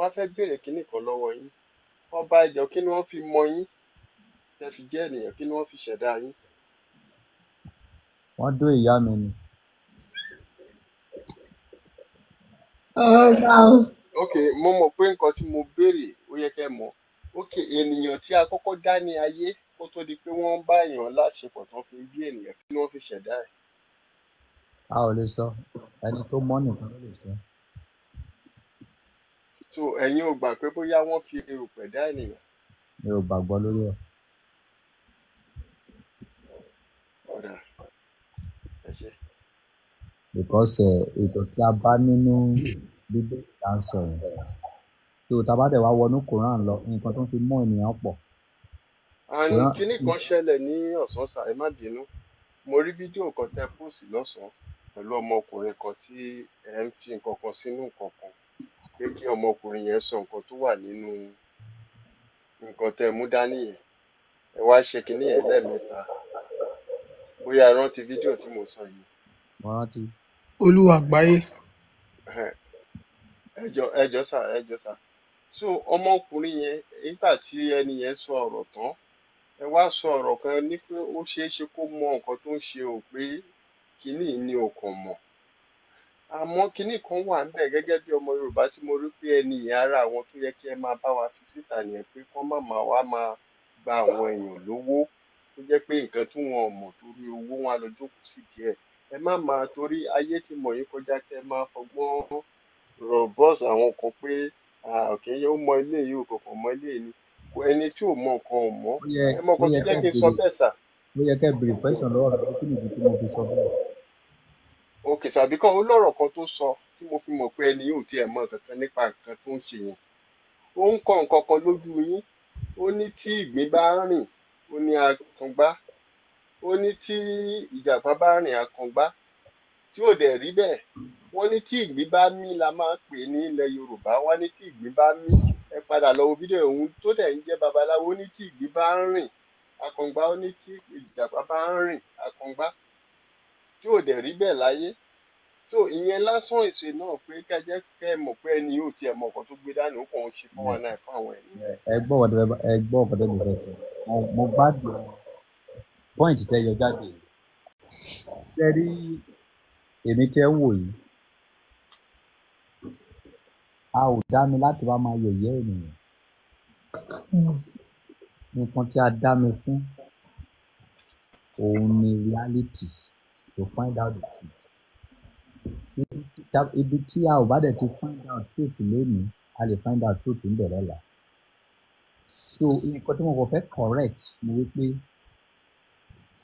wá fẹ́ béèrè kinní kan lọ́wọ́ yín ọba ẹjọ́ kí ni wọ́n fi mọ yín tẹ fi jẹ́ ènìyàn kí ni wọ́n fi ṣẹ̀dá yín. wọ́n dó ìyá mi ni. ok mo mọ̀ pé nǹkan tí mo béèrè ó yẹ kẹ́ mọ̀ ok ènìyàn tí a kọ́kọ́ dá ní ayé kó tó di pé wọ́n bá èèyàn láṣepọ̀ tán fi bí ènìyàn kí ni wọ́n fi ṣẹ̀dá ẹ̀. a ò lè sọ ẹni tó mọ̀ nìkan ló lè sọ so ẹ̀yin ò gbà pé bóyá wọ́n fi erùpẹ̀ dá ènìyàn. mi ò gbàgbọ́ lórí ẹ̀. ọ̀dà ẹ ṣe. because eh, ètò tí a bá nínú bíbélì là ń sọ̀rọ̀ tí o ta bá dẹ̀ wá wọnú koran lọ nǹkan tó ń fi mú ènìyàn pọ̀. àní kíní kan ṣẹlẹ̀ ní ọ̀sán sà ẹ má bínú mo rí fídíò kan tẹ póòsì lọ́sàn-án pẹ̀lú ọmọkùnrin kan tí ẹ ń fi nǹkan kan sínú nǹkan kan. pé kí ọmọkùnrin yẹn sọ nǹkan tó wà nínú nǹkan tẹ́ mú dání yẹn ẹ wá ṣe kinní yẹn lẹ́ẹ̀mẹ́ta bóyá rántí fídíò tí mo sọ yìí. mo rántí. olúwa àgbáyé. ẹjọ ẹjọ sà ẹjọ sà so ọmọkùnrin yẹn nígbà tí ẹni yẹn sọ ọrọ tán ẹ wá sọ ọrọ kan ní pé ó ṣeé ṣe kó mọ nǹkan tó ń ṣe ò pé kinní yìí ni ò kàn mọ̀. àmọ́ kinní kan wà níbẹ̀ gẹ́gẹ́ bí ọmọ yorùbá tí mo rí pé ẹni yẹn ara àwọn tó yẹ kí ẹ máa bá wa fi síta nìyẹn pé kán má máa wá máa gba àwọn èèyàn lówó tó jẹ́ pé nǹkan tí wọn ò mọ̀ torí owó wọn á lọ jókòó sí díẹ̀ ẹ má máa torí ayé ti mọ̀ yín kọjá kẹ́ ẹ máa fọgbọ́n rọ̀ bọ́ọ̀sì àwọn kan pé òkè yẹn ó mọ ilé yìí ò kọ̀ọ̀kan mọ ilé yìí ẹni tí ò mọ nǹkan ò mọ̀ ẹ mọ̀ kan tó jẹ́ kí n sọ bẹ́ẹ̀ sà. ó yẹ kẹ́ bèrè pẹ́sàn lọ́wọ́ rẹ̀ kí nìdí tí mo fi sọ bẹ́ẹ̀ ok sir because ó lọ́rọ̀ kan tó sọ tí mo fi mọ̀ pé ẹni yóò tiẹ̀ mọ̀ kankan nípa nǹkan tó ń ṣe yẹn ó ń kọ nǹkan kan lójú yín ó ní tí ìgbín bá rìn ó ní akọ̀ǹgbá ó ní tí ìjàpá bá rìn akọ̀ǹgbá tí ò dẹ̀ rí bẹ́ẹ̀ wọ́n ní tí ìgbín bá mí la máa pè ní ilẹ̀ Yorùbá wọ́n ní tí ìgbín bá mí ẹ padà lọ wo fídíò òun tó dẹ̀ ń jẹ́ babaláwo ó ní tí ìgbín bá ń rìn akọ̀ǹgbá ó ní tí ìjàpá bá ń rìn akọ̀ǹgbá tí ò dẹ̀ rí bẹ́ẹ̀ láyé so ìyẹn lásán ìṣe náà pé kẹjẹ kẹ mọ̀ pé ẹni yóò tiẹ̀ mọ̀ ọkọ tó gbé dání ó kàn ń ṣe fún wa náà fún àwọn ẹni. ẹ gbọ́ ọ̀dọ̀ ẹ gbọ́ ọ̀dọ̀ mi rẹ sọ mo bá dùn pọ́ìntì tẹ yọ jáde ṣe rí èmi tẹ́ wò yìí a ò dá mi láti wá máa yẹ̀yẹ́ ènìyàn nǹkan tí a dá mi fún òun ni reality to find out the truth ibi tí a ò bá dẹ̀ ti find out truth lónìí a lè find out truth ń bẹ̀rẹ̀ la so nǹkan tí mo kàn fẹ́ correct ni wípé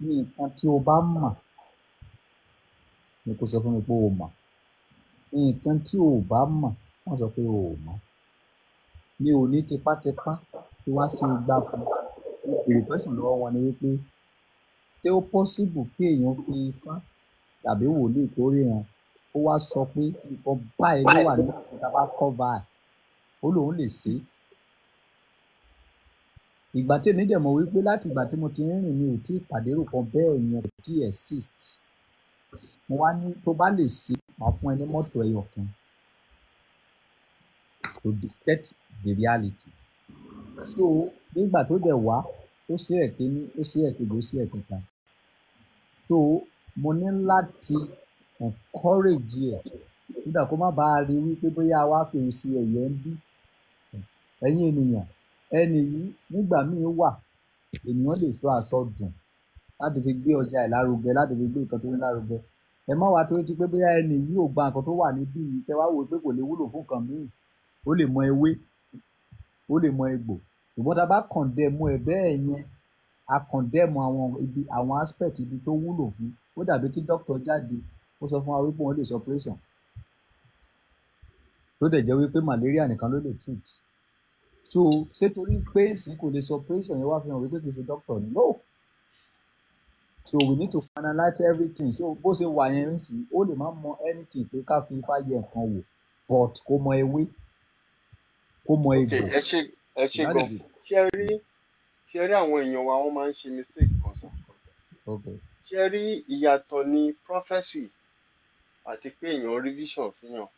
nǹkan tí o bá mọ̀ ni kò sọ fún mi pé o mọ̀ nǹkan tí o bá mọ̀ wọ́n sọ pé o mọ̀ mi ò ní tipátipá tí wá sí igbá fún ìbéèrè pẹ̀sùn lọ́wọ́ wọn ni wípé ṣé ó possible kí èèyàn fi ifá tàbí wòlíì kórìíran ó wá sọ pé nǹkan báyìí ló wà nínú ìta bá kọ́ báyìí ó lóun lè ṣe é ìgbà tí èmi dẹ̀ mọ̀ wípé láti ìgbà tí mo ti rìn mi ò tí ì pàdé rò kan bẹ́ẹ̀ yẹn kò tí ì exist mo wá ní tó bá lè ṣe máa fún ẹ ní mọ́tò ẹyọ kan to detect the reality so nígbà tó dẹ̀ wá ó sí ẹ̀kíní ó sí ẹ̀kejì ó sí ẹ̀kẹta so mo ní láti encourage ẹ̀ nígbà kó má bàa rí wípé bóyá wàá fèrè sí ẹ̀yẹ ń bí ẹ̀yin ènìyàn ẹni yìí nígbà míì wà ènìyàn lè sọ àsọdùn láti fi gbé ọjà ẹ̀ lárugẹ láti fi gbé nǹkan tó ní lárugẹ ẹ má wàá torí ti pé bóyá ẹni yìí ò gba nǹkan tó wà níbí yìí tẹ wá wò pé kò lè wúlò fún nǹkan míì ó lè mọ ewé ó lè mọ egbò ṣùgbọ́n tá a bá kọ̀ǹdẹ̀mù ẹ̀ bẹ́ẹ̀ yẹn a kọ̀ǹdẹ̀mù àwọn ibi àwọn aspect ibi tó wúlò fún ó dàbí kí dókítà jáde ó sọ fún wa wípé wọ́n lè ṣe operation tó dẹ̀ jẹ́ wípé malaria nìkan ló lè treat so ṣé torí pé èsì kò lè ṣe operation yẹn wá fi hàn wípé kì í ṣe doctor no so we need to analyse everything so bó ṣe wà yẹn ń sìn ó lè má mọ anything pé ká fi ifá yẹ nǹkan wò but kó mọ ewé kó mọ egbò. ẹ ṣe ẹ ṣe gan ṣe rí ṣe rí àwọn èèyàn wa wọ́n máa ń ṣe mistake kan sọ. ṣe rí ìyàtọ̀ ni prophecy àti kéèyàn rí vision fihàn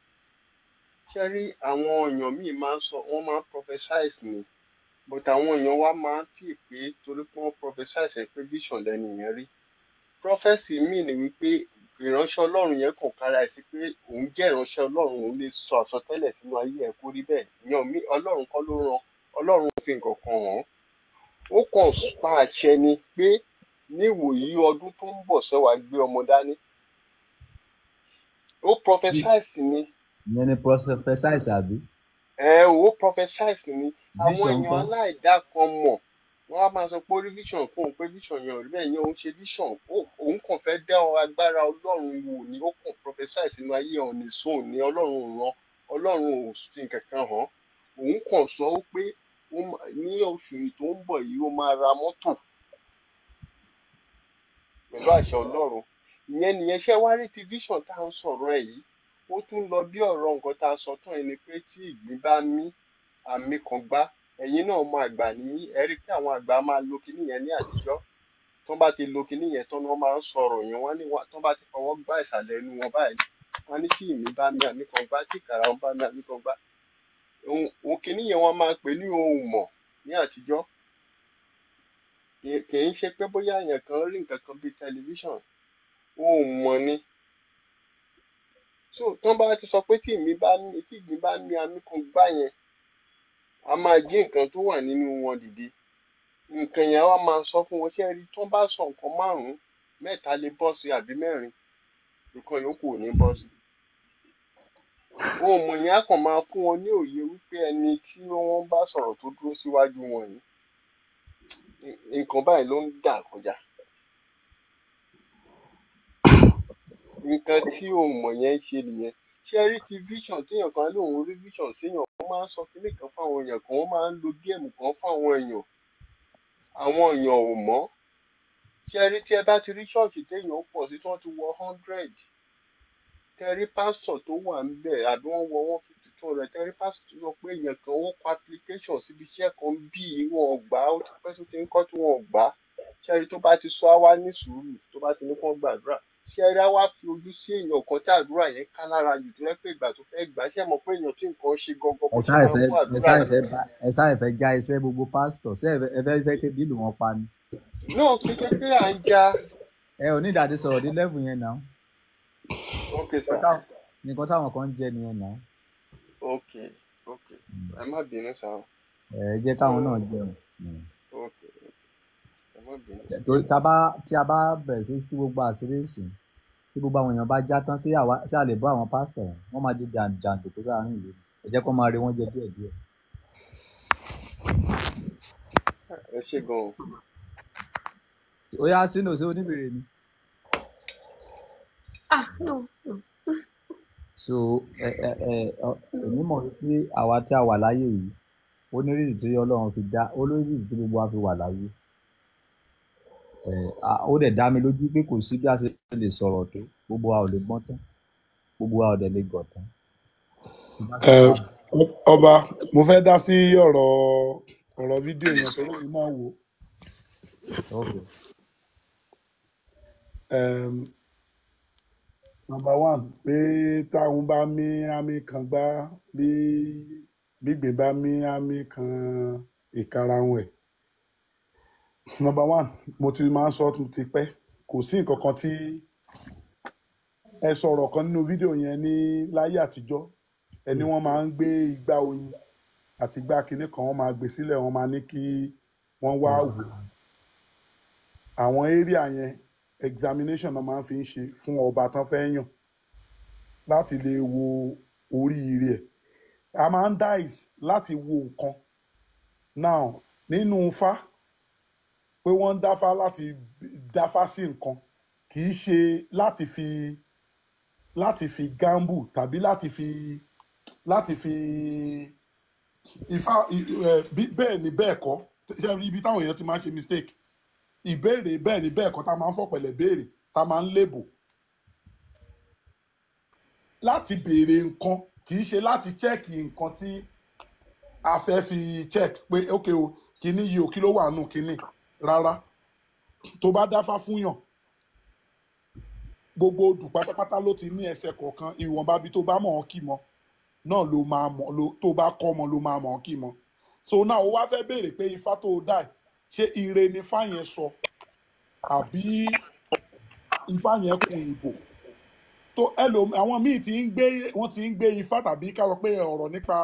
ṣe rí àwọn èèyàn míì máa ń sọ wọ́n máa ń prophesize ni but àwọn èèyàn wa máa ń fi pé torí pé wọ́n prophesize ẹ̀ pé vision lẹ́nu yẹn rí prophecy míì ni wípé ìránṣẹ́ ọlọ́run yẹn kàn kára ẹ̀ sí pé òun jẹ́ ìránṣẹ́ ọlọ́run òun lè sọ àsọtẹ́lẹ̀ sínú ayé ẹ̀ kó rí bẹ́ẹ̀ yan mí ọlọ́run kọ́ ló rán ọlọ́run fi nǹkan kan hàn ó kàn pa àṣẹ ni pé níwòyí ọdún tó ń bọ̀ sẹ́wàá gbé ọmọ dání ó prophesize ni. ìyẹn ni prophesize àbí. ẹ ó prophesize me àwọn èèyàn aláìdá kan mọ̀ wọ́n á máa sọ pé orí vision fóun pé vision yẹn ò rí bẹ́ẹ̀ yẹn òun ṣe vision òun kàn fẹ́ dá agbára ọlọ́run wò ni ó kàn prophesize nínú ayé ọ̀ ní sóun ni ọlọ́run ò rán ọlọ́run ò fi kankan hàn òun kàn sọ pé ní oṣù tó ń bọ̀ yìí ó máa ra mọ́tò pẹ̀lú àṣẹ ọlọ́run ìyẹn nìyẹn ṣé wá rí ti vision tá à ń sọ̀rọ̀ ẹ̀ yìí ó tún lọ bí ọ̀rọ̀ nǹkan tá a sọ tán ẹni pé tí ìgbín bá mí àmì kan gbá ẹ̀yin náà mọ àgbà nìyí ẹ rí i pé àwọn àgbà máa lo kinní yẹn ní àtijọ́ tán bá ti lo kinní yẹn tán wọ́n máa ń sọ̀rọ̀ yẹn wọ́n ní tán bá ti fọwọ́ gbá ìsàlẹ̀ ẹnu wọn báyìí wọ́n ní tí ìmí bá mi àmì kan gbá tí ìkàrà wọn bá mi àmì kan gbá òun kinní yẹn wọ́n máa pè ní ohun mọ̀ ní àtijọ́ kì í ṣe pé bóyá èèyàn kan rí nǹkan kan bíi tẹlifíṣàn o ò mọ̀ ni so tán bá ti sọ pé tí mi bá ní tí mi bá ní amíkun gbá yẹn a máa jí nǹkan tó wà nínú wọn dìde nǹkan yẹn wá máa sọ fún wọn sí ẹni tán bá sọ nǹkan márùn-ún mẹ́ta lè bọ́ sí àbí mẹ́rin nǹkan yòókù ò ní bọ́ sí ohun mọ̀ yẹn á kàn máa fún wọn ní òye wípé ẹni tí wọ́n bá sọ̀rọ̀ tó dúró síwájú wọn yìí nǹkan báyìí ló ń dà kọjá. nǹkan tí o mọ̀ yẹn ń ṣe nìyẹn ṣé rí ti vision téèyàn kan lóun rí vision séèyàn wọ́n máa ń sọ kinní kan fáwọn èèyàn kan wọ́n máa ń lo géèmù kan fáwọn èèyàn àwọn èèyàn ò mọ̀ ṣé rí tí ẹ bá ti rí ṣọ́ọ̀ṣì téèyàn pọ̀ sí tí wọ́n ti wọ hundred tẹ́rí pásítọ̀ tó wà níbẹ̀ àbí wọ́n wọ one fifty two hundred tẹ́rí pásítọ̀ tó sọ pé èèyàn kan ó kọ application síbi iṣẹ́ kan bí wọn gbà ó ti pẹ́ tó ti ń kọ́ tí wọn gbà ṣé rí tó bá ti sọ á wá ní sùúrù tó bá ti ní kí gbàdúrà ṣẹ́ra wá fi ojú sí èèyàn kan tí àdúrà yẹn ká lára jù tó yẹ pé ìgbà tó fẹ́ gbà ṣe mọ̀ pé èèyàn tí nǹkan ṣe gangan bó ṣe máa àdúrà rẹ̀. ẹ sáà fẹ́ já iṣẹ́ gbogbo pásítọ̀ ṣé ẹ fẹ́ fẹ́ pé bílù wọn pa ni. náà kékeré à ń já. ẹ ò ní ìdádé sọ̀rọ̀ ní lẹ́bù yẹn náà. ok sir. nǹkan táwọn kan ń jẹ nìyẹn náà. ok ok hmm. ẹ má bínú sáà. ẹ jẹ́ káwọn náà hmm. jẹun. Hmm torí tá a bá tí a bá bẹ̀rẹ̀ sí kí gbogbo àṣírí ìsìn tí gbogbo àwọn èèyàn bá já tán sí à lè bọ́ àwọn pásítọ̀ wọn máa di jàǹdùkú sáárín ìlú ẹ jẹ́ kó máa rí wọ́n jẹ díẹ̀ díẹ̀. ẹ ṣe gan o. ó yá sínú sí oníbèrè ni. ah no. no so èmi mọ̀ wípé àwa tí a wà láyé yìí onírìrì tí Ọlọ́run fi dá onírìrì tí gbogbo wa fi wà láyé ó dẹ̀ dá mi lójú pé kò sí bí a ṣe lè sọ̀rọ̀ tó gbogbo wa ò lè gbọ́n tán gbogbo wa ò dẹ̀ lè gọ̀ tán. ọba mo fẹ́ dá sí ọ̀rọ̀ ọ̀rọ̀ fídíò yẹn tó lóye máa wò. number one pé táwọn bá mí àmì kan gbá bí gbígbé bá mí àmì kan ìkarahun ẹ̀ number one mo ti máa ń sọ ti pẹ́ kò sí nǹkan kan tí ẹ sọ̀rọ̀ kan nínú fídíò yẹn ní láyé àtijọ́ ẹni wọ́n máa ń gbé igbá oyin àti igbá kinní kan wọ́n máa gbé sílẹ̀ wọ́n máa ní kí wọ́n wá wò àwọn area yẹn examination náà máa ń fi ń ṣe fún ọba tán fẹ́ yàn láti lè wo oríire ẹ̀ a máa ń dice láti wo nǹkan now nínú Ifá pé wọ́n ń dáfá láti dáfá sí nǹkan kì í ṣe láti fi láti fi gambu tàbí láti fi láti fi ifá bẹ́ẹ̀ ni bẹ́ẹ̀ kọ́ ibi táwọn èèyàn ti máa ń ṣe mistake ìbéèrè bẹ́ẹ̀ ni bẹ́ẹ̀ kọ́ tá a máa ń fọ̀pẹ̀lẹ̀ béèrè tá a máa ń lébò láti béèrè nǹkan kì í ṣe láti chẹ́ẹ̀kì nǹkan tí a fẹ́ fi check pé ok o kìíní yìí o kí ló wà nù kìíní rárá tó bá dáfá fún yàn gbogbo odù pátápátá ló ti ní ẹsẹ̀ kọ̀ọ̀kan ìwọ̀nba bí tó bá mọ̀ ọ́n kì mọ́ náà ló máa mọ̀ tó bá kọ́ mọ́ ló máa mọ̀ ọ́n kì mọ́ so náà ó wá fẹ́ béèrè pé ifá tó dà ṣé ire ni fáyẹn sọ àbí ifá yẹn kun ìbò tó ẹlò àwọn míì ti ń gbé wọn ti ń gbé ifá tàbí ká pé ọ̀rọ̀ nípa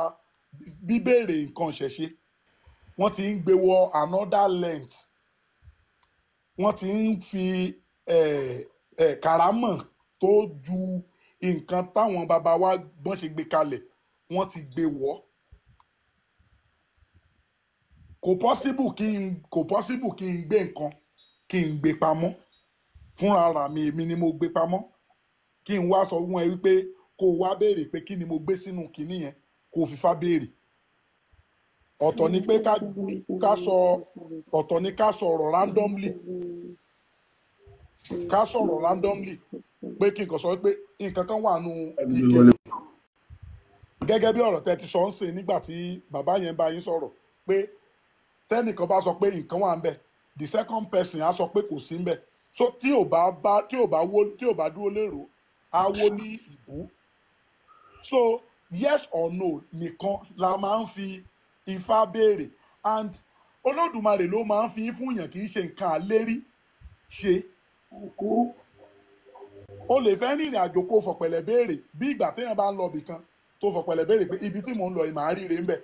bíbéèrè nǹkan ṣẹ̀ṣe wọ́n ti ń gbé wọ another length wọ́n ti ń fi kàrámọ̀ tó ju nǹkan táwọn bàbá wa gbọ́n ṣe gbé kalẹ̀ wọ́n ti gbé wọ́. kò pọ́síbù kí n kò pọ́síbù kí n gbé nǹkan kí n gbé pamọ́ fúnra ara mi èmi ni mo gbé pamọ́ kí n wá sọ fún ẹ wípé kó o wá béèrè pé kí ni mo gbé sínú kinní yẹn kó fi fá béèrè ọ̀tọ̀ ni pé ká sọ ọ̀tọ̀ ni ká sọ̀rọ̀ randomly ká sọ̀rọ̀ randomly pé kí nǹkan sọ pé nǹkan kan wà nù ike gẹ́gẹ́ bí ọ̀rọ̀ tẹ́ ti sọ ń sìn nígbà tí bàbá yẹn bá yín sọ̀rọ̀ pé tẹ́nìkan bá sọ pé nǹkan wà ń bẹ̀ the second person á sọ pé kò sí ń bẹ̀ so tí ò bá bá tí ò bá wó tí ò bá dúró lérò á wó ní ìbú so yes or no nìkan la máa ń fi Ifá béèrè and Olódùmarè ló máa ń fi fún yàn kì í ṣe nǹkan àlérí ṣe. o lè fẹ́ rìnrìn àjò kó fọ̀pẹ̀lẹ̀ béèrè bí ìgbà téèyàn bá ń lọ ibìkan tó fọ̀pẹ̀lẹ̀ béèrè pé ibi tí mò ń lọ yìí màá ń bẹ̀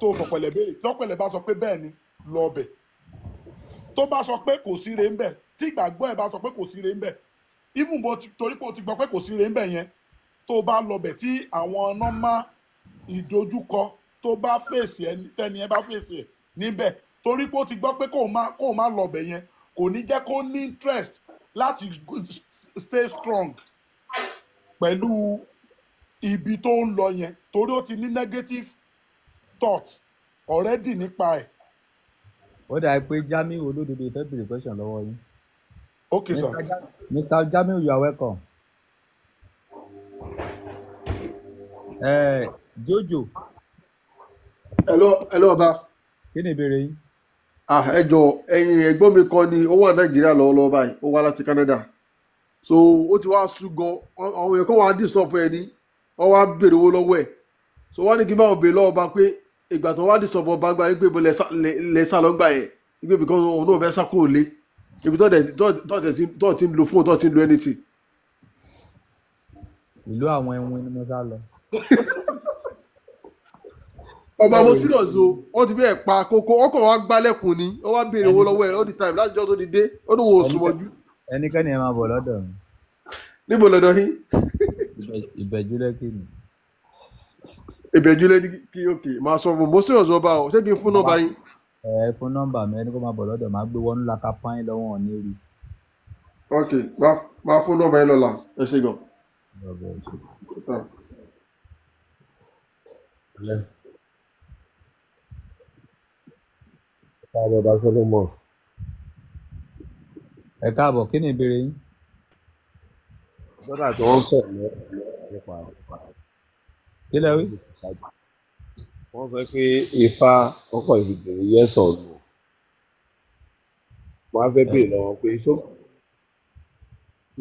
tó fọ̀pẹ̀lẹ̀ béèrè tọ́pẹ̀lẹ̀ bá sọ pé bẹ́ẹ̀ ni lọ bẹ̀ tó bá sọ pé kò síre ń bẹ̀ tí ìgbàgbọ́ ẹ̀ bá sọ pé kò síre ń bẹ̀ even bó torí pé o ti gbọ́ pé kò síre ń bẹ̀ yẹn tó bá lọ bẹ̀ tí àwọn normal ìdojúkọ tó bá fèsì ẹ tẹ́ni ẹ bá fèsì ẹ níbẹ̀ torí pé ó ti gbọ́ pé kóun má kóun má lọbẹ yẹn kò ní jẹ́ kó ní interest láti stay strong pẹ̀lú ibi tó ń lọ yẹn torí ó ti ní negative thought already nípa ẹ̀. ó dàbí pé Jamiu olódodo fẹ́ béèrè question lọ́wọ́ yín. ok sir. Mr. Jamiu you are welcome. Uh, Jojo. Hello, hello ọba. Kí ni ìbéèrè yín? Ah, ẹ jọ ẹyin ẹ̀gbọ́n mi kan ni ó wà Nàìjíríà lọ́wọ́lọ́wọ́ báyìí, ó wá láti Canada. So ó ti wá sú gan, àwọn èèyàn kan wá disturb ẹ ní, wọ́n wá béèrè owó lọ́wọ́ ẹ̀. So wọ́n ní kí n bá wọn béèrè lọ́wọ́ ọba pé ìgbà tó wá disturb ọba gba yín pé mo lẹ̀ sá lọ́gbà yẹn, ìgbé bìkan òun náà fẹ́ sá kúrò lé. Ibi tó ti ń lo fóònù, tó ti ń lo anything. Ìlú àwọn ẹ̀wọ̀n ni mo sá lọ. ọba mo serious o wọn ti bẹ́ẹ̀ pa kókó ọkọ̀ wa gbálẹ̀kùn ni wọn wá béèrè owó lọ́wọ́ ẹ̀ all the time láti jọ́ tó ti dé ó ní wọn ò súnmọ́jú. ẹnikẹ́ni ẹ máa bọ̀ lọ́dọ̀ mi. níbo lọ́dọ̀ yín. ìbẹ̀júlẹ̀ kí ni. ìbẹ̀júlẹ̀ kí òkè máa sọ fún mo serious ọba o ṣé kí n fún nọ́mbà yín. ẹ fún nọ́mbà mi ẹni kó máa bọ̀ lọ́dọ̀ máa gbé wọnú laka pààyàn lọ́wọ́ ọ̀ níri. káàbọ̀ bá solomon ẹ káàbọ̀ kí ni ìbéèrè yín. sọ́dà tí wọ́n sọ nípa kí lẹ wí. wọ́n sọ pé ifá ọkọ̀ ìbèrè yẹ́ sọ̀rọ̀ wọ́n á fẹ́ béèrè lọ́wọ́ pé ṣó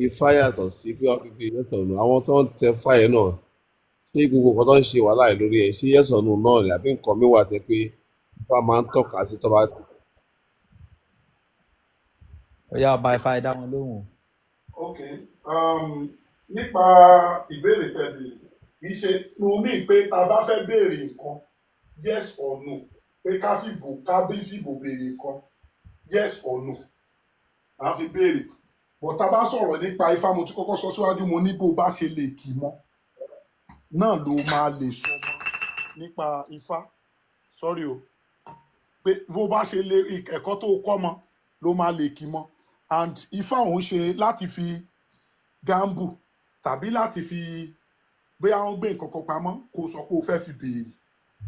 ifá yàtọ̀ sí pé wọ́n fi fi yẹ́ sọ̀rọ̀ àwọn tó ń tẹ fáyẹ̀ náà ṣé gbogbo nǹkan tó ń ṣe wàhálà lórí ẹ̀ ṣé yẹ́ sọ̀rọ̀ náà rẹ̀ àbí nǹkan mi wà tẹ́ pé wọ́n máa ń tọ́ka sí tọ́ba. ọ̀yá ọba ifá ẹ dá wọn lóhùn. ok um, nípa ìbéèrè tẹ̀lé kì í ṣe mo ní pé tá bá fẹ́ béèrè nǹkan yes or no pé ká fìbò ká bí fìbò béèrè nǹkan yes or no à ń fi béèrè bọ̀ tá bá sọ̀rọ̀ nípa ifá mo ti kọ́kọ́ sọ síwájú mo ní bó bá ṣe lè kì mọ́ náà ló máa lè sọ nípa ifá sọ́rí o pé bó bá ṣe lè ẹ̀kọ́ tó kọ́ mọ ló máa lè kí mọ and ifá òun ṣe láti fi gamble tàbí láti fi bóyá wọ́n gbé nǹkan kan pamọ́ kó sọ pé o fẹ́ fi béèrè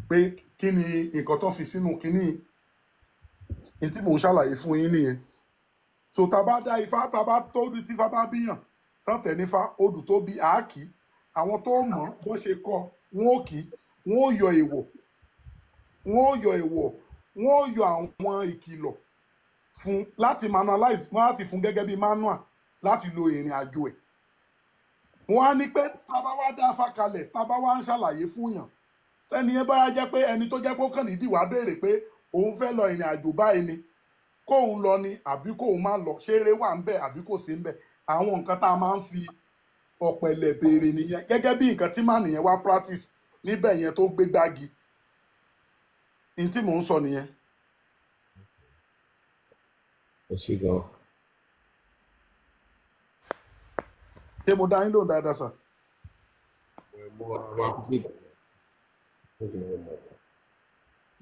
pé kí ni nǹkan tó fi sínú kínní ní tí mò ń ṣàlàyé fún yín nìyẹn so tá a bá dá ifá tá a bá tóbi tífá bá bíyàn tán tẹ̀ nífá odù tó bí àákì àwọn tó mọ̀ bó ṣe kọ wọn ò kì wọn ò yọ èèwọ̀ wọn ò yọ èèwọ̀ wọ́n yọ àwọn ìkìlọ̀ fún láti manualize wọ́n á ti fún gẹ́gẹ́ bí manual láti lo ìrìn àjò ẹ̀ wọ́n á ní pé tábà wá dá afa kalẹ̀ tábà wá ń ṣàlàyé fún yàn ẹni yẹn báyà jẹ́ pé ẹni tó jẹ́ pé kàn nídìí wàá béèrè pé òun fẹ́ lọ ìrìn àjò báyìí ni kóun lọ ni àbí kóun má lọ ṣé eré wà ń bẹ àbí kò sí ń bẹ àwọn nǹkan tá a máa ń fi ọ̀pẹ̀lẹ̀ béèrè nìyẹn gẹ́gẹ́ bí nǹkan tí màá nìyẹn wá practice níbẹ̀ yẹn tó gbé gbági n tí mò ń sọ nìyẹn. ẹ ṣe gan. ṣé mo dá yín lóhùn dáadáa sà.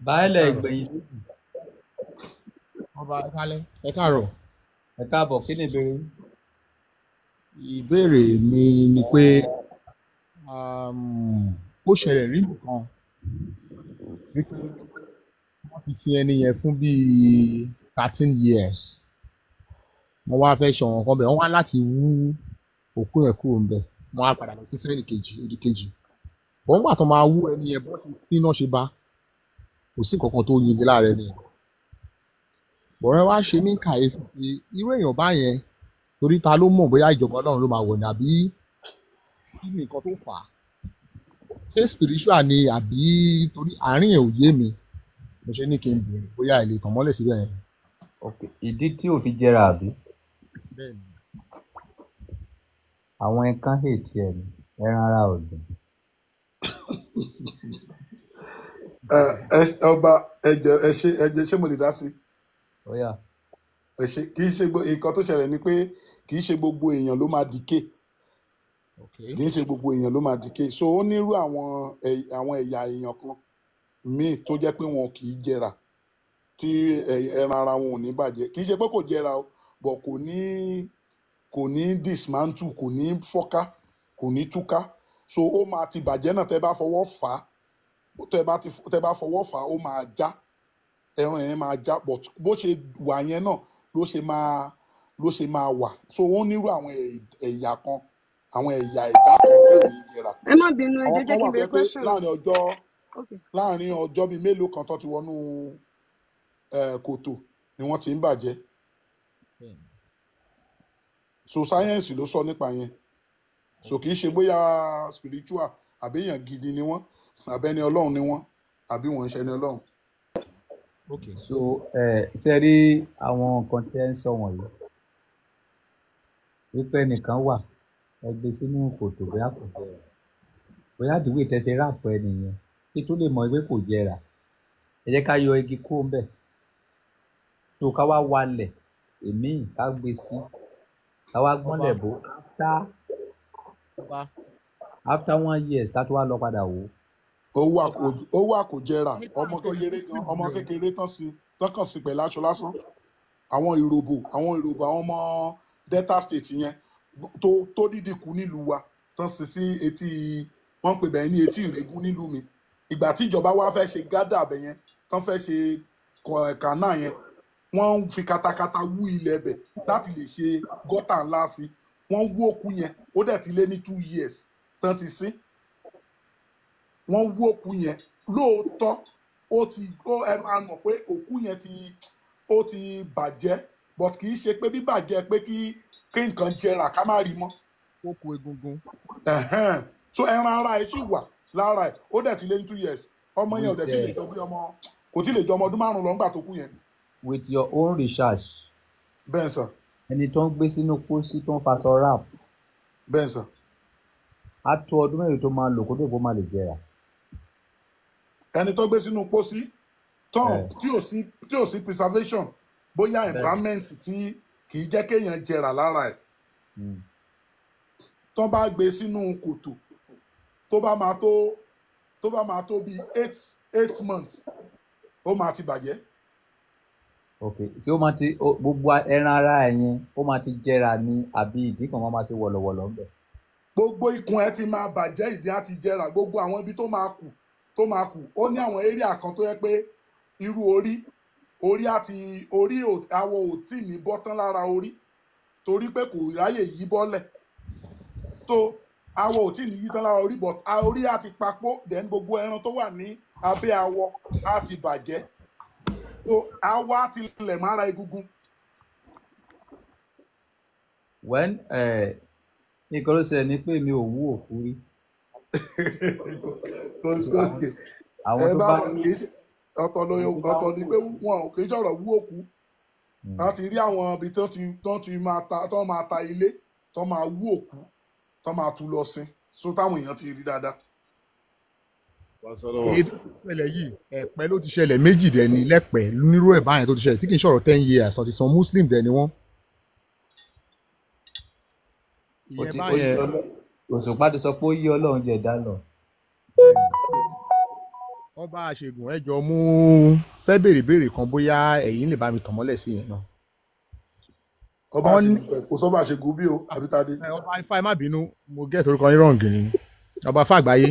báyìí ẹgbẹ̀yìn ọba ìkálẹ̀ ẹ káàárọ̀. ẹ káàbọ̀ kí ni ìbéèrè yín. ìbéèrè mi ni pé um, ó ṣẹlẹ̀ rí nìkan ti sin ẹni yẹn fún bíi thirteen years wọ́n wá fẹ́ ṣọ̀wọ́n kan bẹ̀ wọ́n wá láti wú òkú ẹ̀ kúrò ńbẹ̀ wọ́n á padà lọ sí sẹ́ẹ̀lì kejì odi kejì wọ́n gbà tó máa wú ẹni yẹn bọ́ọ̀lù tí iná ṣe bá kò sí kankan tó yin ilé ààrẹ nìyẹn bọ̀rẹ́ wá ṣe ní kàyéfì pé irú èèyàn báyẹn torí ta ló mọ̀ bóyá ìjọba ọlọ́run ló máa wọ̀ ní kí ni nǹkan tó fà á ṣé spiritual ni àbí torí àárín ẹ̀ ò yé mi mo ṣe ní kí n bèrè bóyá àìlè tàn mọ́lẹ̀ síbẹ̀ yẹn. ìdí tí ò jẹra àbí. bẹ́ẹ̀ni. àwọn ẹ̀kan hètì ẹ̀ ni ẹran ara ò dùn. ọba ẹjẹ ẹ ṣe ẹjẹ ṣé mo lè dá sí. ó yá. ẹ ṣe kì í ṣe nǹkan tó ṣẹlẹ̀ ni pé kì í ṣe gbogbo èèyàn ló máa dìkè kì í ṣe gbogbo èèyàn ló máa dìkè so ó nírú àwọn ẹ̀yà èèyàn kan míì tó jẹ́ pé wọn kì í jẹrà tí ẹran ara wọn ò ní bàjẹ́ kì í ṣe pé kò jẹrà o bọ̀ kò ní kò ní dismantle kò ní fọ́ká kò ní túká so ó máa ti bàjẹ́ náà tẹ́ bá fọwọ́ fà á tẹ́ bá fọwọ́ fà á ó máa já ẹran yẹn máa já but bó ṣe wà yẹn náà ló ṣe máa ló ṣe máa wà so ó nírú àwọn ẹ̀yà kan àwọn ẹ̀yà ẹ̀dá kan tó ní ìlera. ẹ má bínú ẹ jẹ́ kí n bẹ question. láàrin ọjọ́ láàrin ọjọ́ bíi mélòó kan tó ti wọnú kòtò ni wọ́n ti ń bàjẹ́ so sáyẹ́ǹsì ló sọ nípa yẹn so kì í ṣe bóyá spiritual àbẹ́yàn gidi ni wọ́n àbẹ́ni ọlọ́run ni wọ́n àbí wọ́n ń ṣẹni ọlọ́run. Okay. so ṣe rí àwọn nǹkan tí ẹ ń sọ wọ̀nyí wípé nìkan wà ẹ gbé sínú kòtò bóyá kò bẹ̀rẹ̀ bóyá àdúgbò tẹ́tẹ́ ráàpọ̀ ẹ nìyẹn kí tó lè mọ̀ pé kò jẹrà ẹ jẹ́ ká yọ igi kúrò ńbẹ̀ so ká wá walẹ̀ èmi ká gbé sí ká wá gbọ́nlẹ̀ bó after one years ká tó wá lọ padà wò. ó wà kò jẹrà ọmọ kékeré kan ọmọ kékeré kan sí tọkàn sí pẹ̀lú aṣọ lásán àwọn ìròbò àwọn ìròbò àwọn ọmọ delta state yẹn tó tó dídì kú nílùú wa tán sì sí etí wọn pè bẹ́ẹ̀ ní etí ìrégún nílùú mi ìgbà tí ìjọba wa fẹ́ ṣe gádà abẹ yẹn tán fẹ́ ṣe kànáà yẹn wọ́n ń fi katakata wú ilẹ̀ ẹbẹ̀ láti lè ṣe gọ́tà ńlá sí wọ́n wú òkú yẹn ó dẹ̀ ti lé ní two years tán ti sí wọ́n wú òkú yẹn lóòótọ́ ó ti ó ẹ máa mọ̀ pé òkú yẹn ti ó ti bàjẹ́ but kì í ṣe pé bíbàjẹ́ pé kí kí nǹkan jẹrà ká má rí mọ́. ó kó egungun. so ẹran ara ẹ ṣì wà lára ẹ̀ ó dẹ̀ ti lé ní two years ọmọ yẹn ò dẹ̀ ti lè jọ bí ọmọ kò ti lè jọ ọmọ ọdún márùn-ún lọ́ngbà tó kú yẹn. with your own research. bẹ́ẹ̀ sọ. ẹni tó ń gbé sínú pósí tó ń faṣọ rap. bẹ́ẹ̀ sọ. á tó ọdún mẹ́rin tó máa lò kó dé bó máa lè jẹrà. ẹni tó gbé sínú pósí tán tí ò sí tí ò sí preservation bóyá environment tí kì í jẹ́ kéèyàn jẹrà lára ẹ̀. Hmm. tán bá gbé sínú kòtò tó bá máa tó tó bá máa tó bíi eight eight months ó máa ti bàjẹ́. ok tí ó máa ti gbogbo ẹran ara ẹ yẹn ó máa ti jẹrà ni àbí ìdí kan máa máa ṣe wọ̀lọ̀wọ̀lọ̀ ńbẹ̀. gbogbo ikùn ẹ ti máa bàjẹ́ ìdí á ti jẹrà gbogbo àwọn ibi tó máa kù tó máa kù ó ní àwọn area kan tó yẹ pé irú orí orí àti orí àwọ̀ òtí ní bọ́tán lára orí torí pé kò ráyè yí tó. So, awọ ò tí ì ní yí tán lára orí but orí á ti then gbogbo ẹran tó wà ní abẹ́ awọ á bàjẹ́ so awọ á ti lẹ̀ mọ́ egungun. wẹ́n nǹkan ló ṣẹlẹ̀ ni pé mi ò wú òkú rí. àwọn tó bá ọ̀tọ̀ ni pé wọn ò kì sọ̀rọ̀ wú òkú láti hmm. rí àwọn ibi tó ti máa ta ilé tó máa wú òkú tán máa tú lọ sin so táwọn èèyàn ti rí dáadáa. èyí tó ti ṣẹlẹ̀ yìí ẹ̀pẹ́ ló ti ṣẹlẹ̀ méjì dẹ̀ ní lẹ́pẹ́ nírú ẹ̀ báyẹn tó ti ṣẹlẹ̀ tí kì í ṣọ̀rọ̀ ten years ọ̀tí san muslim dẹ̀ ni wọ́n. ìyẹn báyẹn òṣùpá ti sọ pé ó yí ọlọ́run jẹ dáná. ọba àṣegùn ẹjọ mú fẹ́ béèrè béèrè kan bóyá ẹ̀yin lè bá mi tàn mọ́lẹ̀ sí yẹn náà ọba kò sọ́ba ṣègùn bí o àbí tade. ọba ifá ẹ má bínú mo gẹ́ ìtòrúkọ yín rọ̀ǹgì ni ọba ifá àgbáyé.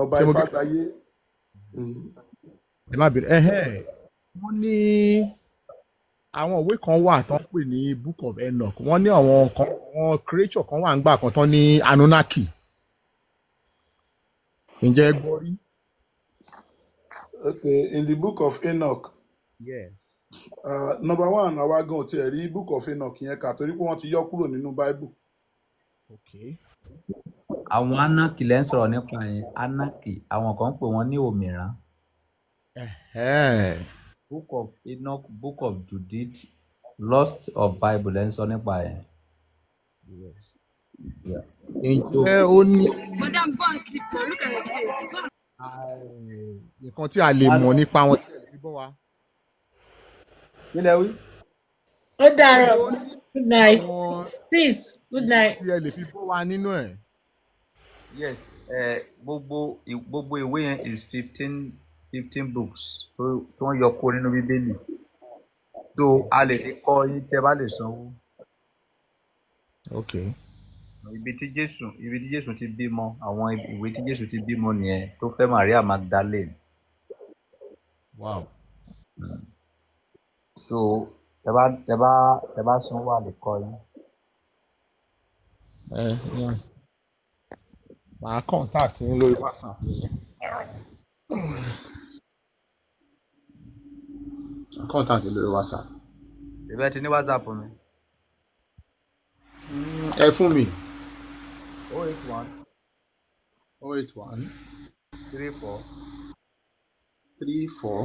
ọba ifá àgbáyé. Hmm. ẹ má bínú ẹ̀hẹ́ wọ́n ní àwọn òwe kan wà tó pè ní book of Enoch wọ́n ní àwọn kan àwọn creature kan wà ń gbà kan tán ní Anunnaki ǹjẹ́ gbọ́ rí. okay in the book of Enoch. Yeah. Uh, number one àwa gan ò tiẹ̀ book of enoch yẹn kà torí pé wọ́n ti yọ kúrò nínú bible. àwọn anaki lẹ́ ń sọ̀rọ̀ nípa yẹn anaki àwọn kan ń pè wọ́n ní òmìrán. book of enoch book of judith lost of bible lẹ́ ń sọ nípa yẹn. ǹjẹ́ ó ní. madam bọ́n sleep now look at your face. nǹkan tí a lè mọ̀ nípa wọn tí ẹ̀ lè bọ́ wa nílẹ̀ wí. ó dàárọ̀ good night Please. good night. ìwé ẹ lè fi bó wa nínú ẹ. yes gbogbo gbogbo ìwé yẹn is fifteen fifteen books tó ń yọ kó nínú bíbélì So, a lè fi kọ́ yín tẹ́ bá lè sanwó. okay ibi tí jésù ibi tí jésù ti bímọ àwọn ìwé tí jésù ti bímọ nìyẹn tó fẹ́ maria magdalene. wow. Mm so tẹ́ bá tẹ́ bá tẹ́ bá sanwó a lè kọ́ yín. ẹ ẹ màá contact yín lórí whatsapp yẹn contact lórí whatsapp. ìbẹ́ ti ní whatsapp mi. ẹ fún mi. oh eight one. oh eight one. three four. three four.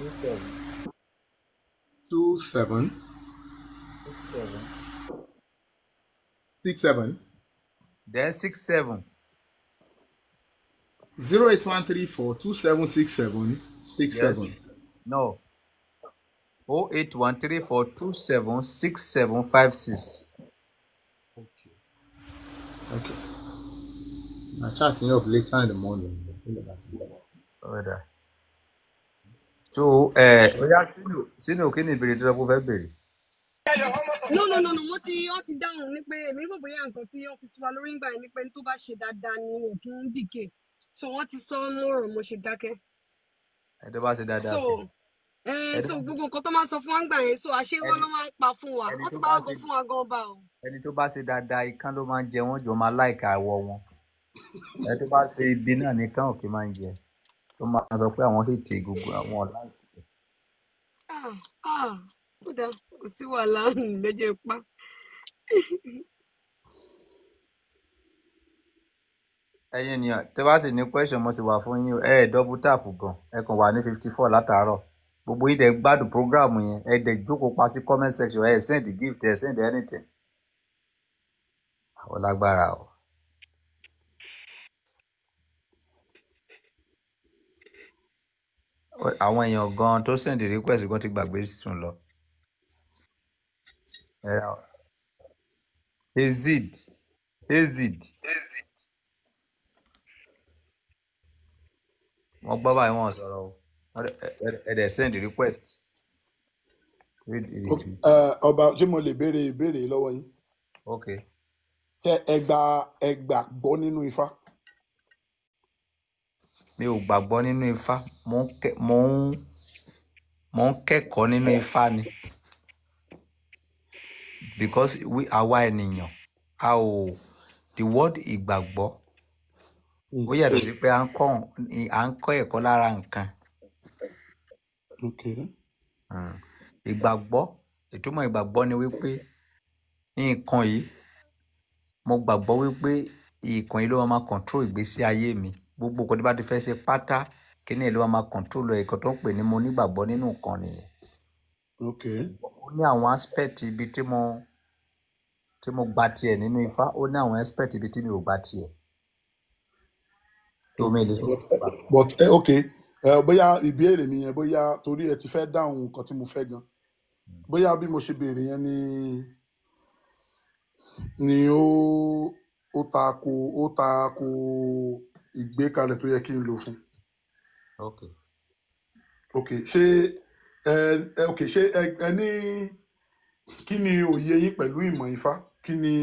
three seven two seven six seven then six seven zero eight one three four two seven six seven six yes. seven no oh eight one three four two seven six seven five six. okay okay na chat up later in the morning. all right so ẹ ọyá sínú sínú kí ni ìbéèrè tó lọ kó fẹ́ béèrè. no no no no mo ti wọn ti dáhùn ni pé èmi kò bóyá nǹkan tí ọ́fíìsì wa lórí ń gbà yẹn ni pé tó bá ṣe dáadáa ni wọn kì í dìke so wọn ti sọ lọ́rọ̀ mo ṣe dákẹ́. ẹ tó bá ṣe dáadáa. so ẹ so gbogbo nǹkan tó máa ń sọ fún wa ń gbà yẹn so àṣé wọn ló máa ń pa fún wa wọn ti bá wọn fún wa gan ọba o. ẹni tó bá ṣe dáadáa ikán ló máa ń jẹ wọn jọ máa láìka àwọ wọn ẹni tó bá ṣe ibi náà nìkan òkè máa ń jẹ tó máa sọ pé àwọn hate egungun àwọn ọ̀la. Ah, ah, ó dáa kò sí wàhálà lẹ́jọ́ ipá. ẹ̀yin ènìyàn tẹ́ bá sì ní question mo sì wà fún yín ẹ double tap gan ẹ kàn wà ní fifty four látàárọ̀ gbogbo yín dẹ̀ gbádùn program yẹn ẹ dẹ̀ jókòó pa sí comment section ẹ send gift ẹ send anything. ó lágbára o. àwọn èèyàn gan tó send request gan ti gbàgbé sùn lọ. ezid ezid wọ́n gbọ́ báyìí wọ́n sọ̀rọ̀ o ẹ̀ẹ́dẹ̀ send request. ọba ṣé mo lè béèrè ìbéèrè lọ́wọ́ yín. ok. tẹ ẹgbàá ẹgbàá gbọ́ nínú ifá mi ò gbàgbọ́ nínú ifá mò ń kẹ́kọ̀ọ́ nínú ifá ni because we àwa ènìyàn a ò the word ìgbàgbọ́ ó yàtọ̀ sí pé à ń kọ́ à ń kọ́ ẹ̀kọ́ lára nǹkan hmm. ìgbàgbọ́ ìtumọ̀ ìgbàgbọ́ ni wípé nǹkan yìí mo gbàgbọ́ wípé nǹkan yìí ló máa control ìgbésí ayé mi gbogbo nǹkan tí bá ti fẹ́ ṣe pátá kíní ẹ̀ ló máa kọ̀ǹtrólù ẹ̀ nǹkan tó ń pè ní mo nígbàgbọ́ nínú nǹkan nìyẹn. ok. ó ní àwọn aspect ibi tí mo tí mo gba tiẹ̀ nínú ifá ó ní àwọn aspect ibi tí mi ò gba tiẹ̀. but eh, eh, ok eh, bóyá ìbéèrè mi yẹn bóyá torí ẹ ti fẹ́ dáhùn nǹkan tí mo fẹ́ gan hmm. bóyá bí mo ṣe béèrè yẹn ni ni ó ó ta ko ó ta ko ìgbékalẹ̀ tó yẹ kí n lò fún. ok ok ṣé ẹ ẹ ok ṣé ẹ ẹ ní kí ni òye yín pẹ̀lú ìmọ̀ ifá kí ni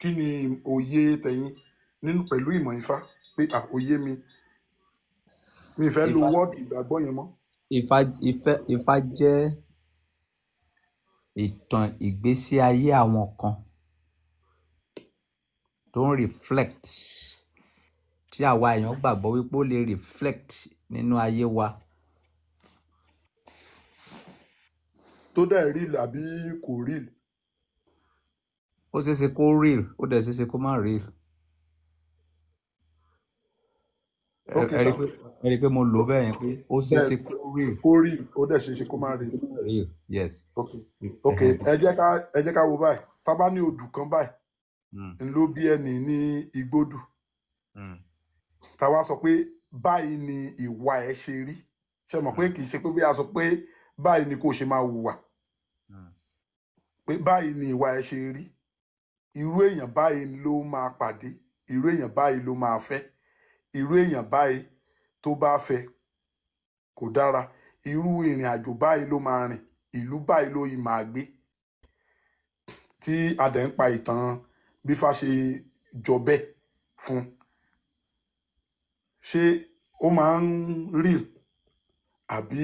kí ni òye tẹ̀yìn nínú pẹ̀lú ìmọ̀ ifá pé à òye mi mi fẹ́ lo wọ́ọ̀dù ìgbàgbọ́ yẹn mọ́. ifá ifá ifá jẹ́ ìtàn ìgbésí ayé àwọn kan tó ń reflect tí àwa èèyàn gbàgbọ́ wípé ó lè reflect nínú ayé wa. tó dẹ̀ real àbí kò real. ó ṣeé ṣe kó real ó dẹ̀ ṣeé ṣe kó má real. okay sir ẹ rí i pé mo lò bẹ́ẹ̀ yẹn pé ó ṣeé ṣe kó real. kó real ó dẹ̀ ṣeé ṣe kó má real. real yes. okay okay ẹ jẹ́ ká ẹ jẹ́ ká wo báyìí tá a bá ní odù kan báyìí hmm. ló bí ẹni ní igbódù. Mm táwa sọ pé báyìí ni ìwà ẹ ṣe rí ṣe mọ̀ pé hmm. kì í ṣe pé bí a sọ pé báyìí ni kò ṣe máa hùwà hmm. pé báyìí ni ìwà ẹ ṣe rí irú èèyàn báyìí ló máa pàdé irú èèyàn báyìí ló máa fẹ́ irú èèyàn báyìí tó bá fẹ́ kò dára irú ìrìn àjò báyìí ló máa rìn ìlú báyìí ló yìí máa gbé tí adẹ̀ ń pa itan bí fá ṣe jọ bẹ́ẹ̀ ṣé ó máa ń real àbí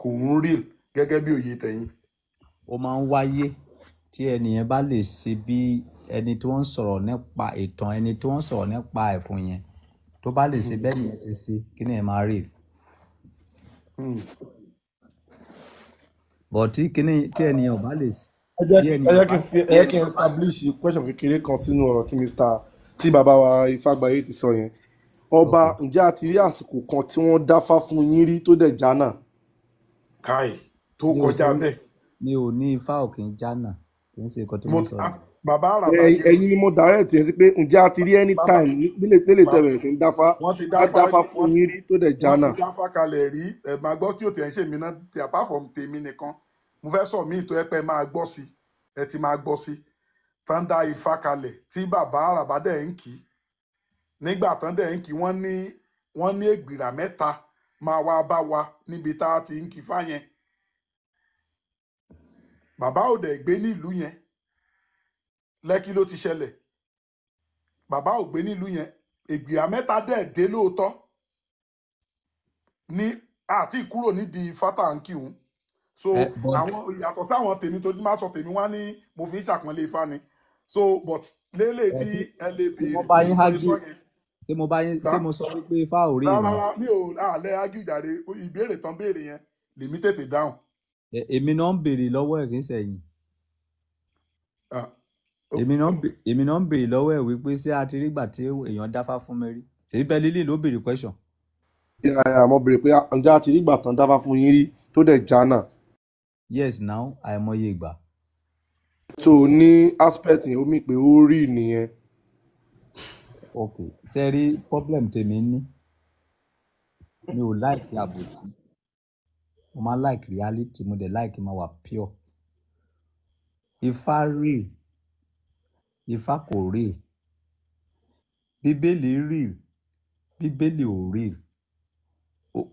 kò ń real gẹ́gẹ́ bí òye tẹ̀yìn. ó máa ń wáyé tí ẹnìyẹn bá lè ṣe bí ẹni tí wọ́n ń sọ̀rọ̀ nípa ìtàn ẹni tí wọ́n ń sọ̀rọ̀ nípa ẹ̀fún yẹn tó bá lè ṣe hmm. bẹ́ẹ̀ nìyẹn ṣe ṣe kí ni ẹ máa real. Hmm. bọ̀ tí kíní tí ẹnìyẹn ò bá lè ṣe. ẹ jẹ́ kí n establish question kékeré kan sínú ọ̀rọ̀ tí mr tí bàbá wa Ifágbayé ti sọ yẹn ọba ǹjẹ́ a ti rí àsìkò kan tí wọ́n dáfá fún yín rí tó dẹ̀ jánà. káì tó kọjá bẹ́ẹ̀. mi ò ní ifá ò jánà kì í ṣe nǹkan tí mo sọ. bàbá àràbà yìí ẹ̀yin ni mo direct yẹn sí pé ǹjẹ́ a ti rí any time nílé tẹ́lẹ̀ tẹ́lẹ̀ sí ń dáfá dáfá fún yín rí tó dẹ̀ jánà. wọ́n ti dáfá kalẹ̀ rí ẹ̀ máa gbọ́ tí ò tẹ̀ ń ṣe mí náà tí apart tèmi nìkan mo fẹ́ sọ míì tó yẹ pé máa gbọ́ sí ẹ ti máa gbọ́ sí tán ifá kalẹ̀ tí bàbá àràbà dẹ̀ ń kì nígbà tán dẹ̀ ń kí wọ́n ní wọ́n ní ègbìrà mẹ́ta máa wá bá wa níbi tá a ti ń kí fáyẹn bàbá ò dẹ̀ gbé nílùú yẹn lẹ́kí ló ti ṣẹlẹ̀ bàbá ò gbé nílùú yẹn ègbìrà mẹ́ta dẹ̀ dé lóòótọ́ ní àti kúrò nídìí fátàǹkìhún so eh, àwọn yàtọ̀ sí àwọn tèmi tó má sọ tèmi wá ní mo fi ń ṣàpọ́nlé ifá ni so but lélẹ̀ tí eh, ẹ lè béèrè fún ìgbésọ yẹn ṣé mo bá yín ṣé mo sọ wípé fá ò rí ìran. rárá mi ò àlẹ́ ajíjàre ìbéèrè tán béèrè yẹn lèmi tètè dáhùn. èmi náà ń béèrè lọ́wọ́ ẹ̀ kí n sẹ́yìn. èmi náà ń béèrè lọ́wọ́ ẹ̀ wípé ṣé a ti rí gbà tí èèyàn dáfá fún mi rí ṣèyí bẹ́ẹ̀ lílì ló béèrè question. àmọ́ béèrè pé ǹjẹ́ a ti rí gbà tán dáfá fún yín rí tó dẹ̀ já náà. yes now àìmọye ìgbà. tó o ní aspect yẹn ó mì pé ó rí nìyẹn ok ṣe rí problem tèmi ní mi ò like àbòsí mo máa like reality mo dẹ̀ like máa wà pure ifá real ifá kò real bíbélì real bíbélì ò real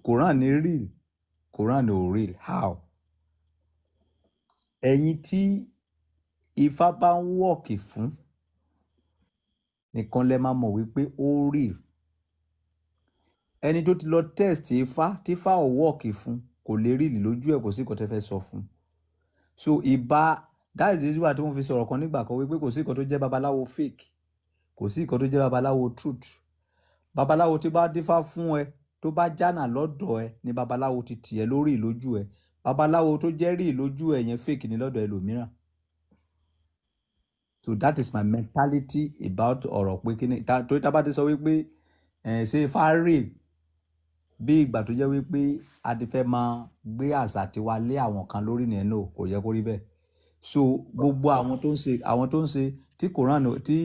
koran ni real koran ò real how ẹ̀yin tí ifá bá ń wọ̀kì fún nìkan lẹ máa mọ̀ wípé ó rí ẹni tó ti lọ test ifá tífá ò wọ́ọ̀kì fún kò lè rí ìlì lójú ẹ̀ kò sí nǹkan tẹ́ fẹ́ sọ fún so ìbá that is why tí wọ́n fi sọ̀rọ̀ kan nígbà kan wípé kò sí nǹkan tó jẹ́ babaláwo fake kò sí nǹkan tó jẹ́ babaláwo truth babaláwo tí bá dífá fún ẹ tó bá jánà lọ́dọ̀ ẹ ni babaláwo ti tì ẹ lórí ìlójú ẹ babaláwo tó jẹ́ rí ìlójú ẹ yẹn fake ni lọ́dọ̀ ẹlòmíràn so that is my mentality about ọ̀rọ̀ pé kíni torí tá a bá ti sọ wípé ṣe fáre bí ìgbà tó jẹ́ wípé a ti fẹ́ máa gbé àṣà tiwa lé àwọn kan lórí nìyẹn náà kò yẹ kó rí bẹ́ẹ̀ so gbogbo àwọn tó ń ṣe àwọn tó ń ṣe tí koran tí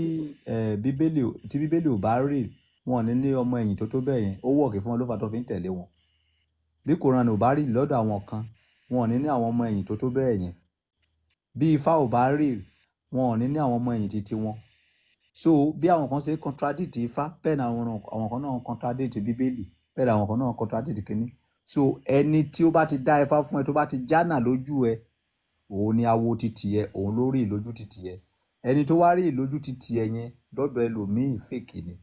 bíbélì tí bíbélì ò bá rè wọn ní ní ọmọ ẹ̀yìn tó tó bẹ́ẹ̀ yẹn ó wọ̀kì fún wọn ló fà tó fi ń tẹ̀lé wọn bí koran ò bá rè lọ́dọ̀ àwọn kan wọn ní ní àwọn ọmọ ẹ̀yìn tó tó bẹ́ẹ̀ yẹn bí ifá ò bá rè wọn ò ní ní àwọn ọmọ ẹ̀yìn títí wọn so bí àwọn kan ṣe contradict ifá bẹ́ẹ̀ ni àwọn kan náà contradict bíbélì bẹ́ẹ̀ ni àwọn kan náà contradict kínní so ẹni tí ó bá ti dá ifá fún ẹ tó bá ti jánà lójú ẹ òun ni awo títì ẹ òun ló rí ìlójú títì ẹ ẹni tó wá rí ìlójú títì ẹ yẹn lọ́dọ̀ ẹlòmíì fèkì ni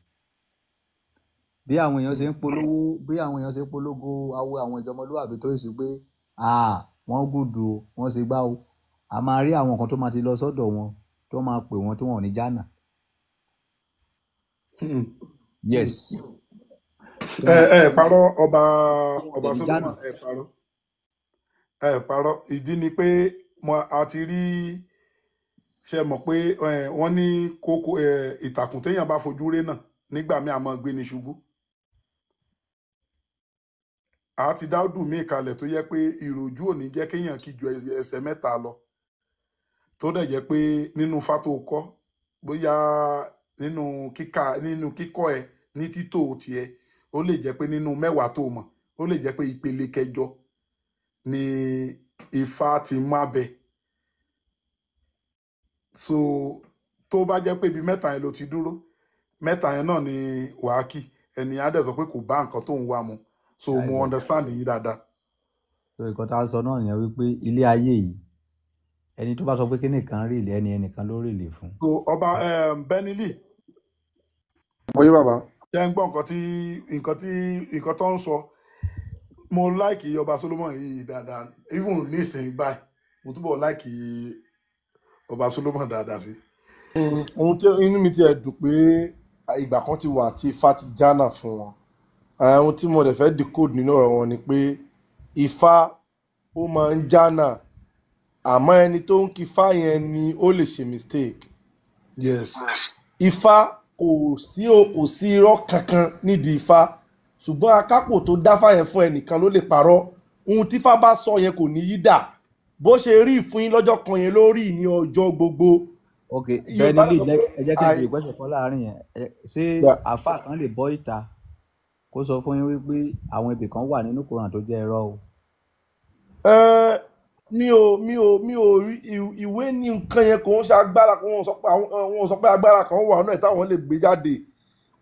bí àwọn èèyàn ṣe ń polówó bí àwọn èèyàn ṣe ń polówó awo àwọn ìjọmọlúwàbí tó yẹ sí pé wọ́n gùdù wọ́n ṣe gbá o a máa rí àwọn kan tó máa ti lọ sọ́dọ̀ wọn tó máa pè wọ́n tí wọ́n ò ní jánà. Hmm. yes. ẹ ẹ parọ́ ọba ọba Solomon ẹ parọ́ ẹ parọ́ ìdí ni pé mo a ti rí ṣe mọ̀ pé wọ́n ní kókó ìtàkùn téèyàn bá fojú ré náà nígbà míì a máa gbé ni ṣubú a ti dá dùn mí kalẹ̀ tó yẹ pé ìròjú ò ní jẹ́ kéèyàn kíjọ ẹsẹ̀ mẹ́ta lọ tó dẹ̀ jẹ́ pé nínú ifá tó kọ́ bóyá nínú kíkà nínú kíkọ́ ẹ ní títò tiẹ̀ ó lè jẹ́ pé nínú mẹ́wàá tó mọ̀ ó lè jẹ́ pé ìpele kẹjọ ni ifá ti má bẹ so tó bá jẹ́ pé ibi mẹ́ta yẹn ló ti dúró mẹ́ta yẹn náà ni wàá kí ẹni á dẹ̀ sọ pé kò bá nǹkan tó ń wá mu so mo understand yín dáadáa. so ìkọ́ta sọ náà nìyẹn wípé ilé ayé yìí ẹni tó bá sọ pé kíní kan rìlì ẹni ẹnìkan ló rìlì fún. so ọba um, Benili. oye bàbá. jẹ́ ń gbọ́ nǹkan tí nǹkan tí nǹkan tó ń sọ mo láìkì ọba Solomon yìí dáadáa even ní ìsìn báyìí mo túbọ̀ láìkì ọba Solomon dáadáa sí. Hmm, ohun tí inú mi ti ẹ̀ dùn pé ìgbà kan ti wà tí ifá ti jánà fún wọn ohun tí mo dẹ̀ fẹ́ decode nínú ọ̀rọ̀ wọn ni pé ifá ó máa ń jánà àmọ́ ẹni tó ń kí yẹn ni ó lè ṣe mistake. yes. ifá kò sí o kò sí irọ́ kankan nídìí ifá ṣùgbọ́n akápò tó dáfá yẹn fún ẹnìkan ló lè parọ́ ohun tífá bá sọ yẹn kò ní yí dà bó ṣe rí ìfún yín lọ́jọ́ kan yẹn ló rí ní ọjọ́ gbogbo. ok bẹ́ẹ̀ni lè ẹ jẹ́ kí n bèrè pẹsẹ kan láàrin yẹn ṣé àáfà kan lè bọ́ ìta kó sọ fún yín wípé àwọn ibì kan wà nínú koran tó jẹ́ irọ́ o mi ò mi ò mi ò rí ìwé ní nǹkan yẹn kò ń ṣe agbára kan wọn sọ pé àwọn sọ pé agbára kan wà náà táwọn lè gbé jáde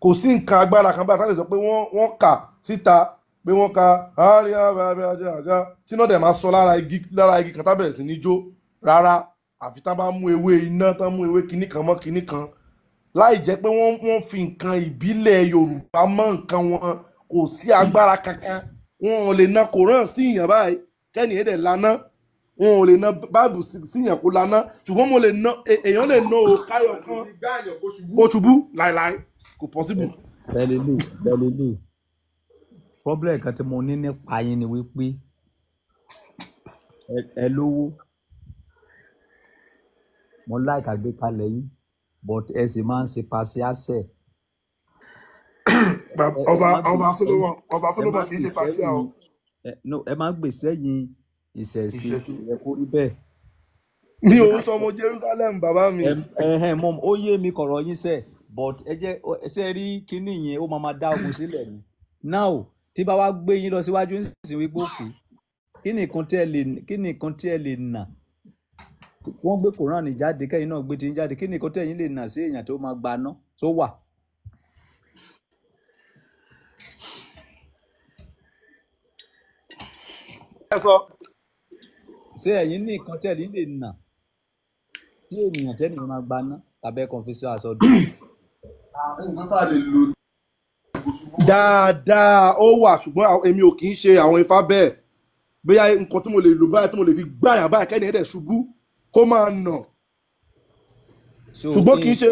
kò sí nǹkan agbára kan báyìí táwọn lè sọ pé wọ́n wọ́n kà síta pé wọ́n ka àárí àgbà tí náà dẹ̀ máa sọ lára igi lára igi kan tábẹ̀rẹ̀ sí ní jó rárá àfi tá bá mú ewé iná tá mú ewé kinní kan mọ́ kinní kan láì jẹ́ pé wọ́n wọ́n fi nǹkan ìbílẹ̀ Yorùbá mọ́ nǹkan wọn kò sí agbára kankan wọn ò lè na kò rán sí ìyàn báyìí kẹ́ni ẹ̀ dẹ̀ wọn ò lè na báàbù síyàn kó laná ṣùgbọ́n mo lè na e, èèyàn lè na o káyọ̀ kan kó ṣubú láìláì kò possible. bẹ́ẹ̀ni lè bẹ́ẹ̀ni lè problem kan tí mo ní nípa yín ni wípé ẹ lówó mo like àgbékalẹ̀ yín but ẹ sì máa ń ṣe paṣẹ àṣẹ. ọba ọba solomon ọba solomon kì í ṣe paṣẹ o. ẹ má gbèsè yín. ìṣẹ̀sí ẹ kó mi ò sọ ọmọ Jerusalem bàbá mi. mọ ó yé mi kọrọ yín but ẹ jẹ́ ṣe rí kinní ma dá ogun sílẹ̀ ni now tí bá wá gbé yín lọ síwájú nísinsìnyí wípé òkè kí nìkan tí ẹ lè nà wọ́n gbé Kùránì jáde kẹ́yìn náà gbé ti jáde kí nìkan tí ṣé ẹ̀yin ní nǹkan tẹ́lẹ̀ lè nà tí ènìyàn tẹ́lẹ̀ máa gbaná tàbẹ́ kan fi sọ àṣọ dùn. nǹkan tá a lè lo. dáadáa ó wà ṣùgbọ́n èmi ò kì í ṣe àwọn ifá bẹ́ẹ̀ bóyá nǹkan tí mo lè lò báyìí tí mo lè fi gbàyàn báyìí kẹ́ni ẹ̀dẹ̀ ṣubú kó máa nà. ṣùgbọ́n kì í ṣe.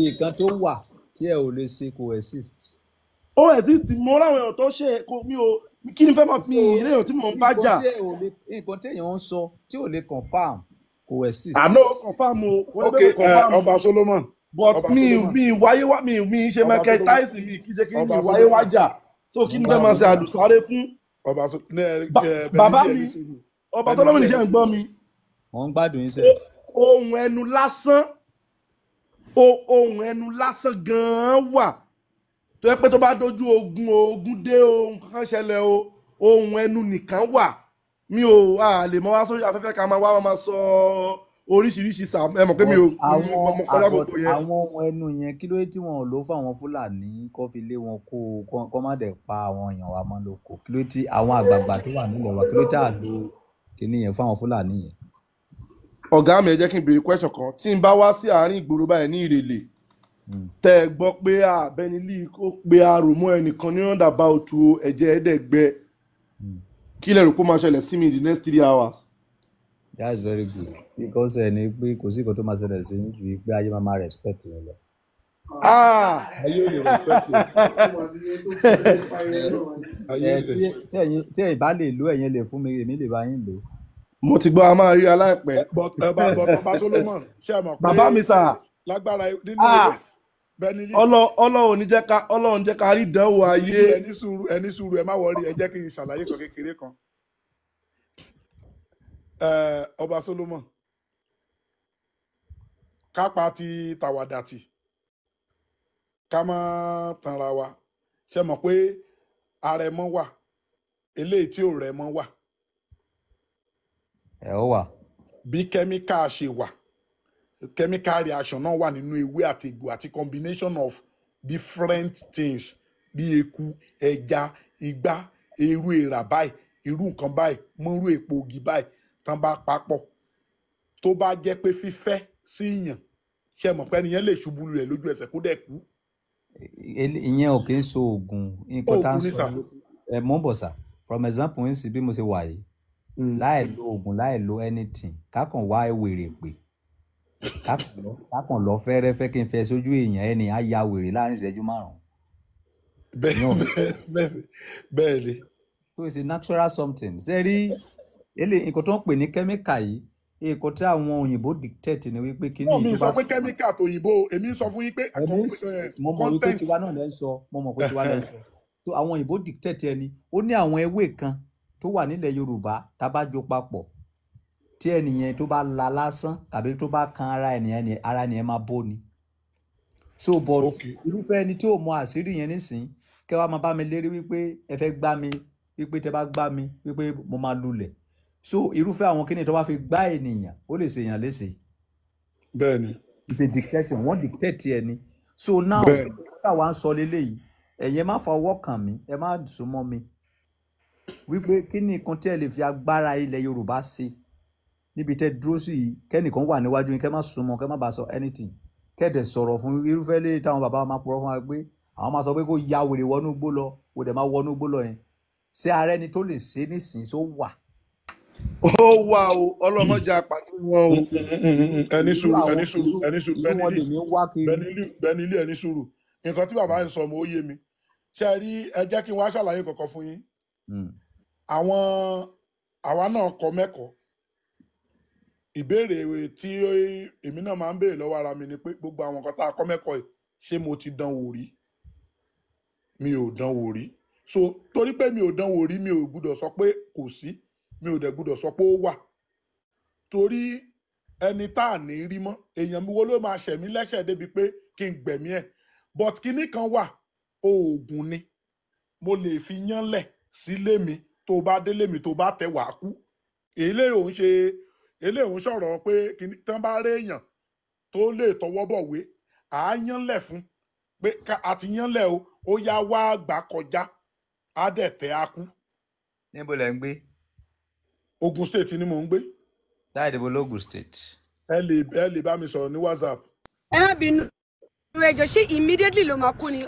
nǹkan tó wà tí ẹ ò lè ṣe kò exist. ó exist mo ráwọn èèyàn tó ṣe mi ò kí ni fẹ́ mọ̀ mi iléyàn tí mò ń bá jà. nǹkan téèyàn ń sọ tí ò lè confam kò exist. àná confam o. ok uh, ọba Solomon. but mi mi wáyé wá mi mi ṣe mẹkẹ táìsì mi kí jẹ kí mi wáyé wá jà so kí ni fẹ́ máa ṣe àdùsáré fún. ọba bàbá mi ọba Solomon ṣe ń gbọ́ mi. mo ń gbádùn yín sẹ́. ohun ẹnu lásán ohun ẹnu lásán gan-an wà tó yẹ pé tó bá dojú ogun ogun dé ohun kankan ṣẹlẹ̀ o ohun ẹnu nìkan wà mi ò lè mọ wá sórí afẹ́fẹ́ ká máa wá máa sọ oríṣiríṣi sàm ẹ mọ̀ pé mi ò mọ kọ́lá gbogbo yẹn. àwọn ohun ẹnu yẹn kí ló dé tí wọn ò lò fáwọn fúlàní kó fi lé wọn kó kó má dẹ̀ pa àwọn èèyàn wa mọ́ lóko kí ló dé àwọn àgbààgbà tó wà nílẹ̀ wa kí ló tá a lo kíní yẹn fáwọn fúlàní yẹn. ọ̀gá mi ẹ jẹ́ kí n béèrè question kan tí n bá wá sí àárín ìgboro báyìí ní ìrèlè tẹ́ ẹ gbọ́ pé àbẹ́nilí ó pe arò mọ́ ẹnìkan ní round about o ẹ̀jẹ̀ ẹ̀ẹ́dẹ̀gbẹ́ kí lẹ kó máa ṣẹlẹ̀ sí mi the next three hours. that's very good because ẹni pé kò sí nǹkan tó máa ṣẹlẹ̀ sí ju pé ayé máa máa respect yẹn lọ. ayé ò lè respect yẹn. tí ẹ̀yin bá lè lo ẹ̀yin lè fún mi èmi lè bá yín lò ó mo ti gbọ́ a máa rí aláìpẹ́. Eh, bàbá mi sà. lágbára nínú ọlọ́run ní jẹ́ ká ọlọ́run jẹ́ ká rí ìdánwò ayé. ẹni sùúrù ẹni sùúrù ẹ má wọrí ẹ jẹ́ kí n ṣàlàyé kan kékeré kan. ọba Solomon kápá ti tàwàdà tì ká má tanra wa ṣe mọ̀ pé àrẹ̀mọ wà eléyìí tí ò rẹ̀mọ wà. ẹ ó wà. bí kẹ́míkà ṣe wà chemical reaction náà wà nínú ewé àti egbò àti combination of different things bí eku ẹja igbá irú èrà báyìí irú nǹkan báyìí mọ́rú èpo ògì báyìí tán bá papọ̀ tó bá jẹ́ pé fífẹ́ sí ìyàn ṣe mọ̀ pé ẹnìyẹn lè ṣubú lulẹ̀ lójú ẹsẹ̀ kó dẹ̀ kú. ìyẹn ò kì í so oògùn importance ẹ mọ bọ sá from example n sì bí mo ṣe wà yìí mm. láì lo oògùn láì lo anything kákan wá ewèrè pè kákan lọ fẹ́rẹ́fẹ́ kí n fẹ́ sójú èèyàn ẹni á ya wèrè láàrin ìṣẹ́jú márùn-ún. bẹ́ẹ̀ bẹ́ẹ̀ ni. so it's a natural something ṣe rí nǹkan tó ń pè ní kẹ́míkà yìí èkó tí àwọn òyìnbó dictate ni wípé kí ni ìjọba. mo sọ pé kẹ́míkà tó òyìnbó èmi sọ fún yín pé. Eh, mo mọ̀ wípé tiwa náà lẹ́ ń sọ mo mọ̀ pé tiwa náà lẹ́ ń sọ so àwọn òyìnbó dictate ẹni ó ní àwọn ewé kan tó wà nílẹ̀ Yorùbá tá a bá jó papọ̀ tí ẹnìyẹn tó bá la lásán tàbí tó bá kan ara ẹnìyẹn ni ara ẹnìyẹn máa bó ni so but irúfẹ́ ẹni tí ò mọ àṣírí yẹn nísìn kẹ́ wàá máa bá mi lérí wípé ẹ fẹ́ gbá mi wípé tẹ́ bá gbá mi wípé mo máa lulẹ̀ so irúfẹ́ àwọn kíni tó bá fi gbá ènìyàn ó lè ṣe èèyàn léṣe. bẹ́ẹ̀ni. it's a dictation wọ́n dictate ẹni so now táwa ń sọ lélẹ́yìí ẹ̀yin má fọwọ́ kàn mí ẹ má sún mọ́ mi wípé kí ni tí ẹ lè fi agbára ilẹ̀ Yorùbá ṣe. Si níbi tẹ́ dúró sí yìí kẹ́nìkan wà níwájú yín kẹ́ má súnmọ́ kẹ́ má bàa sọ anything kẹ́ẹ̀dẹ̀ sọ̀rọ̀ fún irúfẹ́ lé táwọn bàbá máa purọ́ fún wa pé àwọn máa sọ pé kó ya wèrè wọnú gbó lọ kó dẹ̀ máa wọnú gbó lọ yẹn ṣé ara ẹni tó lè ṣe nísìnyí tó wà. ó wà o ọlọmọjà pàdé wọn o. ẹni sùúrù ẹni sùúrù ẹni sùúrù bẹnilí ẹni sùúrù nǹkan tí bàbá ń sọ mo yé mi ṣe é rí ẹ jẹ́ kí n wá ṣàlàyé kọ̀ọ̀kan fún yín. Hmm. àwọn àwa náà kọ mẹ́kọ̀ọ́ ìbéèrè tí èmi náà máa ń béèrè lọ́wọ́ ara mi ni pé gbogbo àwọn nǹkan tá a kọ́ mẹ́kọ̀ọ́ yìí ṣé mo ti dán wò rí mi ò dán wò rí so torí pé mi ò dán wò rí mi ò gbúdọ̀ sọ pé kò sí mi ò dẹ̀ gbúdọ̀ sọ pé ó wà torí ẹni tá à ní rí mọ́ èèyàn mi wo ló máa ṣẹ̀mí lẹ́ṣẹ̀ débi pé kí n gbẹ̀mí ẹ̀ but kinní kan wà oògùn ni mo lè fi yánlẹ̀ sílé mi tó bá délé mi tó bá tẹ̀ wá kú èyí lè ò ń ṣe eléyìí ń sọ̀rọ̀ pé tán bá rí èèyàn tó lè tọwọ́ bọ̀wé à á yánlẹ̀ fún pé àti yánlẹ̀ o ó yá wá gbà kọjá á dẹ̀ tẹ́ níbo lẹ ń gbé. Ogun State ni mò ń gbé. táyà ìdìbò lóògùn State. ẹ lè ẹ lè bá mi sọ̀rọ̀ ní WhatsApp. ẹ má bínú ẹjọ́ ṣé immediately ló máa kú ni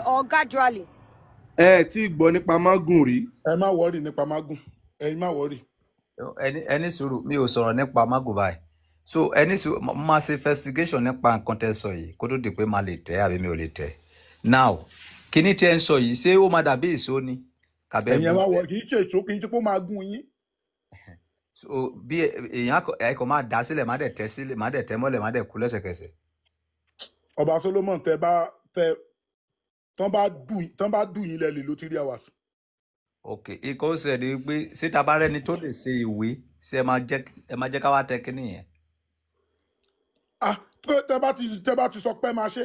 ẹ tí nípa rí. ẹ má nípa ẹ má ẹni sùúrù mi ò sọ̀rọ̀ nípa Magubai so ẹni sùúrù máa ṣe investigation nípa nǹkan tẹ́ sọ yìí kó tó di pé máa lè tẹ́ àbí mi ò lè tẹ́ now kíní tí ẹ ń sọ yìí ṣé ó máa dàbí èso ni. ẹ̀yin ẹ̀ máa wọ̀ kì í ṣe èso kì í ṣe pé ó máa gún yín. so bí èèyàn ẹ̀kọ́ máa dá sílẹ̀ má dẹ̀ tẹ́ sílẹ̀ má dẹ̀ tẹ́ mọ́lẹ̀ má dẹ̀ kú lẹ́sẹ̀kẹsẹ̀. ọba Solomon tẹ bá tẹ tán bá dùn yín lẹ́lẹ̀ ló ti rí àwàsùn ok ikọ̀ ó ṣẹ̀ ni pé ṣé tabarẹ́ni tó lè ṣe ìwé ṣé ẹ máa jẹ́ ká wá tẹ kínní yẹn. ah tẹ bá ti tẹ bá ti sọ pé máa ṣe.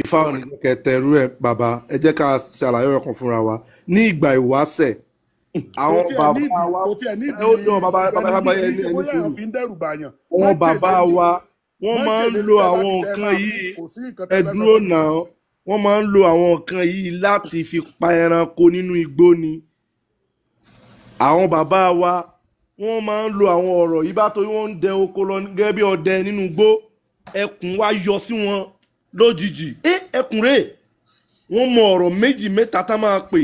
ifá ọ̀rìn kẹtẹrú ẹ bàbá ẹ jẹ́ ká ṣàlàyé ọkàn fúnra wa ní ìgbà ìwáṣẹ̀ àwọn bàbá wa ẹ ó yọ bàbá bàbá yẹn ní ẹni wọn bàbá wa wọn máa ń lo àwọn nǹkan yìí ẹ dúró náà wọ́n máa ń lo àwọn nǹkan yìí láti fi pa ẹranko nínú igbó ni àwọn bàbá wa wọ́n máa ń lo àwọn ọ̀rọ̀ yìí bá torí wọ́n ń dẹ oko lọ gẹ́gẹ́ bí ọdẹ nínú igbó ẹkùn wá yọ sí wọn lójijì ẹ ẹkùn rèé wọ́n mọ ọ̀rọ̀ méjì mẹ́ta tá máa pè.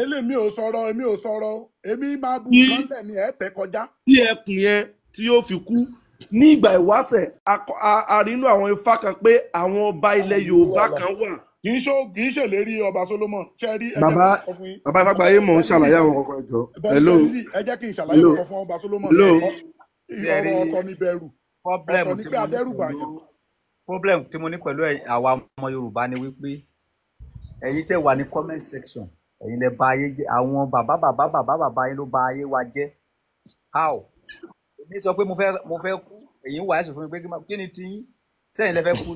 elémi ò sọ̀rọ̀ èmi ò sọ̀rọ̀ èmi máa bu lọ́lẹ̀ ní ẹ̀ẹ́tẹ̀ kọjá. tí ẹkùn yẹn tí yóò fi kú ní ìgbà ìwáṣẹ̀ a rí inú àwọn ifá kan pé àwọn ọba ilẹ̀ Yorùbá kan wà kì í ṣó kì í ṣèlérí ọba solomon ṣẹ́rí ẹ̀jẹ̀ bàbá bàbá ìfagbáyé mò ń ṣàlàyé àwọn ọkọ̀ ẹ̀jọ̀ hello ẹ kí n ṣàlàyé ọkọ̀ fún ọba solomon ọ̀rọ̀ ọ̀tọ̀ ní bẹ̀rù ọ̀tọ̀ ní pé adẹ́rùbàyàn. problem tí mo ní pẹ̀lú àwa ọmọ yorùbá ni wípé ẹ̀yin tẹ́ wà ní comment section ẹ̀yin lẹ bà ayé jẹ́ àwọn bàbá bàbá bàbá bàbá yín ló bà ayé wa jẹ́ how èmi sọ pé mo fẹ́ mo fẹ́ kú ẹ̀yin wàásù fún mi pé kí ni tiyín sẹ́yìn lẹ fẹ́ kú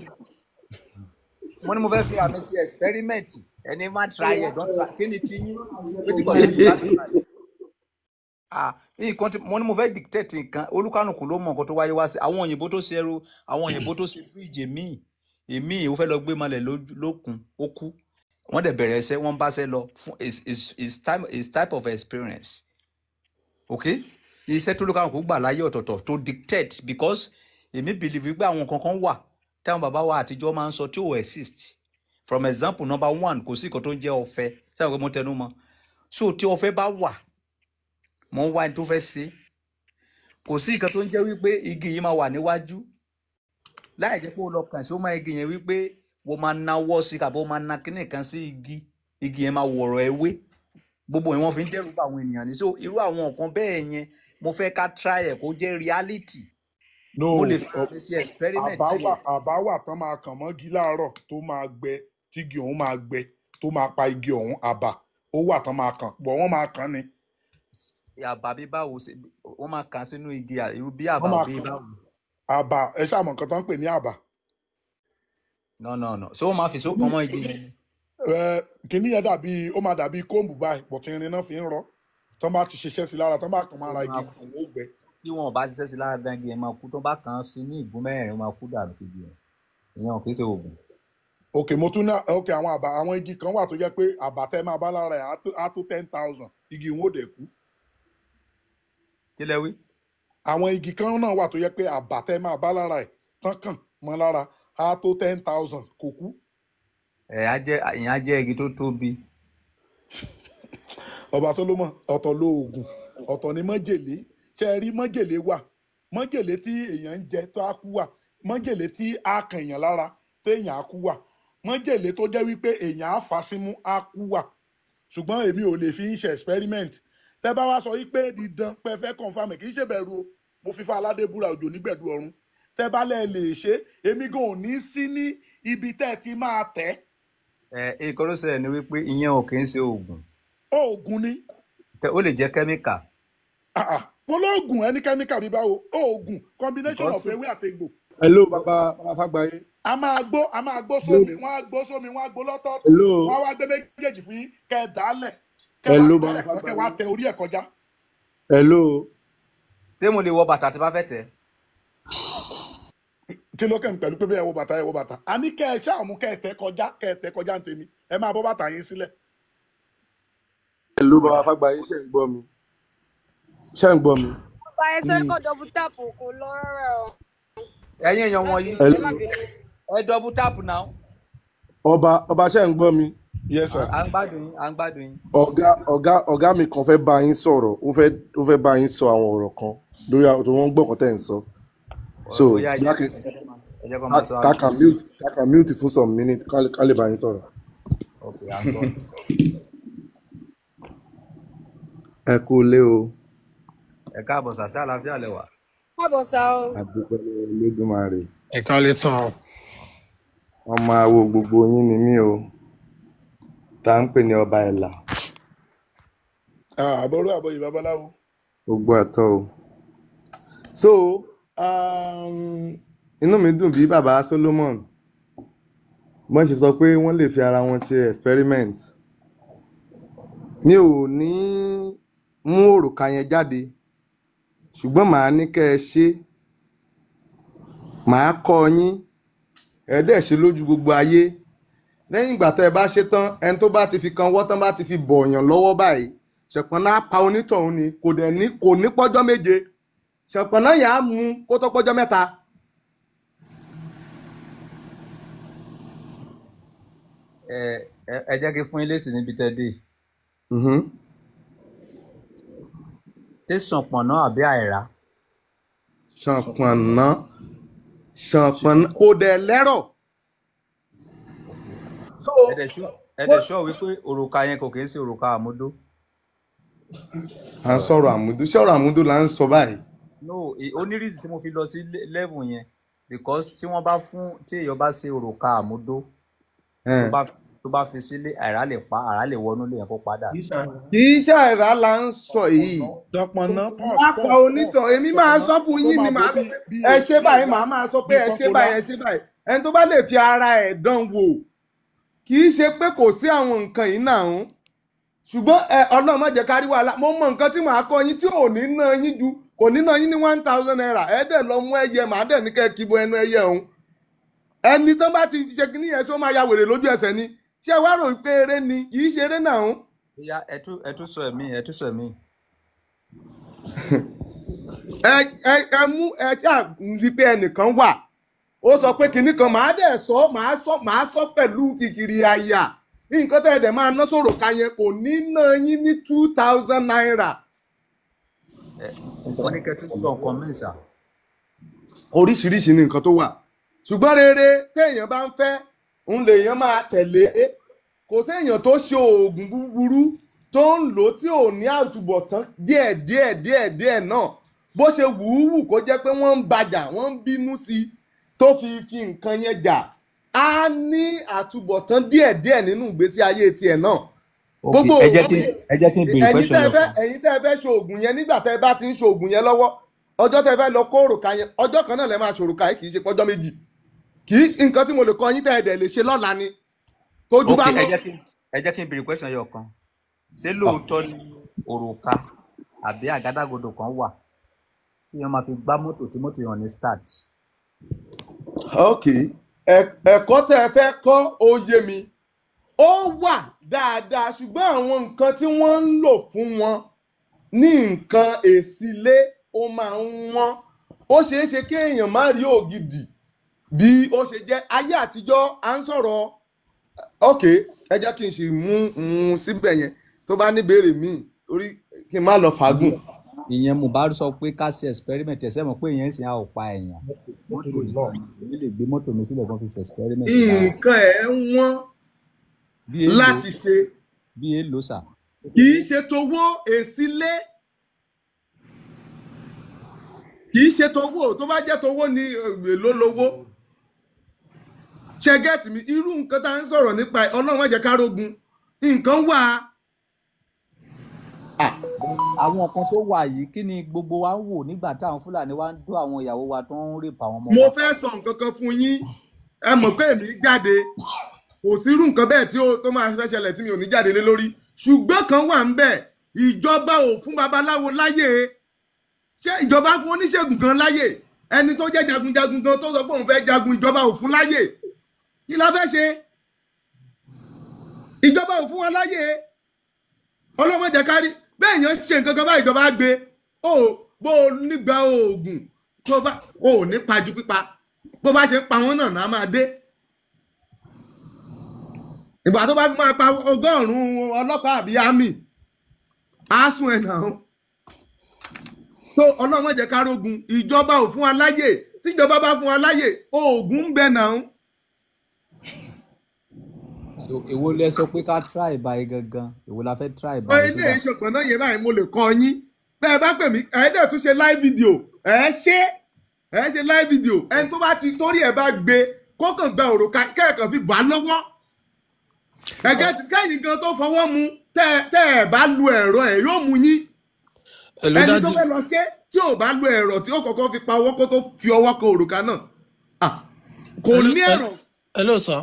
mo ní mo fẹ́ fi àmì sí experiment ẹni má try ẹ̀ don try kí ni ti yín wetin kò sí ìgbà tó try nǹkan tí mo ní mo fẹ́ dictate nǹkan olúkálùkù ló mọ nǹkan tó wáyé wá sí àwọn òyìnbó tó ṣe ẹrú àwọn òyìnbó tó ṣe bíríìjì èmi èmi ò fẹ́ lọ gbé malẹ̀ lókun ó kú wọ́n dẹ̀ bẹ̀rẹ̀ ẹsẹ̀ wọ́n bá ṣe lọ fún is is is time is type of experience okay iṣẹ́ tó olúkálùkù gbà láyé ọ̀tọ̀ọ̀tọ̀ to dictate because èmi believe wípé àwọn kankan wà táwọn bàbá wa àtijọ́ máa ń sọ tí ò exist from example number one kò sí nǹkan tó ń jẹ́ ọ̀fẹ́ sábà pé mo tẹnu mọ́ so tí ọ̀fẹ́ bá wà mo ń wá ẹni tó fẹ́ ṣe kò sí nǹkan tó ń jẹ́ wípé igi yìí máa wà níwájú láì jẹ́ pé ó lọ kàn sí ó máa igi yẹn wípé wọ́n máa nawọ́ sí kàbọ̀ wọ́n máa na kíní kan sí igi igi yẹn máa wọ̀rọ̀ ewé gbogbo yẹn wọ́n fi ń dẹ́rù bá àwọn ènìyàn ní so irú àwọn nǹkan bẹ́ẹ̀ yẹn mo fẹ́ ká try ẹ̀ kó jẹ́ reality no mo lè fi àmì sí experiment yẹn. àbáwà tán máa kàn mọ́gi láàárọ̀ tó máa gbẹ tígi òun máa gbẹ tó máa pa igi ọ̀hún àbà ó wà tán máa kàn pọ̀ wọ́n máa kàn ni. àbà bí báwo ṣe wọ́n máa kàn sínú igi irú bí àbà bí báwo. àbà ẹ ṣáà mọ̀ nǹkan tó ń pè ní àbà. no no no so ó máa fi sókàn mọ́ igi yẹn. ẹ kìíní yẹn dàbí ó máa dàbí kóòmù báyìí pọ̀tù náà fi ń rọ tán bá ti ṣiṣẹ́ sí lára tán bá kàn máa ra igi òun ó gbẹ bí wọn ò bá ṣiṣẹ́ sí lára dangi ẹ̀ máa kú tó bá kàn án sí ní ìgún mẹ́rin máa kú dànù kejì ẹ̀ ìyẹn ò kì ṣe oògùn. ok mo tún ná ok àwọn àbá àwọn igi kan wà tó jẹ́ pé àbàtẹ máa bá lára ẹ̀ á tó ten thousand igi ìwọ̀n òde kú. kí lẹ wí. àwọn igi kan náà wà tó jẹ́ pé àbàtẹ máa bá lára ẹ̀ tán kàn mọ́ lára á tó ten thousand kò kú. ẹ̀ á jẹ́ ìyẹn á jẹ́ igi tó tóbi. ọba solomon ọ̀tọ̀ lóògùn ọ̀tọ̀ ni májèlé ṣe rí májèlé wà májèlé tí èèyàn ń jẹ tó á kú wà májèlé tí a kàn èèyàn lára tó èèyàn á kú wà májèlé tó jẹ́ wípé èèyàn á fà símú á kú wà ṣùgbọ́n èmi ò lè fi ń ṣe experiment tẹ́ bá wá sọ wípé dídán pé fẹ́ confam kì í ṣèbẹ̀rù o mo fi fa aládé búra òjò nígbẹ̀dú ọ̀run tẹ́ bá lẹ lè ṣe èmi gan ò ní sí ní ibi tẹ́ ti máa tẹ̀. ẹ ẹ ìkọlọsẹ ni wípé ìyẹn ò kì í ṣe oògùn. oògùn ni. ó lè jẹ kẹ́míkà mo ẹni kẹ́míkà bíi báwo oògùn combination of ewé àtẹ̀gbò. hello bàbá bàbá fàgbáyé. a máa gbó a máa gbó sómi wọn á gbó sómi wọn á gbó lọ́tọ̀ọ̀tọ̀ wọn wá gbé méjèèjì fún yín kẹ ẹ dálẹ̀ kẹ wá tẹ orí ẹ kọjá. hello. ṣé mo lè wọ bàtà tí bá fẹ́ tẹ̀? kí ló kẹ́mi pẹ̀lú pé bẹ́ẹ̀ wọ bàtà ẹ wọ bàtà a ní kẹ́ ẹ ṣáà mú kẹ́ ẹ tẹ kọjá kẹ́ ẹ tẹ kọjá ní tèmi ẹ máa bọ́ bàtà yín sílẹ̀. hello bàbá fàgbáyé ṣe ń gbọ́ mi ṣé ń gbọ́ mi. ọba ẹsẹ kò dọbù táàpù kò lọ rárá o. ẹ̀yin èèyàn wọ̀nyí ẹ dọbù táàpù náà. ọba ọba ṣé ń gbọ́ mi. yes sir. à ń gbádùn yín à ń gbádùn yín. ọ̀gá ọ̀gá ọ̀gá mi kan fẹ́ bá yín sọ̀rọ̀ ó fẹ́ ó fẹ́ bá yín sọ àwọn ọ̀rọ̀ kan lórí àwọn tó wọ́n ń gbọ́ kan tẹ̀ ń sọ. so dákẹ́ kàkà mute kàkà mute fún some minutes ká lè bá yín sọ̀rọ̀. ẹ kú lé o ẹ káàbọ̀ sà sí àlàáfíà lẹ wà. káàbọ̀ sà o. àdúgbò lẹ́dùnmáre. ẹ̀ka lè tán ọmọ àwo gbogbo yín ni mí o tá ń pè ní ọba ẹ̀là. àbọ̀rú àbọ̀yè babaláwo. gbogbo àtọ́ o. so um, inú mi dùn bí bàbá Solomon wọ́n ṣe sọ pé wọ́n lè fi ara wọn ṣe experiment mi ò ní mú òrùka yẹn jáde ṣùgbọ́n màá ní kẹ́ ẹ ṣe màá kọ́ yín ẹ dẹ̀ ṣe lójú gbogbo ayé lẹ́yìn ìgbà tẹ́ ẹ bá ṣe tán ẹni tó bá ti fi kan wọ́tán bá ti fi bọ̀ọ̀yàn lọ́wọ́ báyìí ṣẹ̀pọ̀nà pa onítọ̀hún ni kò dẹ̀ ní kò ní pọ́jọ́ méje ṣẹ̀pọ̀nà yà á mú kó tó pọ́jọ́ mẹ́ta. ẹ ẹ jẹ́ kí fún ilé sí níbi tẹ́ dé ṣànpọ̀nná àbí àìrá. ṣànpọ̀nná ṣànpọ̀nná kò dẹ̀ lẹ́rọ̀. ẹ̀dẹ̀ sọ wípé òrùka yẹn kò kìí ṣe òrùka àmúdó. à ń sọ̀rọ̀ àmúdó sọ̀rọ̀ àmúdó là ń sọ báyìí. no onírìsì tí mo fi lọ sí level yẹn because tí wọ́n bá fún tí èèyàn bá ṣe òrùka àmúdó. tó bá fi sílé àìrá lè pa àrà lè wọnú lè yẹn kó padà. kì í ṣe àìrá la ń sọ yìí. dọpọnà pọs pọs pọs onítàn èmi máa sọ fún yín ni màá ẹ ṣe báyìí màá máa sọ pé ẹ ṣe báyìí ẹ ṣe báyìí ẹni tó bá lè fi ara ẹ̀ dán kì í ṣe pé kò sí àwọn nǹkan yìí náà ń ṣùgbọ́n ẹni tó bá ti ṣe kí nìyẹn tó máa ya wèrè lójú ẹsẹ ni ṣé wàá rò pé eré ni kì ṣe eré náà ń. ìyá ẹtú ẹtú sọ ẹmí ẹtú sọ ẹmí. ẹ ẹ mú ẹ tí à ń rí pé ẹnìkan wà ó sọ pé kinní kan màá dẹ̀ sọ màá sọ màá sọ pẹ̀lú kìkìrì àyà nǹkan tẹ́ ẹ dẹ̀ máa ná sọ̀rọ̀ ká yẹn kò ní ná yín ní two thousand naira. ní sọ oríṣiríṣi ni nǹkan tó wà. ṣùgbọ́n rere téèyàn bá ń fẹ́ ń lèèyàn máa tẹ̀lé kò séèyàn tó ṣe oògùn búburú tó ń lò tí ò ní àtúbọ̀tán díẹ̀ díẹ̀ díẹ̀ díẹ̀ náà bó ṣe wùúwù kó jẹ́ pé wọ́n ń bàjà wọ́n ń bínú sí i tó fi fi nǹkan yẹn jà á ní àtúbọ̀tán díẹ̀ díẹ̀ nínú ìgbésí ayé tiẹ̀ náà gbogbo ẹ jẹ́ ẹ jẹ́ kí tẹ́ ẹ fẹ́ ṣoògùn yẹn nígbà tẹ́ ẹ bá ti ń ṣoògùn yẹn lọ́wọ́ ọjọ́ tẹ́ ẹ fẹ́ lọ kó òrùka yẹn ọjọ́ kan náà lẹ máa ṣòrùka yìí kì í ṣe pọ́jọ́ méjì kì í nǹkan tí mo lè kọ yín tẹ́ẹ̀dẹ̀ lè ṣe lọ́la ni tójú bá mọ̀. ẹ jẹ́ kí n bèrè question yọ kan ṣé lóòótọ́ ni òrùka àbí àgádágodo kan wà kí wọ́n máa fi gbá mọ́tò tí mọ́tò yàn ní start. ok ẹ̀kọ́ tẹ́ ẹ fẹ́ kọ́ ó yé mi ó wà dáadáa ṣùgbọ́n àwọn nǹkan tí wọ́n ń lò fún wọn ní nǹkan èsì lé ó máa ń wọ́n ó ṣeé kéèyàn má rí ògidì bí ó ṣe jẹ́ ayé àtijọ́ à ń sọ̀rọ̀ ok ẹ jẹ́ kí n sì mú un síbẹ̀ yẹn tó bá ní béèrè míì torí kí n má lọ fàágùn. ìyẹn Mohbad sọ pé ká ṣe experiment ẹ sẹ́mo pé ìyẹn sì á ò pa èèyàn mọ́tò náà èmi lè gbé mọ́tò mi sílẹ̀ kan fi ṣe experiment. nǹkan ẹ̀ wọ́n láti ṣe. bí èèlò sà. kì í ṣe towó èsílé kì í ṣe towó tó bá jẹ́ towó ni èlò lowó ṣe gẹ́ẹ̀tì mi irú nǹkan tá à ń sọ̀rọ̀ nípa ẹ̀ ọlọ́run má jẹ́ ká rógun nǹkan wà. Ah, àwọn kan tó wà yìí kí ni gbogbo wa ń wò nígbà táwọn fúlàní wa ń dó àwọn ìyàwó wa tó ń rèpà àwọn ọmọ wa. mo fẹ́ sọ nǹkan kan fún yín ẹ mọ̀ pé èmi jáde kò sí irú nǹkan bẹ́ẹ̀ tí ó máa fẹ́ ṣẹlẹ̀ tí mi ò ní jáde lé lórí ṣùgbọ́n kan wà ń bẹ̀ ìjọba ò fún babaláwo láyè ṣé ìjọba fún oníṣègùn kan láyè ẹni tó jẹ́ jagunjagun gan tó sọ pé òun fẹ́ jagun ìjọba ò fún láyè kí la fẹ́ ṣe ìjọba ò fún wa láyè ọlọ́mọdé kárí bẹ́ẹ̀ yẹn ṣe nǹkan kan bá ìjọba gbé o bó o nígbà oògùn tó bá o ní pa pípa bó bá ṣe pa wọn náà náà máa dé ìgbà tó bá máa pa ọgọ́rùn-ún ọlọ́pàá àbí àmì àásùn ẹ̀ náà tó ọlọ́mọdé kárógun ìjọba ò fún wa láyè tíjọba bá fún wa láyè oògùn ń bẹ náà so èwo lẹ sọ pé ká try báyìí gangan èwo la fẹ́ try báyìí. ọ̀hún ilé ìṣọ̀gbọ̀n náà yẹ báyìí mo lè kọ́ yín bẹ́ẹ̀ bá pè mí ẹ̀ dẹ̀ tún ṣe live video ẹ̀ ṣe ẹ̀ ṣe live video ẹni tó bá ti torí ẹ̀ bá gbé kókàn gba òrùka kẹ́ẹ̀kan fi bà á lọ́wọ́ ẹ̀gẹ́ kẹ́yìn gan tó fọwọ́ mu tẹ́ ẹ̀ bá lu ẹ̀rọ ẹ̀ yóò mu yín ẹni tó fẹ́ lọ ṣe tí ò bá lu ẹ̀rọ tí ó kọ́kọ́ fi pa ọwọ́ kó tó fi ọwọ́ kan òrùka náà kò ní ẹ̀rọ. ẹ ló sọ.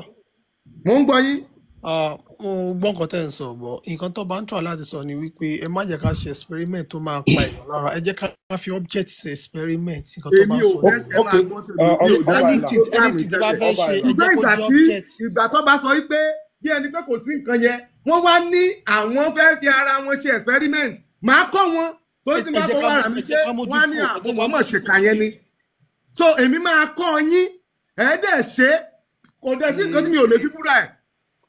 mo ń gbọ́ yín mo gbọ́ nǹkan tẹ́ ń sọ bọ̀ nǹkan tó bá ń tọ̀ láti sọ ni wípé ẹ má jẹ́ ká ṣe experiment tó máa pa èèyàn lára ẹ jẹ́ ká fi object ṣe experiment nǹkan tó bá ń sọ. Uh, anything bá fẹ́ ṣe ẹ jẹ́ kó jẹ́ object. ìgbà tó bá sọ wípé bí ẹni pé kò sí nǹkan yẹn wọ́n wá ní àwọn fẹ́ fi ara wọn ṣe experiment màá kọ́ wọn tó ti máa fọwọ́ ara mi ṣe wọ́n á ní àwọn ọmọ ṣèkà yẹn ni so èmi máa kọ́ yín ẹ̀ẹ́dẹ̀ ṣe kò dẹ̀ sí nǹkan tí mi ò lè fi búra ẹ̀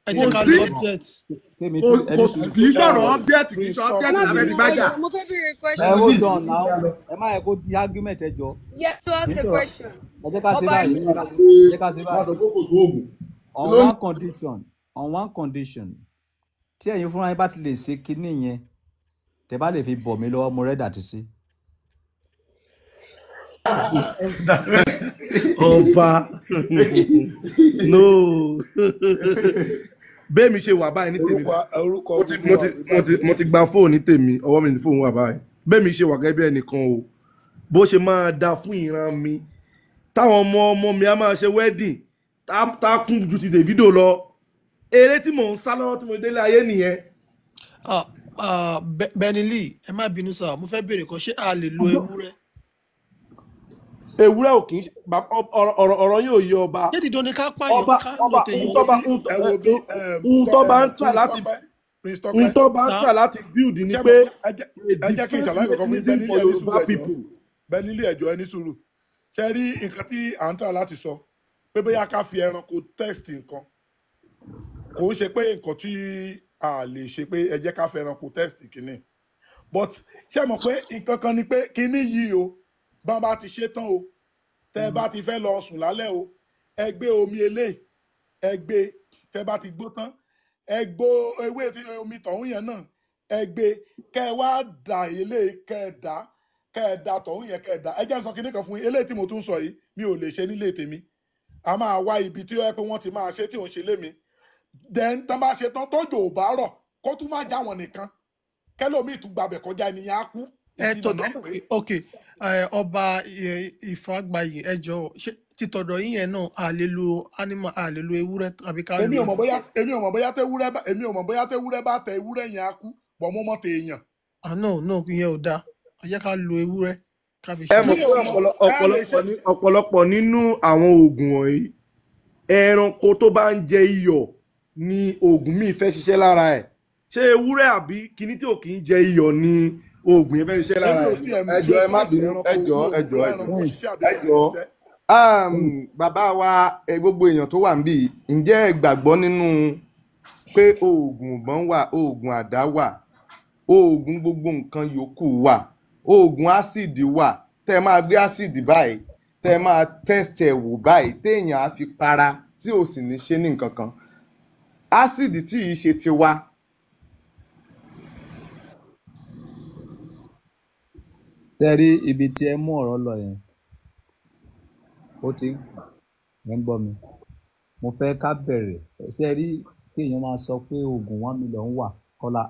kò sí kò sí kì í sọ̀rọ̀ ọ́bẹ̀tì kì í sọ ọ́bẹ̀tì lábẹ́ ní ẹ hold on now ẹ má yẹ kó di argument ẹ jọ. yes to ask a question. ká ṣe báyìí ẹ ká ṣe báyìí. on one condition on one condition tí ẹ̀yin fúnra yín bá ti lè ṣe kinní yẹn tẹ́ bá lè fi bọ̀ mí lọ́wọ́ mo rẹ́dà ti ṣe. ọba no. bẹ́ẹ̀ mi ṣe wà báyìí ní tèmi mo ti gba fóònù tèmi ọwọ́ mi ní fóònù wà báyìí bẹ́ẹ̀ mi ṣe wà gẹ́gẹ́ bí ẹnìkan o bó ṣe máa da fún ìran mi táwọn ọmọ ọmọ mi á máa ṣe wedding tá a kún ju ti Davido lọ eré tí mò ń sá lọ́wọ́ tí mo délé ayé nìyẹn. Ah, ah, Benny Lee ẹ má bínú sáà mo fẹ́ béèrè kan ṣé a lè lo ewúrẹ́ ewúrẹ́ ò kì í ọ̀rọ̀ ọ̀rọ̀ yóò yé ọba ọba ọba ntọ́ba ntọ́ba ń tà láti ntọ́ba ń tà láti build ni pé a difference between for Yorùbá people. bẹ́ẹ̀ nílé ẹ̀jọ́ ẹni sùúrù ṣe rí nǹkan tí à ń tà láti sọ pé bóyá ká fi ẹranko test nǹkan kò ń ṣe pé nǹkan tí a lè ṣe pé ẹ jẹ́ ká fi ẹranko test kínní but ṣé mọ̀ pé nǹkan kan ni pé kínní yìí o bá bá ti ṣe tán o tẹ́ bá ti fẹ́ lọ sùn lálẹ́ o ẹ omi eléyìí ẹ gbé tẹ́ bá ti gbó tán ẹ ewé omi tọ̀hún yẹn náà ẹ gbé kẹ́ ẹ wá dà eléyìí kẹ́ ẹ dà kẹ́ ẹ dà tọ̀hún yẹn kẹ́ ẹ dà ẹ jẹ́ sọ kinní kan fún yín eléyìí tí mo tún sọ yìí mi ò lè ṣe nílé tèmi a máa wá ibi tí ó yẹ pé wọ́n ti máa ṣe tí ò ń ṣe lémi then tán bá ṣe tán tọ́jú ò bá rọ̀ kó tún má já wọn nìkan kẹ́lómi ìtúgbàbẹ̀ kọjá ènìyàn á kú. ẹ tọ̀dọ̀ ok ọba ìfàgbàyè ẹ jọ̀ọ́ títọ̀dọ̀ yín yẹn náà a lè lo animal a lè lo ká èmi ò mọ̀ bóyá èmi ò mọ̀ bóyá tewúrẹ́ bá èmi ò mọ̀ bóyá tewúrẹ́ bá tẹ ewúrẹ́ yẹn á kú bọ̀ mo tèèyàn. àná ah, náà ìyẹn ò dáa àyẹ́ ká lo ewúrẹ́ ká fi ṣe. ẹ mọ̀ pé ọ̀pọ̀lọpọ̀ nínú àwọn oògùn wọ̀nyí ẹranko tó bá ń jẹ iyọ̀ ni oògùn míì fẹ́ ṣiṣẹ́ lára ẹ̀ ṣé ewúrẹ́ àbí kinní tí ò kì í jẹ iyọ̀ ni oògùn yẹn fẹ́ ṣiṣẹ́ lára ẹ jọ̀ọ́ ẹ má bínú ẹ jọ̀ọ́ ẹ jọ̀ọ́ ẹ jọ̀ọ́ ẹ jọ̀ọ́ bàbá wa gbogbo èèyàn tó wà níbí ǹjẹ́ ẹ gbàgbọ́ nínú pé oògùn ìbọn wà oògùn àdá wà oògùn gbogbo nǹkan yòókù wà oògùn ásìdì wà tẹ́ ẹ máa gbé ásìdì báyìí tẹ́ ẹ máa tẹ́sítì ẹ̀ wò báyìí téèyàn á fi para tí ò sì ní ṣe ní nǹkan kan ásìdì tí yìí ṣe ti wa Tẹ́rí ibi tí ẹ mú ọ̀rọ̀ lọ yẹn, ó ti ń kùn, ẹ̀ ń gbọ́ mi. Mo fẹ́ ká bẹ̀rẹ̀. Ṣé rí kí èèyàn máa sọ pé oògùn one million wà Kọ́lá?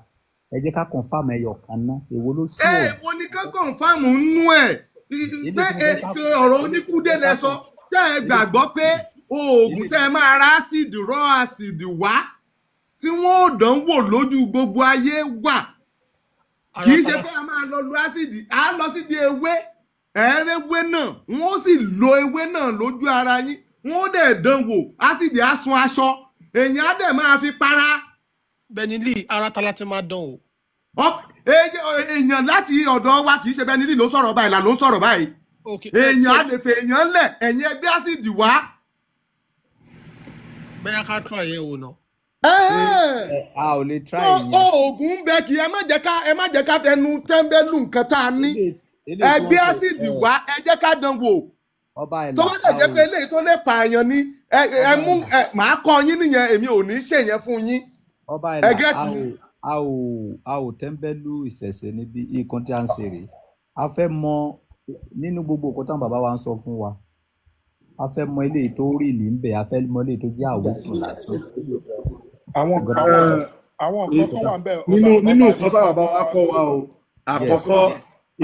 Ẹ jẹ́ ká confirm ẹyọ kan ná. Èwo ló ṣú ẹ̀? Ẹ mo ní ká confirm nú ẹ̀. Bẹ́ẹ̀ ọ̀rọ̀ oníkúdé lẹ sọ. Tẹ́ ẹ gbàgbọ́ pé oògùn tẹ́ ẹ máa ra ásìdì rọ́ ásìdì wá tí wọ́n ò dán wò lójú gbogbo ayé wà kì í ṣe pé a máa lọ lu ásìdì a lọ sí di ewé ẹ̀ẹ́rẹ́ ewé náà wọ́n ó sì lo ewé náà lójú ara yín wọ́n ó dẹ̀ dán wò ásìdì á sun aṣọ èèyàn á dẹ̀ máa fi para. Benili ara ta láti máa dán o. èèyàn láti ọ̀dọ̀ wa kì í ṣe Benili ló sọ̀rọ̀ báyìí là ló ń sọ̀rọ̀ báyìí èèyàn á lè fẹ́ èèyàn lẹ̀ ẹ̀yìn ẹgbẹ́ ásìdì wá. bẹ́ẹ̀ ká tún àyẹ̀wò náà. a oògùn ń bẹ kí ẹ má ká tẹnu tẹ́ńbẹ́lú nǹkan tá a ní ẹgbẹ́ ásìdì wá ẹ jẹ́ ká dán wò ni ẹ mú ẹ màá kọ́ ní ṣèyẹn fún yín ẹ a ò a ò tẹ́ńbẹ́lú ìṣẹ̀ṣẹ̀ a ń ṣe rèé a fẹ́ mọ nínú gbogbo wa ń sọ fún wa a fẹ́ mọ eléyìí tó rí ìlú àwọn àwọn nǹkan tó wà ń bẹ. nínú nínú nǹkan tó àwọn bá kọ wa o àkọ́kọ́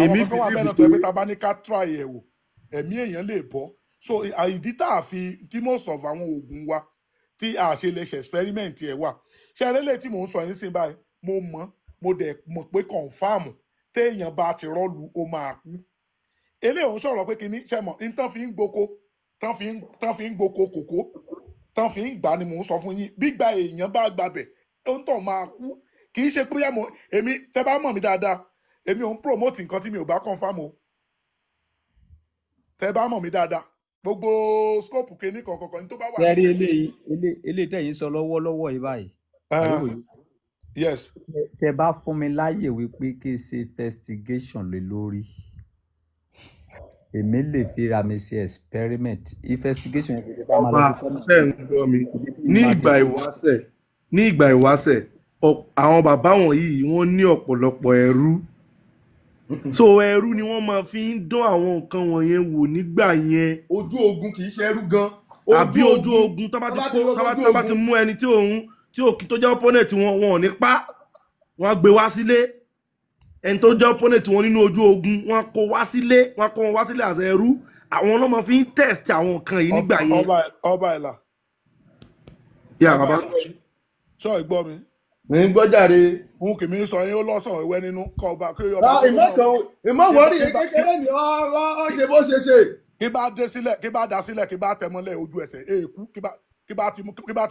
èmi bí bí bí pé tá a bá ní ká try ẹ̀ wò ẹ̀mí èèyàn lè bọ́ so ìdí tá a fi tí most of àwọn oògùn wa tí a ṣe lè ṣe experiment ẹ̀ wà ṣe erélẹ̀ tí mò ń sọ yín sí báyìí mo mọ̀ mo dẹ̀ mọ̀ pé confam téèyàn bá ti rọ́ọ̀lù ó máa kú eléyìí ò ń sọ̀rọ̀ pé kínní ṣe mọ̀ ní tán fi ń gboko tán fi ń gboko kòkó tán fi ń gbà ni mò ń sọ fún yín bí gba èèyàn bá gbàbẹ̀ tó ń tàn máa kú kì í ṣe pé yàmọ̀ èmi tẹ́ bá mọ̀ mí dáadáa èmi ò ń promote nǹkan tí mi ò bá confam o tẹ́ bá mọ̀ mí dáadáa gbogbo scope kìíní kọ̀ọ̀kan tó bá wà. tẹ́rí eléyìí eléyìí tẹ̀yìn sọ lọ́wọ́lọ́wọ́ yìí báyìí. Ah, yes. tẹ́ bá fún mi láyè wípé kí n ṣe investigation lé lórí èmi lè fira mi sí experiment investigation ẹ̀kọ́ tí wọ́n máa lọ sí kọ́mọ̀tì. ṣe ń gbọ́ mi ní ìgbà ìwáṣẹ̀ ní ìgbà ìwáṣẹ̀ àwọn bàbá wọ̀nyí wọ́n ní ọ̀pọ̀lọpọ̀ ẹrú so ẹrú ni wọ́n máa fi ń dán àwọn nǹkan wọ̀nyẹn wò nígbà yẹn. ojú ogun kì í ṣe ẹrú gan. àbí ojú ogun tó bá ti kó tó bá ti mú ẹni tí òun tí òkì tó jẹ́ opponent wọn wọn ò ní pa wọn á gbé wá sílé ẹni tó jẹ́ opponent wọn nínú ojú ogun wọn kó wá sílé wọn kó wọn wá sílé àṣẹ ẹrú àwọn ọlọ́mọ fi ń test àwọn nǹkan yìí nígbà yẹn. ọba ìlà. yà bàbá. sọ ìgbọ́ mi. mi ń gbọ́jàre. n kì í sọ yín ó lọ́sàn ìwẹ́ nínú kọ́ ọba kí ọba. Ah, ìmọ̀ kan ìmọ̀ wọ́rí kékeré ni ọ ṣe bó ṣe ṣe. kí bá dé sílẹ̀ kí bá dá sílẹ̀ kí bá tẹmọ́lẹ̀ ojú ẹsẹ̀ èèkú kí bá ti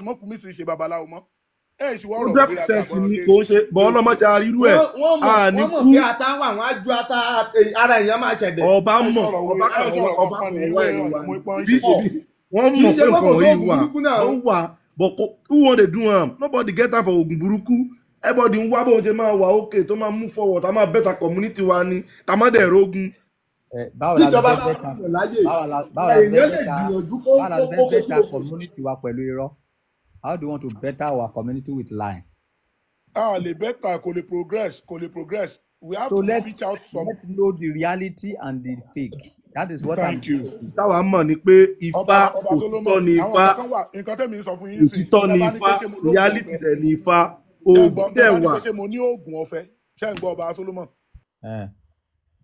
mọ́ kùmí sí ṣe babaláwo mọ́ hundred percent ni kò ń ṣe bọ́ ọlọ́mọdé arírú ẹ̀ a ní kú. wọ́n mọ̀ pé ata wà wọ́n á ju ata ara èèyàn máa ṣẹ̀dẹ̀. ọba mọ̀ ọba kan ọba kan wà ẹ̀ wà wọ́n mọ̀ pé nǹkan wọ̀nyí wà ó wà but who wan dey do am nobody get am for oògùn burúkú everybody ń wá bóun ṣe máa wà ókè tó máa mú forward tá máa better community wa ni tá máa dẹ̀ rogun eh, báwo la fẹ́ bẹ́ta báwo la fẹ́ bẹ́ta community wa pẹ̀lú irọ́ how do you want to better our community with lying? ah le better kò le progress kò le progress we have so to reach out some. so let's know the reality and the fake that is what Thank i'm saying. táwa mọ̀ ni pé ifá òtítọ́ ni ifá òtítọ́ ni ifá reality dẹ̀ ni ifá oògùn dẹ̀ wà. ṣé mo ní oògùn ọ̀fẹ́ ṣé ń gbọ́ ọba solomon eh.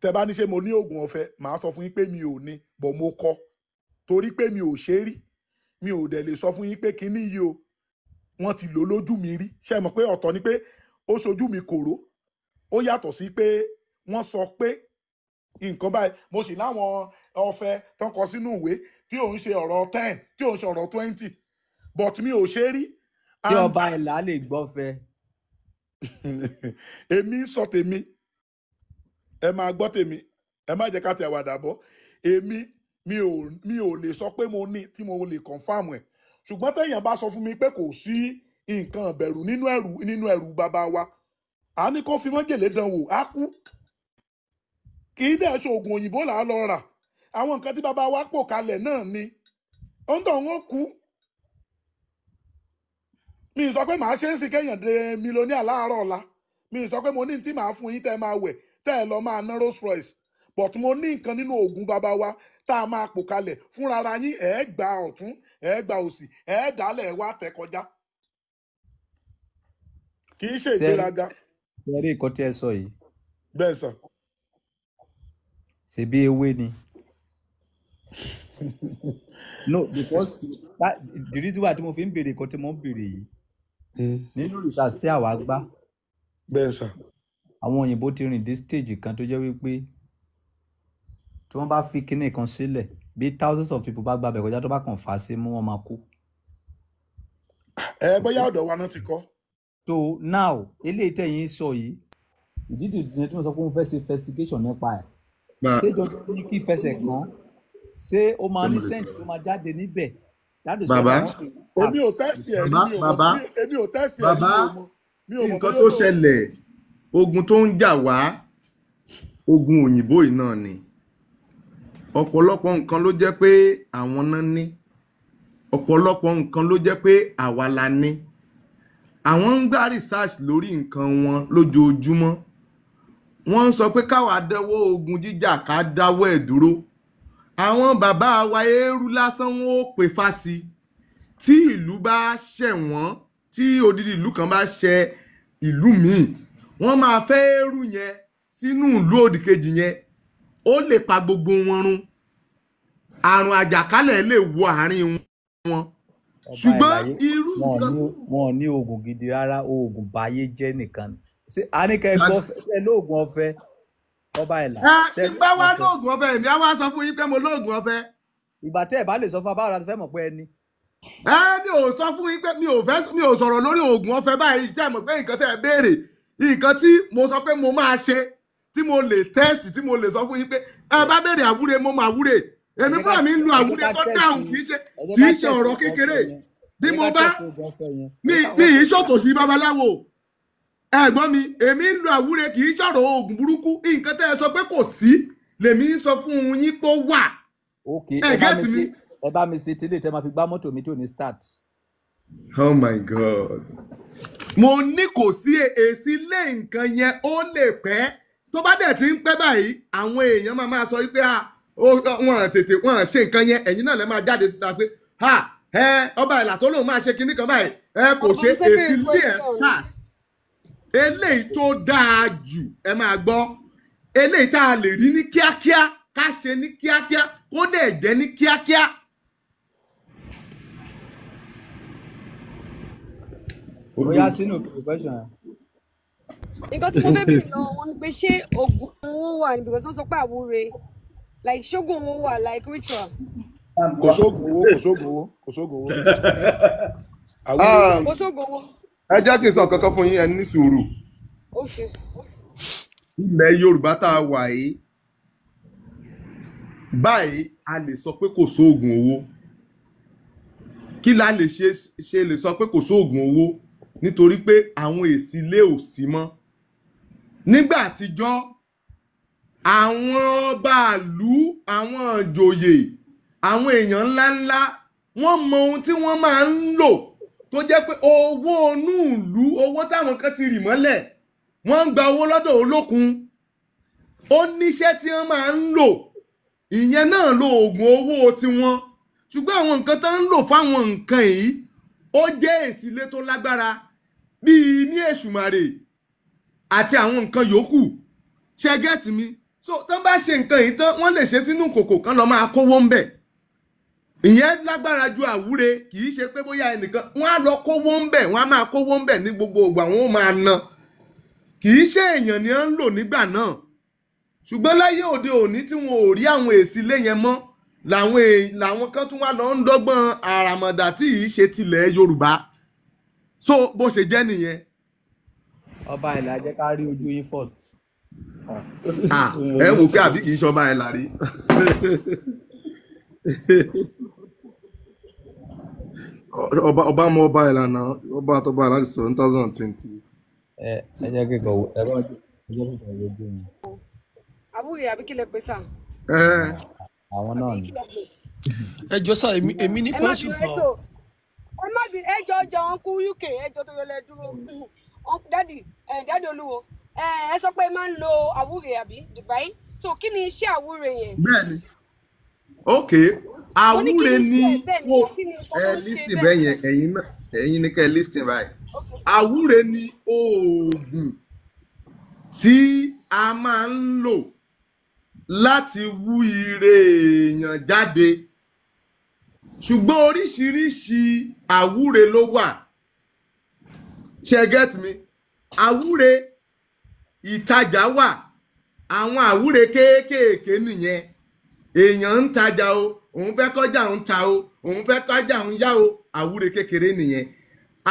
tẹ bá ní ṣe mo ní oògùn ọ̀fẹ́ màá sọ fún yín pé mi ò ní bọ̀ mo kọ torí pé mi ò ṣe é rí mi ò dẹ̀ lè sọ fún yín pé kinní yìí o wọ́n ti lò lójú mi rí ṣe mọ̀ pé ọ̀tọ̀ ni pé ó ṣojú mi kòró ó yàtọ̀ sí pé wọ́n sọ pé nǹkan báyìí mo sì láwọn ọ̀fẹ́ tán kọ sínú ìwé tí òun ṣe ọ̀rọ̀ ten tí òun ṣe ọ̀rọ̀ twenty but mi ò ṣe rí. tí ọba ìlà lè gbọ́ fẹ́. èmi sọ tèmi ẹ máa gbọ́ tèmi ẹ má jẹ́ ká ti àwàdà bọ́ èmi mi ò mi ò lè sọ pé mo ní tí mo lè confam ẹ̀ ṣùgbọ́n téèyàn bá sọ fún mi pé kò sí nǹkan ìbẹ̀rù nínú ẹ̀rù nínú ẹ̀rù bàbá wa a ní kó fi májèlé dán á kú kì í dẹ̀ ṣe oògùn òyìnbó là á lọ rà àwọn nǹkan tí bàbá wa pò kalẹ̀ náà ni ó ń tọ̀ wọ́n kú mi sọ pé màá ṣe é sí kéèyàn de mílíọ̀nì àláàárọ̀ ọ̀la mi sọ pé mo ní tí màá fún yín tẹ́ máa wẹ̀ tẹ́ ẹ lọ máa ná Rolls Royce but mo ní nǹkan nínú oògùn bàbá wa tá a máa kalẹ̀ fúnra yín ẹ̀ gba ọ̀tún ẹ̀ gba òsì ẹ̀ dálẹ̀ wá kọjá kì í ṣe ìgbéraga. ṣe ẹ sọ yìí. bẹ́ẹ̀ sọ. ni. no because that the tí mo fi ń béèrè ìkọ́tí mo ń béèrè yìí hmm. nínú research tí àwa gbá. bẹ́ẹ̀ sọ. àwọn òyìnbó ti rìn dé stage kan tó jẹ́ wípé tí wọ́n bá fi kinní kan sílẹ̀ bí thousands of people bá gbàbẹ̀ kọjá tó bá kàn fà á sí mú wọn máa kú. ẹ bóyá ọ̀dọ̀ wa náà ti kọ́. so now eléyìí tẹ̀yìn sọ yìí ìdí tuntun tí mo sọ pé mo fẹ́ ṣe investigation nípa ẹ̀ ṣé jọjọ ló ní kí fẹsẹ̀ kan ṣé ó máa ní cent tó máa jáde níbẹ̀ jáde sọ bàbá èmi ò tẹ́sì ẹ̀ bàbá èmi ò tẹ́sì ẹ̀ bàbá nǹkan tó ṣẹlẹ̀ ogun tó ń jà wá ogun òyìnbó yìí náà ni ọ̀pọ̀lọpọ̀ nǹkan ló jẹ́ pé àwọn náà ní ọ̀pọ̀lọpọ̀ nǹkan ló jẹ́ pé àwa la ní àwọn ń gbá research lórí nǹkan wọn lójoojúmọ́ wọ́n ń sọ pé káwa dáwọ́ ogun jíjà ká dáwọ́ ẹ̀ dúró àwọn bàbá wa eérú lásán wọn ó pè fásì tí ìlú bá ṣẹ̀ wọ́n tí odidi ìlú kan bá ṣẹ̀ ìlú míì wọ́n máa fẹ́ eérú yẹn sínú ìlú òdìkejì yẹn ó lè pa gbogbo wọn run àrùn àjàkálẹ̀ lè wọ àárín wọn ṣùgbọ́n irú. wọn ò ní oògùn gidi rárá oògùn báyé jẹ́ nìkan ṣé àníkẹ́ gbọ́ ṣe lóògùn ọ̀fẹ́ ọba ìlà. ẹ ìgbà wa lóògùn ọ̀fẹ́ èmi á wá sọ fún yín pé mo lóògùn ọ̀fẹ́. ìgbà tẹ́ ẹ̀ bá lè sọ fún abáwọn láti fẹ́ mọ̀ pé ẹ ní. ẹ mi ò sọ fún yín pé mi ò fẹ́ mi ò sọ̀rọ̀ lórí oògùn ọ̀fẹ́ báyìí jẹ́ mọ̀ pé nǹkan tẹ́ béèrè nǹkan tí mo sọ pé mo máa ṣe tí mo lè test tí mo lè sọ fún yín pé ẹ bá bẹ̀rẹ̀ àwúre mo máa wúre èmi fúnra mi ń lo àwúre tó dáhùn kì í ṣe kì í ṣe ọ̀rọ̀ kékeré bí mo bá mi ì ṣòkò sí babaláwo ẹ̀gbọ́n mi èmi ń lo àwúre kì í ṣọ̀rọ̀ oògùn burúkú nǹkan tẹ́ ẹ sọ pé kò sí lèmi ń sọ fún yín pé ó wà ẹ̀gẹ́tì ẹ bá mi ṣe tẹ́lẹ̀ tẹ́ máa fi gbá mọ́tò mi tó ní start. oh my god mo ní kò sí èsì lé nǹkan yẹn ó lè pẹ́ tó bá dẹ̀ ti ń pẹ́ báyìí àwọn èèyàn máa máa sọ wípé ah, wọn tètè wọn ṣe nǹkan yẹn ẹ̀yin náà lè máa jáde síta pé ọba ìlà tó lóun máa ṣe kinní kan báyìí ẹ kò ṣe èsì lé ẹ sá eléyìí tó dáa jù ẹ máa gbọ́ eléyìí tá a lè rí ní kíákíá ká ṣe ní kíákíá kó dẹ̀ jẹ́ ní kíákíá. bóyá sínú kìlọ̀ bẹ́ẹ̀ sàn nǹkan tí mo fẹ́ bèrè lọ wọn ni pé ṣé oògùn wọn wà níbi because wọ́n sọ pé àwúre like ṣógun wọn wà like ritual. kò sóògùn owó kò sóògùn owó kò sóògùn owó. Ah, kò sóògùn owó. ẹ jẹ́ kí n sọ kankan fún yín ẹ ní sùúrù. ilẹ̀ Yorùbá tá a wà yìí báyìí a lè sọ pé kò sóògùn owó kí la lè ṣe lè sọ pé kò sóògùn owó nítorí pé àwọn èsì ilé ò sí mọ́ nígbà àtijọ́ àwọn ọba àlú àwọn ìjòyè àwọn èèyàn ńláńlá wọ́n mọ ohun tí wọ́n máa ń lò tó jẹ́ pé owó inú ìlú owó táwọn kan ti rì mọ́lẹ̀ wọ́n ń gba owó lọ́dọ̀ olókun ó níṣẹ́ tí wọ́n máa ń lò ìyẹn náà lo oògùn owó tiwọn ṣùgbọ́n àwọn nǹkan tó ń lò fáwọn nǹkan yìí ó jẹ́ èsì ilé tó lágbára bíi ní èṣùmàrè àti àwọn nǹkan yòókù ṣe gẹ́ẹ̀tì mi so tán bá ṣe nǹkan yìí tán wọ́n lè ṣe sínú kòkò kan lọ́ọ́ máa kówó ń bẹ̀ ìyẹn lágbára ju àwúre kì í ṣe pé bóyá ẹnìkan wọ́n á lọ kówó ń bẹ̀ wọ́n á máa kówó ń bẹ̀ ní gbogbo ìgbà wọ́n ó máa na kì í ṣe èèyàn ni wọ́n ń lò nígbà náà ṣùgbọ́n láyé òde òní tí wọn ò rí àwọn èsì ilé yẹn mọ́ làwọn làwọn kan tún wá lọ ń dọ́gbọ́n àràmọ̀dà tí yìí ṣe tilẹ̀ Yorùbá so bó ṣe jẹ́ nìyẹn ọba ìlà jẹ́ ká rí ojú yín first. ẹ wò pé àbí kì í ṣọba ìlà rí. ọba ọba mọ ọba ìlà náà ọba àtọba ìlà sọ ní thousand twenty. ẹ ẹ jẹ́ kí n ẹ bá jẹ́ ojú mi. àbúrò àbí kí lè pè sàn. àwọn náà ni. ẹ jọ sá èmi ní fún ọ. ẹ má ẹ jọ jọ uk ẹ jọ tó yọ lẹ dúró. dádì oh, dádì eh, olúwo eh, ẹ sọ pé máa ń lo àwúre àbí Dubai so kí ni iṣẹ́ àwúre yẹn. bẹ́ẹ̀ni ok àwúre ni wo ẹ lísìn eh, bẹ́ẹ̀ yẹn ẹ̀yin náà ẹ̀yin ni kẹ́ ẹ lísìn báyìí àwúre ni oògùn tí a máa ń lò láti wú ire èèyàn jáde ṣùgbọ́n oríṣiríṣi àwúre ló wà ṣe get me àwúre ìtajà wà àwọn àwúre kéékèèké nìyẹn èèyàn ń tajà o òun fẹ́ kọjá òun ta o òun fẹ́ kọjá òun yá o àwúre kékeré nìyẹn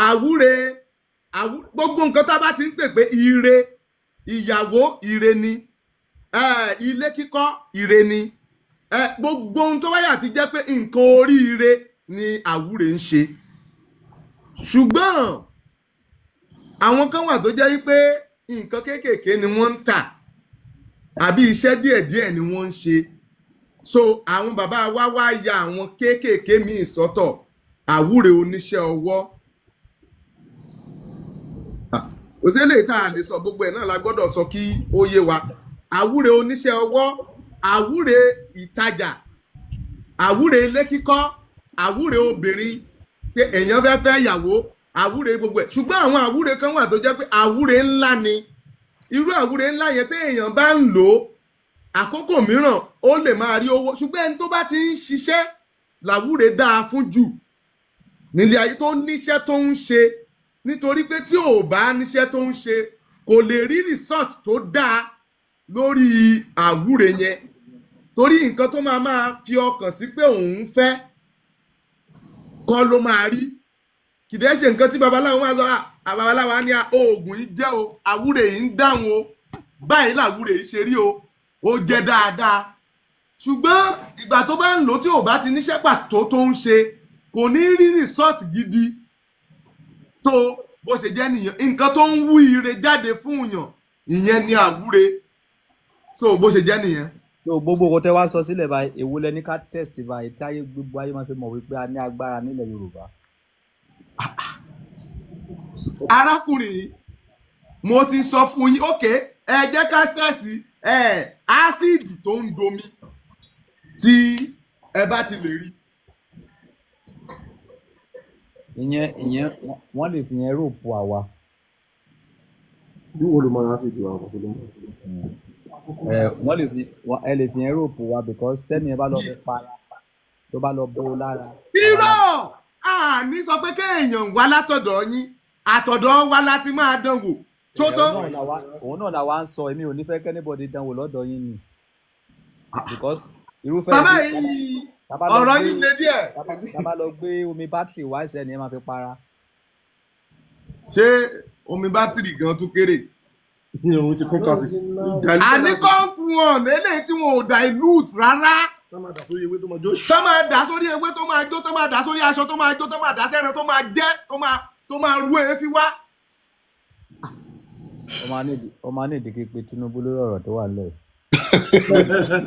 àwúre gbogbo nǹkan tá a bá ti ń pè pé ire ìyàwó ire ni ilé kíkọ́ ire ni gbogbo ohun tó wáyà ti jẹ́ pé nǹkan oríire ni àwúre ń ṣe ṣùgbọ́n àwọn kan wà tó jẹ́ wípé nǹkan kéékèèké ni wọ́n ń tà àbí iṣẹ́ díẹ̀díẹ̀ ni wọ́n ń ṣe so àwọn bàbá wa wá ya àwọn kéékèèké míì sọ́tọ̀ àwúre oníṣẹ́ ọwọ́ òṣèlè tá a lè sọ gbogbo ẹ̀ náà la gbọ́dọ̀ sọ kí ó yé wa àwúre oníṣẹ́ ọwọ́ àwúre ìtajà àwúre ilé kíkọ́ àwúre obìnrin pé èèyàn fẹ́ fẹ́ yàwó àwúre gbogbo ẹ̀ ṣùgbọ́n àwọn àwúre kan wà tó jẹ́ pé àwúre ńlá ni irú àwúre ńlá yẹn téèyàn bá ń lò ó àkókò mìíràn ó lè máa rí owó ṣùgbọ́n ẹni tó bá ti ń ṣiṣẹ́ làwúre dáa fún jù nílé ayé tó níṣẹ́ tó ń ṣe nítorí pé tí ò bá níṣẹ́ tó ń ṣe kò lè rí resort tó dáa lórí àwúre yẹn torí nǹkan tó máa máa fi ọkàn sí pé òun fẹ́ kọ́ ló máa rí kìdẹ́ ṣe nǹkan tí babaláwo máa sọ àbabaláwo ah, ah, á ní ah, oògùn yìí jẹ́ o àwúrè yìí ń dáhùn o báyìí làwúrè yìí ṣe rí o ó jẹ́ dáadáa ṣùgbọ́n ìgbà tó bá ń lò tí ò bá ti níṣẹ́ pàtó tó ń ṣe kò ní rí rìsọ́ọ̀tì gidi tó bó ṣe jẹ́ nìyẹn nǹkan tó ń wú ire jáde fún yàn ìyẹn ni àwúrè tó bó ṣe jẹ́ nìyẹn. tó gbogbo owó tẹ wá sọ sílẹ̀ báyìí èwo lẹ ní ká test báyìí táyé gbogbo ayé máa fi mọ̀ wípé a ní agbára nílẹ̀ Yorùbá arákùnrin yìí mo ti sọ fún yín ok ẹ jẹ́ ká tẹ̀sí ẹ ásíìdì tó ń domi tí ẹ bá ti lè rí. ìyẹn ìyẹn wọ́n lè fi yẹn rògbò àwa. bí wo ló máa ń ásíìdì wa kò tó máa ń tó wọ́n lè fi ẹ lè fi yẹn rògbò wa because tẹ́ni ẹ bá lọ fi para tó bá lọ bó lára. irọ́ àní sọ pé kéèyàn wá látọ̀dọ̀ yín àtọ̀dọ̀ wa láti máa dánwò tó tọ́. òun náà làwa ń sọ èmi ò ní fẹ́ kẹ́nìbọ̀dì dánwò lọ́dọ̀ yín ni. because irúfẹ́ bàbá yìí ọ̀rọ̀ yìí le díẹ̀. bàbá lọ gbé omi bátìrì wá ìṣẹ́ ni ẹ máa fi para. ṣé omi bátìrì gan tún kéré ní òun ti kún kàsí. àní kọ́ńpù hàn lélẹ́yìn tí wọn ò dilute rárá tó máa dà sórí ewé tó máa jó tó máa dà sórí ewé tó máa jó tó máa dà sórí aṣọ tó máa jó tó máa dà sẹ́ran tó máa jẹ́ tó máa tó máa rú èéfín wá. ọmọ anídìí kékeré Tinubu lórí ọ̀rọ̀ tó wà lọ́ọ̀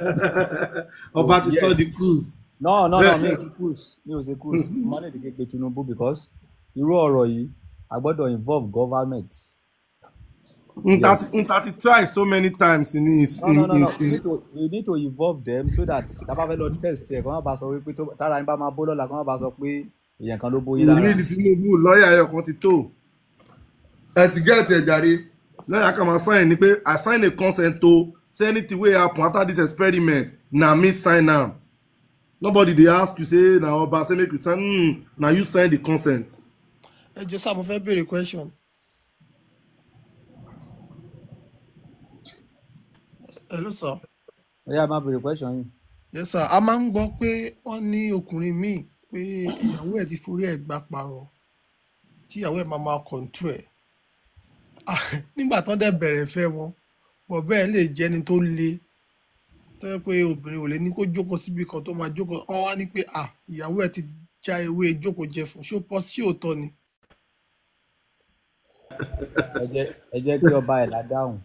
ọba ti sọ di cruise. no no no mi ò ṣe cruise mi ò ṣe cruise ọmọ anídìí kékeré Tinubu because irú ọ̀rọ̀ yìí a gbọ́dọ̀ involve government nta ti try so many times in his no, no, no, in. no you need to evolve them so that tábà fẹ́ lọ test ẹ̀ kọ́ má bàa sọ wípé tára yín bá máa bó lọ́la kọ́ má bàa sọ pé èèyàn kan ló bó yín lára. ìlú ìdí Tinubu lọ́ọ̀yà ẹ̀yọ̀ kan ti tó ẹ ti gẹ́ẹ̀tì ẹ̀ jàre lọ́ọ̀yà kan máa sign ni pé I sign a consent to say anything wey happen after this experiment na me sign am nobody dey ask you say na ọba say make you sign hmm, na you sign the consent. ẹ jọ sáà mo fẹ́ béèrè question. hello sir. ẹ̀yà máa bèrè question yìí. yes sir a máa ń gbọ́ pé wọ́n ní ọkùnrin míì pé ìyàwó ẹ̀ ti forí ẹ̀ gbà parọ́ tí ìyàwó ẹ̀ máa máa kọ̀ǹtù ẹ̀ ah, nígbà tán dẹ̀ bẹ̀rẹ̀ fẹ́ wọn bọ̀ bẹ́ẹ̀ lè jẹ́ni tó le tó yẹ pé obìnrin ò lè ní kó jókòó síbi kan tó máa jókòó wọn wá ní pé à ah, ìyàwó ẹ̀ ti já ewé jókòó jẹ fún ṣó pọ́ sí òótọ́ ni. ẹ jẹ́ kí ọba ẹ̀ la dáhùn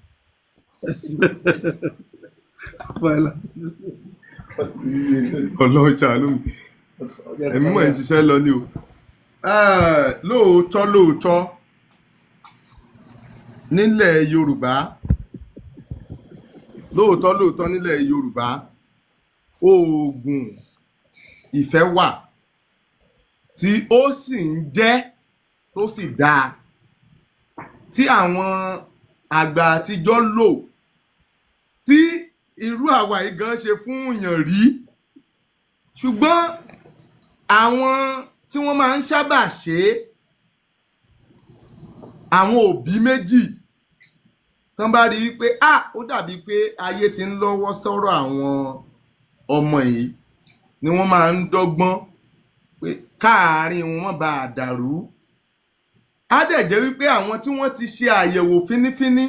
ọlọ́ọ̀jà ló ń ẹ̀mí mọ̀ ẹ̀ ṣiṣẹ́ lọ ni o ah, lóòótọ́ lóòótọ́ nílẹ̀ Yorùbá lóòótọ́ lóòótọ́ nílẹ̀ Yorùbá oògùn ìfẹ́ wà tí ó sì ń jẹ́ tó sì dáa tí àwọn àgbà àtijọ́ lò tí irú àwa yìí gan ṣe fún èèyàn rí ṣùgbọ́n àwọn tí wọ́n máa ń sábà ṣe é àwọn òbí méjì tán bá rí i pé ah ó dàbí pé ayé ti ń lọ́wọ́ sọ́rọ̀ àwọn ọmọ yìí ni wọ́n máa ń dọ́gbọ́n pé káàárín wọn bá a dàrú á dẹ̀ jẹ́ wípé àwọn tí wọ́n ti ṣe àyẹ̀wò fínífíní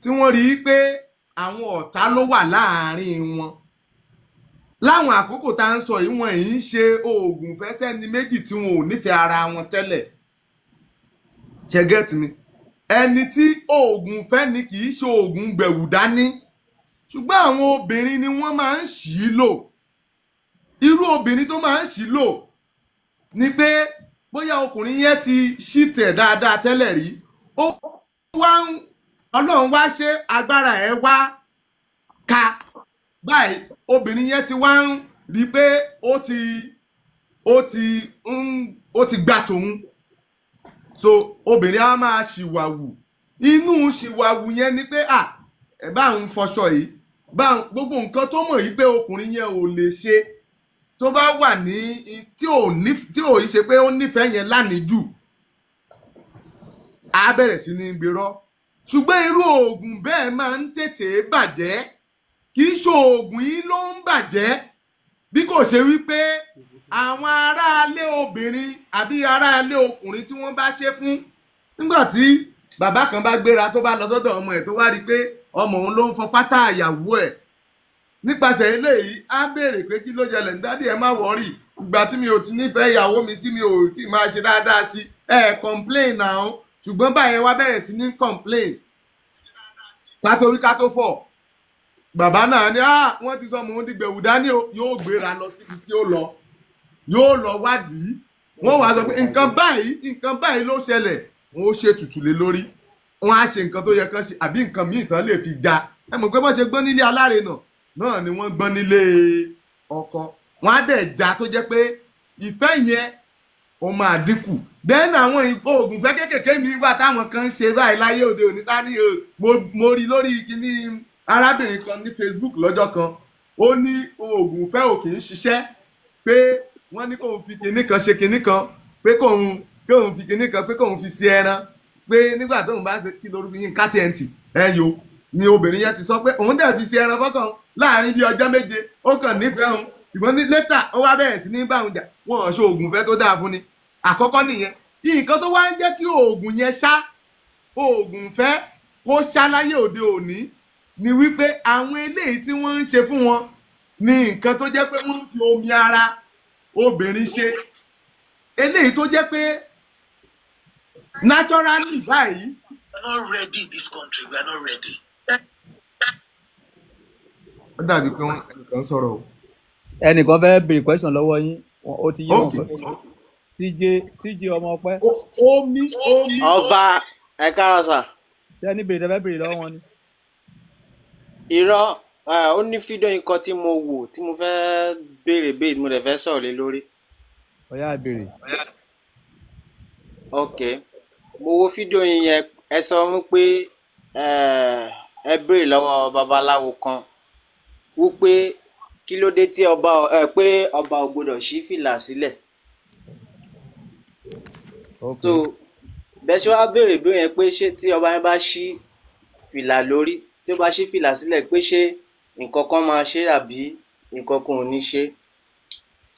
tí wọ́n rí i pé àwọn ọ̀tá ló wà láàárín wọn láwọn àkókò tá à ń sọ yìí wọn yìí ń ṣe oògùn fẹsẹ̀ ní méjì tí wọn ò nífẹ̀ẹ́ ara wọn tẹ́lẹ̀ ṣe mi ẹni tí oògùn fẹ́ ni kì í ṣe oògùn gbẹ̀wù dání ṣùgbọ́n àwọn obìnrin ni wọ́n máa ń ṣì í lò irú obìnrin tó máa ń ṣì í lò ni pé bóyá ọkùnrin yẹn ti ṣìtẹ̀ dáadáa tẹ́lẹ̀ rí ó wá ń ọlọ́run wá ṣe agbára ẹ̀ wá ka báyìí obìnrin yẹn ti wá ń rí i pé ó ti ó ti ń ó ti gbà tòun so obìnrin á máa ṣìwàwù inú ṣìwàwù yẹn ni pé à ẹ bá ń fọṣọ yìí bá gbogbo nǹkan tó mọ̀ yìí pé ọkùnrin yẹn ò lè ṣe tó bá wà ní tí ò ní ṣe pé ó nífẹ̀ẹ́ yẹn lánìí jù á bẹ̀rẹ̀ sí ní gbérọ́ ṣùgbọ́n irú oògùn bẹ́ẹ̀ máa ń tètè bàjẹ́ kì í ṣe oògùn yìí ló ń bàjẹ́ bí kò ṣe wípé àwọn aráalé obìnrin àbí aráalé ọkùnrin tí wọ́n bá ṣe fún nígbà tí bàbá kan bá gbéra tó bá lọ sọ́dọ̀ ọmọ ẹ̀ tó wá rí i pé ọmọ òun ló ń fọ pátá àyàwó ẹ̀ nípasẹ̀ eléyìí á béèrè pé kí ló jẹlẹ̀ ń dádì ẹ má wọ́rì ìgbà tí mi ò ti nífẹ̀ẹ́ ìyàwó mi tí mi ò ti máa ṣe dáadáa sí ẹ̀ complain now ṣùgbọ́n báyẹn wá bẹ̀rẹ̀ sí ní complain kátorí ká tó fọ̀ bàbá náà ni ah, wọ́n ti sọ mò ń dìgbẹ̀wù dání yóò gbéra lọ síbi tí ó lọ yóò lọ wádìí wọ́n wàá sọ pé nǹkan báyìí nǹkan báyìí ló ṣẹlẹ̀ wọ́n ó ṣe tutù lé lórí wọ́n á ṣe nǹkan tó yẹ kán ṣe àbí nǹkan míì tán lè fi ga ẹ mọ̀ pé wọ́n ṣe gbọ́n nílé alárinà náà ni wọ́n gbọ́n nílé ọkọ wọ́n á dẹ̀ já tó jẹ́ pé ìfẹ́ yẹn ó máa dínkù then àwọn oògùn fẹ́ kéékèèké mi wà táwọn kan ń ṣe báyìí láyé òde òní tání mo rí lórí kíní arábìnrin kan ní Facebook lọ́jọ́ kan ó ní oògùn fẹ́ ò kì í ṣiṣẹ́ pé wọ́n ní kóun fi kinní kan ṣe kinní kan pé kóun kóun fi kinní kan pé kóun fi sí ẹran pé nígbà tóun bá ṣe kí lórúkọ yín káàtì ẹ̀ǹtì ẹ̀yọ ni obìnrin yẹn ti sọ pé òun dẹ̀ fi sí ẹran fọ́kàn láàrin bí ọjọ́ méje ó kàn nífẹ̀ẹ́ òun ṣùgbọ́n ní lẹ́tà ó wá bẹ̀rẹ̀ sí ní báwọn jà wọn ò ṣe oògùn fẹ́ tó dáa fún ni àkọ́kọ́ nìyẹn nǹkan tó wá ń jẹ́ kí oògùn yẹn ṣá oògùn fẹ́ kó ṣá láyé òde òní ni wípé àwọn eléyìí tí wọ́n ń ṣe fún wọn ni nǹkan tó jẹ́ pé wọ́n ń fi omi ara obìnrin ṣe eléyìí tó jẹ́ pé naturally báyìí. we are not ready in this country we are not ready. ó dàbí pé wọ́n ẹnìkan sọ̀rọ̀ o ẹnìkan fẹ́ béèrè question lọ́wọ́ yín ó ti yé wọn fẹ́ TJ TJ ọmọ ọpẹ. omi omi. ọba ẹ káàárọ̀ sà. ṣé ní béèrè fẹ́ lọ́wọ́ wọn ni. irọ́ ó ní fídíò yín kan tí mo wò tí mo fẹ́ béèrè béèrè mo dẹ̀ fẹ́ sọ̀rọ̀ lé lórí. ọ̀yá àbèrè. ok mo wo fídíò yín yẹn ẹ sọ wípé ẹ béèrè lọ́wọ́ babaláwo kan wípé kí ló dé tí ọba ẹ pé ọba ò gbọ́dọ̀ ṣí fìlà sílẹ̀ so bẹ́sẹ̀ wá béèrè béèrè yẹn pé ṣé tí ọba yẹn bá ṣí fìlà lórí tí ó bá ṣí fìlà sílẹ̀ pé ṣé nǹkan kan máa ṣe àbí nǹkan kan ò ní ṣe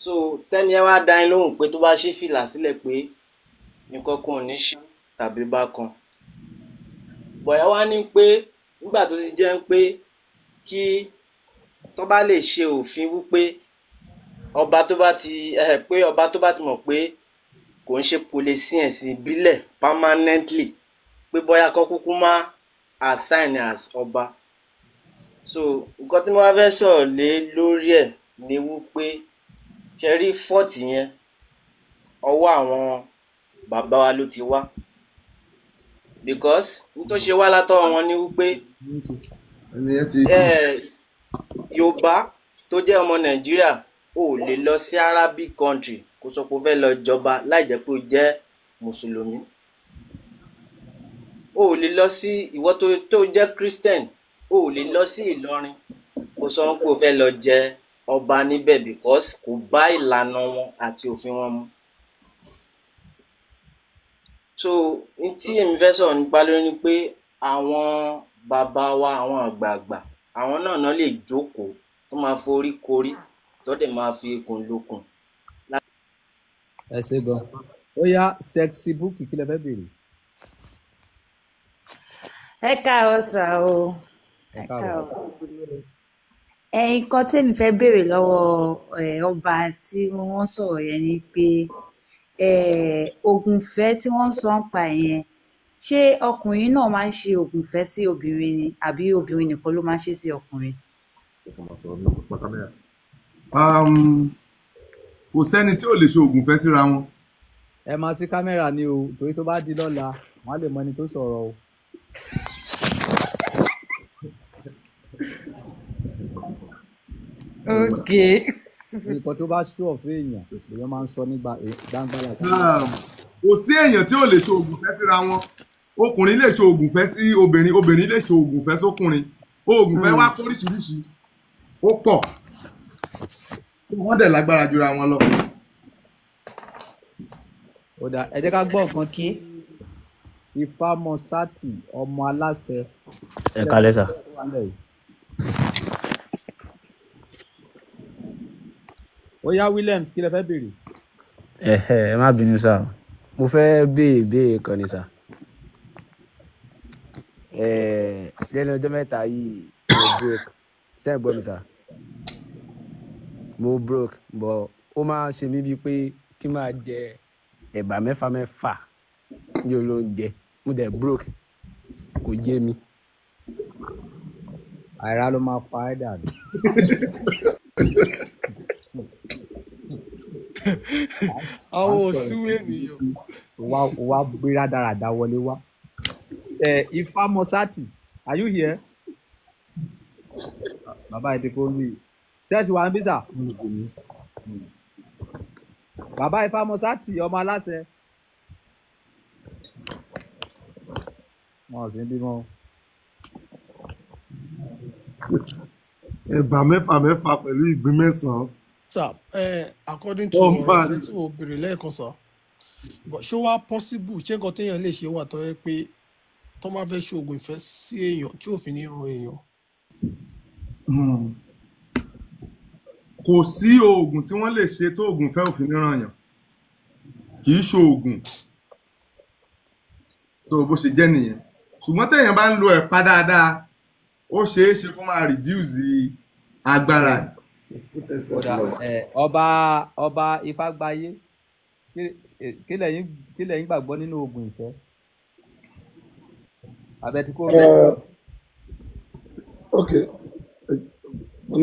so tẹ́ni ẹ wá dá yín lóhùn pé tó bá ṣí fìlà sílẹ̀ pé nǹkan kan ò ní ṣe tàbí bákan bọ̀yá wá ní pé nígbà tó ti jẹ́ pé kí tó bá lè ṣe òfin wípé ọba tó bá ti ẹ eh, pé ọba tó bá ti mọ̀ pé kò ń ṣe polisíẹ̀nsì ìbílẹ̀ permanently pé bóyá kọ́ kúkú má assign as ọba so nǹkan tí mo wá fẹ́ sọ̀rọ̀ lé lórí ẹ̀ ni wípé ṣe rí fọ́ọ̀tì yẹn ọwọ́ àwọn bàbá wa ló ti wá because n tó ṣe wá látọ̀ wọn ni wípé Yorùbá tó jẹ́ ọmọ Nàìjíríà ò lè lọ sí Arabic country kó sọ pé o fẹ́ lọ jọba láì jẹ́ pé o jẹ́ Mùsùlùmí. O ò lè lọ sí ìwọ tó tó jẹ́ Christian o ò lè lọ sí Ìlọrin kó sọ pé o fẹ́ lọ jẹ ọba níbẹ̀ because kò bá ìlànà wọn àti òfin wọn mu. So tí èmi fẹ́ sọ̀rọ̀ nípa lórí ni pé àwọn bàbá wa àwọn àgbààgbà àwọn náà náà lè jókòó tó máa forí korí tó dẹ̀ máa fi ikùn lukùn. ẹ ṣe gan ó yá sexy book kí lẹ fẹ́ béèrè. ẹ káàárọ̀ sà o ẹ káàárọ̀ ẹ nǹkan tèmi fẹ́ béèrè lọ́wọ́ ọba tí wọ́n sọ̀rọ̀ yẹn ni pé ogun ìfẹ́ tí wọ́n sọ ń pa yẹn ṣé ọkùnrin náà máa ń ṣe ògùnfẹ́ sí obìnrin ni àbí obìnrin nìkan ló máa ń ṣe sí ọkùnrin. Um, kò sẹ́ni tí ò lè ṣe ògùnfẹ́ síra wọn. ẹ máa ṣí kámẹ́rà ni o torí tó bá di lọ́la wọ́n á lè mọ ẹni tó sọ̀rọ̀ o. ok. nǹkan tó bá ṣú ọ̀fẹ́ èèyàn èèyàn máa ń sọ nígbà eh, gbangba um, kò sí èèyàn tí ò lè ṣe ògùnfẹ́ síra wọn ọkùnrin lè ṣe oògùn fẹ́ sí obìnrin obìnrin lè ṣe oògùn fẹ́ sókùnrin oògùn fẹ́ hmm. wá póríṣiríṣi ó pọ̀ wọ́n dẹ̀ lágbára jura wọn lọ. ọ̀dà ẹ jẹ́ ká gbọ́ nǹkan kí ìfàmọ́sátì ọmọ aláṣẹ. ẹ kalẹ sá. ó yá Williams kí lẹ fẹ́ béèrè. ẹ ẹ má bínú sá mo fẹ́ béèrè béèrè kan ni sá lẹ́nu ọjọ́ mẹ́ta yìí mo broke ṣé ẹ gbọ́ mi sá mo broke but ó máa ń ṣe mí bíi pé kí n máa jẹ ẹ̀bà mẹ́fà mẹ́fà ní olóúnjẹ mo dẹ̀ broke kò yé mi. àìrá ló máa pa ẹ́ dàbí. àwọn òṣùwé ènìyàn. wá gbéra dáradá wọlé wá uh, eh, Ifa Mosati. Are you here? Baba, Ìdè fún mi. Tẹ́sí wa ń bí sà. Bàbá Ifa Mosati ọmọ aláṣẹ. Wọn ò sí bímọ. Ẹgbà mẹ́fà mẹ́fà pẹ̀lú ìgbín mẹ́sàn-án. Sir, uh, according to ọ̀rọ̀ tí mo béèrè lẹ́ẹ̀kan sọ, ṣé wàá possible ṣé nǹkan téèyàn lè ṣe wà tó yẹ pé tó bá fẹ́ ṣe oògùn ìfẹ́ sí èèyàn tí òfin ní ran èèyàn. Hmm. kò sí oògùn tí wọ́n lè ṣe tó oògùn ìfẹ́ òfin ní ran èèyàn kì í ṣe oògùn tó bó ṣe jẹ́ nìyẹn ṣùgbọ́n téèyàn bá ń lo ẹ̀pá dáadáa ó ṣeé ṣe kó máa rìdíùsì agbára ẹ̀. ọba ọba ifá gbayé kí lẹ̀yin gbàgbọ́ nínú oògùn ìfẹ́ abẹ́tíkó eh, ok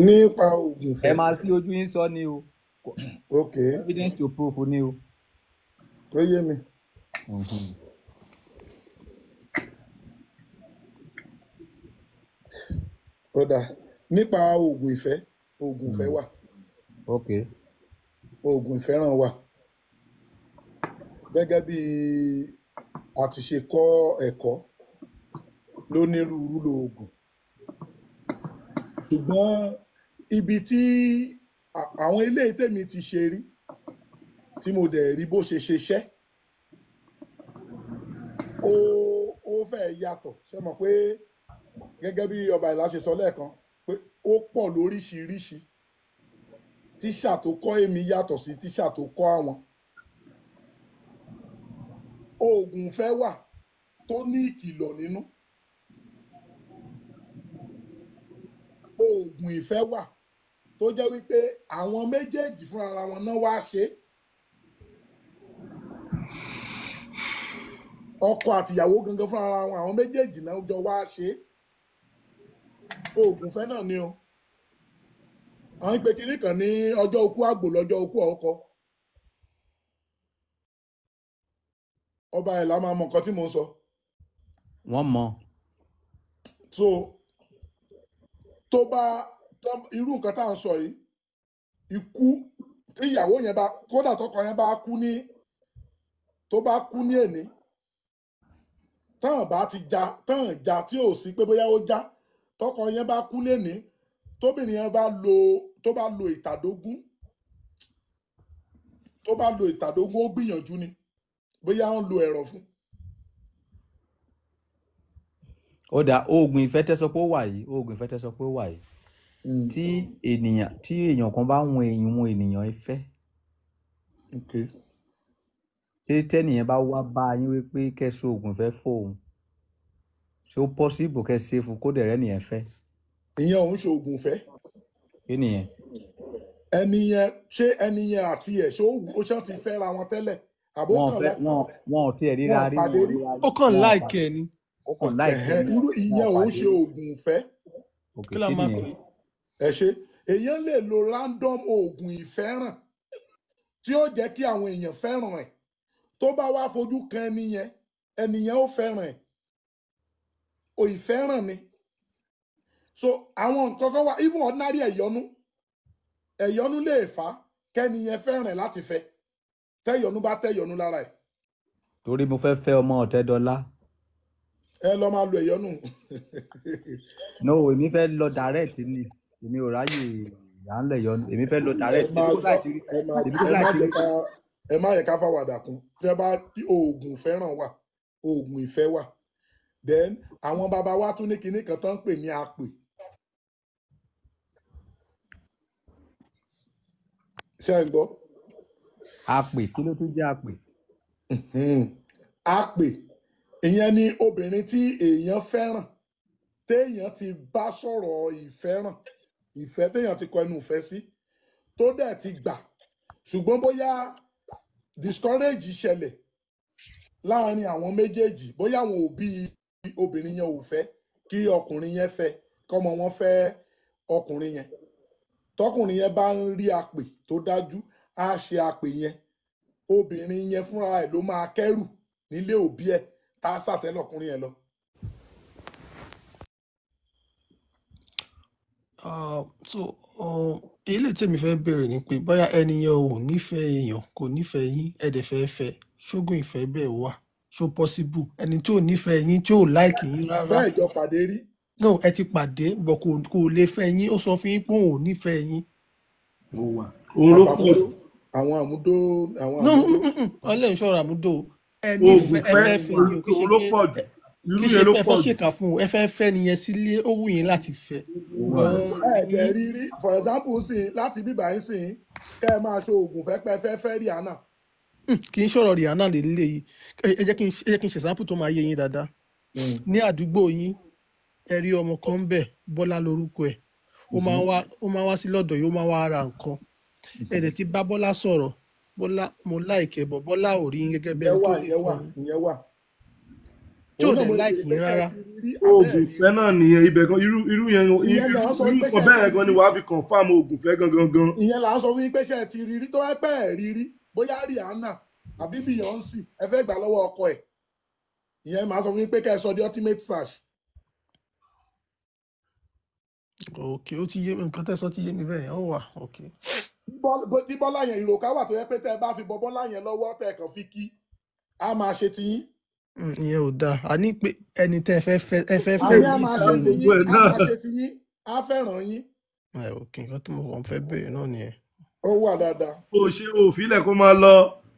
nípa oògùn ìfẹ́. ẹ máa sí ojú yín sọ ni o. ok evidence to proof ni o. tó yé mi. ó dáa nípa oògùn ìfẹ́ oògùn ìfẹ́ hmm. wà. ok. oògùn ìfẹ́ràn wà gẹ́gẹ́ bí a ti ṣe kọ́ ẹ̀kọ́. E lónírúurú lóògùn ṣùgbọ́n ibi tí àwọn eléyìí tèmi ti ṣe rí tí mo dẹ̀ rí bó ṣe ṣeṣẹ́ ó ó fẹ́ yàtọ̀ ṣe mọ̀ pé gẹ́gẹ́ bí ọba ìlà ṣe sọ lẹ́ẹ̀kan pé ó pọ̀ lóríṣiríṣi tíṣà tó kọ́ èmi yàtọ̀ sí tíṣà tó kọ́ àwọn oògùn fẹ́ wà tó ní ìkìlọ̀ nínú. oògùn ìfẹ́ wà tó jẹ́ wípé àwọn méjèèjì fúnra wọn náà wá ṣe ọkọ àtìyàwó gangan fúnra wọn àwọn méjèèjì náà jọ wá ṣe oògùn ìfẹ́ náà ni o àwọn ìpè kìíní kan ní ọjọ́ okú àgbò lọ́jọ́ okú ọkọ ọba ẹ̀ la máa mọ nǹkan tí mò ń sọ. wọ́n mọ. so tó bá irú nǹkan tá à ń sọ yìí ikú tí ìyàwó yẹn bá kódà tọkọ yẹn bá kú ní tó bá kú ní èní tán bá ti ja tán ja tí ò sí pé bóyá ó já tọkọ yẹn bá kú léní tóbìnrin yẹn bá lo tó bá lo ìtàdógún tó bá lo ìtàdógún ó gbìyànjú ni bóyá ó ń lo ẹ̀rọ fún ó dà oògùn ìfẹ́ tẹ́ sọ pé ó wà yìí oògùn ìfẹ́ tẹ́ sọ pé ó wà yìí mm. tí ènìyàn tí èèyàn kan bá wọn ìwọn ènìyàn ìfẹ́ tí tẹ́nìyàn bá wá bá yín wípé kẹ́sọ oògùn ìfẹ́ fóun ṣé ó pọ́sibù kẹ́ ṣe fún kó dẹ̀rẹ́ nìyẹn fẹ́. ìyẹn òun ṣe oògùn ìfẹ́. kí nìyẹn. ẹni yẹn ṣé ẹni yẹn àti ẹ̀ ṣé ó ṣe ti fẹ́ ra wọn tẹ́lẹ̀. wọn ò tiẹ̀ ríra rí wọn. ó kàn láìkẹ́ ni ó kàn láìpẹ́ irú ìyẹn ò ń ṣe oògùn ìfẹ́ kí la máa pè ẹ ṣe èèyàn lè lo random oògùn ìfẹ́ràn tí ó jẹ́ kí àwọn èèyàn fẹ́ràn ẹ̀ tó bá wá fojú kan ẹni yẹn ẹni yẹn ó fẹ́ràn ẹ̀ ò ìfẹ́ràn ni so àwọn nǹkan kan wà even ordinary ẹ̀yọ́nú ẹ̀yọ́nú lè fà á kẹ́ni yẹn fẹ́ràn ẹ̀ láti fẹ́ tẹ́yọ̀nú bá tẹ́yọ̀nú lára ẹ̀. torí mo fẹ́ fẹ́ ọmọ ọ̀tẹ́dọ́lá ẹ lọ máa lo ẹyọnu. no èmi fẹ́ lọ direct ni èmi ò ráyè ìyá ń lọ ẹyọnu èmi fẹ́ lọ direct. ẹ má yẹ ká fàwàdà kún tẹ bá oògùn fẹ́ràn wà oògùn ìfẹ́ wà then àwọn bàbá wa tún ní kinní kan tó ń pè ní apè. ṣé ẹ gbọ́. apè kí ló tún jẹ́ apè. apè ìyẹn ni obìnrin tí èèyàn fẹ́ràn téèyàn ti bá sọ̀rọ̀ ìfẹ́ràn ìfẹ́ téèyàn ti kọ ẹnu ìfẹ́ sí tó dẹ̀ ti gbà ṣùgbọ́n bóyá discourage ṣẹlẹ̀ láàárín àwọn méjèèjì bóyá àwọn òbí obìnrin yẹn ò fẹ́ kí ọkùnrin yẹn fẹ́ kọ́mọ wọn fẹ́ ọkùnrin yẹn tọkùnrin yẹn bá ń rí àpè tó dájú á ṣe àpè yẹn obìnrin yẹn fúnra ẹ̀ ló máa kẹ́rù nílé òbí ẹ̀ tá a sàtẹ́ lọ́kùnrin yẹn lọ. Ah, so ilé um, tèmi fẹ́ béèrè ni pé bóyá ẹni yẹn ò nífẹ̀ẹ́ èèyàn kò nífẹ̀ẹ́ yín ẹ̀dẹ̀ fẹ́ fẹ́ ṣógun ìfẹ́ bẹ́ẹ̀ wà so possible ẹni tí ò nífẹ̀ẹ́ yín tí ò láìkì yín rárá. bẹ́ẹ̀ jọ pàdé rí. no ẹ ti pàdé bọ̀ kò kò lè fẹ́ yín ó sọ fún yín pé òun ò nífẹ̀ẹ́ yín. òun ló kú. àwọn àmúdó. no mm, mm, mm, ọlẹ́yìn sọ̀rọ̀ àmúdó o oògùn fẹ́ òun ló pọ̀ jù irú yẹn ló pọ̀ jù. kí ṣe fẹ́ ṣèkà fún un ẹ fẹ́ fẹ́ nìyẹn sílé ó wù yín láti fẹ́. ẹ rírí for example sí láti bíbá yín sí kẹ́ ẹ máa ṣe oògùn fẹ́ pẹ́ Rihanna. Hmm, kì í ṣọ̀rọ̀ Rihanna lè yìí ẹ jẹ́ kí n ṣe sample tó máa yé yín dáadáa hmm. ní àdúgbò yín ẹ rí ọmọ kan ń bẹ Bọ́lá lórúkọ ẹ̀ ó máa hmm. wá sí lọ́dọ̀ yìí ó máa wá ra nǹkan ẹ̀dẹ̀ tí bá Bọ́lá sọ̀rọ̀ bọ́lá mo láìkẹ́ bọ̀ bọ́lá ò rí gẹ́gẹ́ bẹ́ẹ̀ tó lè fún un. ìyẹn wà tí ò dẹ̀ láìkì yín rárá. oògùn ìfẹ́ náà nìyẹn ibẹ̀ gan irú irú yẹn irú kan bẹ́ẹ̀ gan ni wàá fi confam oògùn ìfẹ́ gan gan. ìyẹn là ń sọ wípé ṣe ti rírí tó ẹ pẹ́ ẹ̀ rírí bóyá Rihanna àbí Beyonce ẹ fẹ́ gbà lọ́wọ́ ọkọ ẹ̀ ìyẹn máa sọ wípé kẹ́ ẹ sọ the ultimate search. òkè ó ti yé mi nǹkan tẹ́ sọ ti yé mi bẹ́ẹ̀ ó wà òkè bí bọ́lá yẹn ìròkà wà tó yẹ pé tẹ́ ẹ bá fi bọ bọ́lá yẹn lọ́wọ́ tẹ́ ẹ kàn fi kí a máa ṣe ti yín. Mm, ìyẹn ò dáa a ní pé ẹni tẹ́ ẹ fẹ́ fẹ́ ẹ fẹ́ fẹ́ yìí sàn gbogbo ẹ̀ náà a máa ṣe ti yín a fẹ́ràn yín. ẹ ò kí nǹkan tí mo kàn fẹ́ béèrè náà nìyẹn. ó wà dáadáa. o ṣe òfìlẹ̀ kó máa lọ